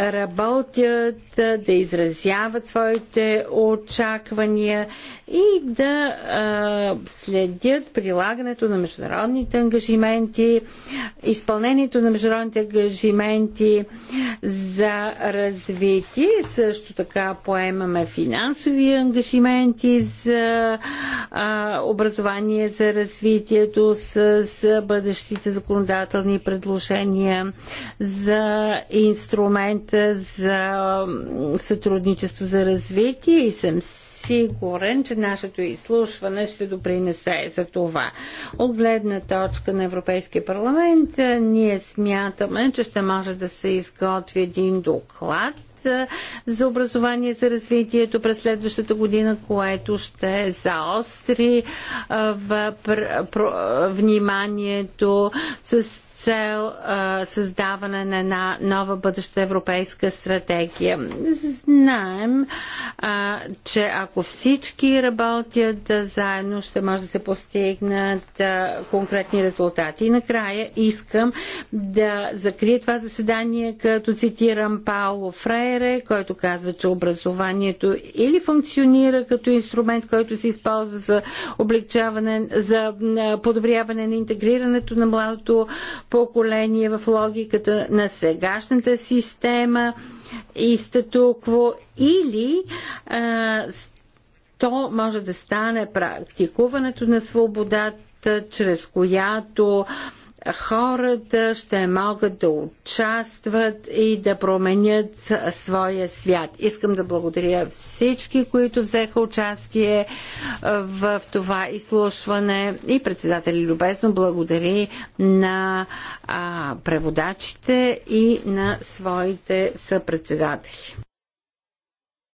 работят, да изразяват своите очаквания и да а, следят прилагането на международните ангажименти, изпълнението на международните ангажименти за развитие. Също така поемаме финансови ангажименти за а, образование за развитието с, с бъдещите законодателни предложения за инструмент инструмента за сътрудничество за развитие и съм сигурен, че нашето изслушване ще допринесе за това. От гледна точка на Европейския парламент, е, ние смятаме, че ще може да се изготви един доклад е, за образование за развитието през следващата година, което ще заостри е, в вниманието с цел а, създаване на една нова бъдеща европейска стратегия. Знаем, а, че ако всички работят а, заедно, ще може да се постигнат а, конкретни резултати. И накрая искам да закрия това заседание, като цитирам Пауло Фрейре, който казва, че образованието или функционира като инструмент, който се използва за облегчаване, за подобряване на интегрирането на младото поколение в логиката на сегашната система и статукво или а, то може да стане практикуването на свободата, чрез която хората ще могат да участват и да променят своя свят. Искам да благодаря всички, които взеха участие в това изслушване и председатели любезно благодари на а, преводачите и на своите съпредседатели.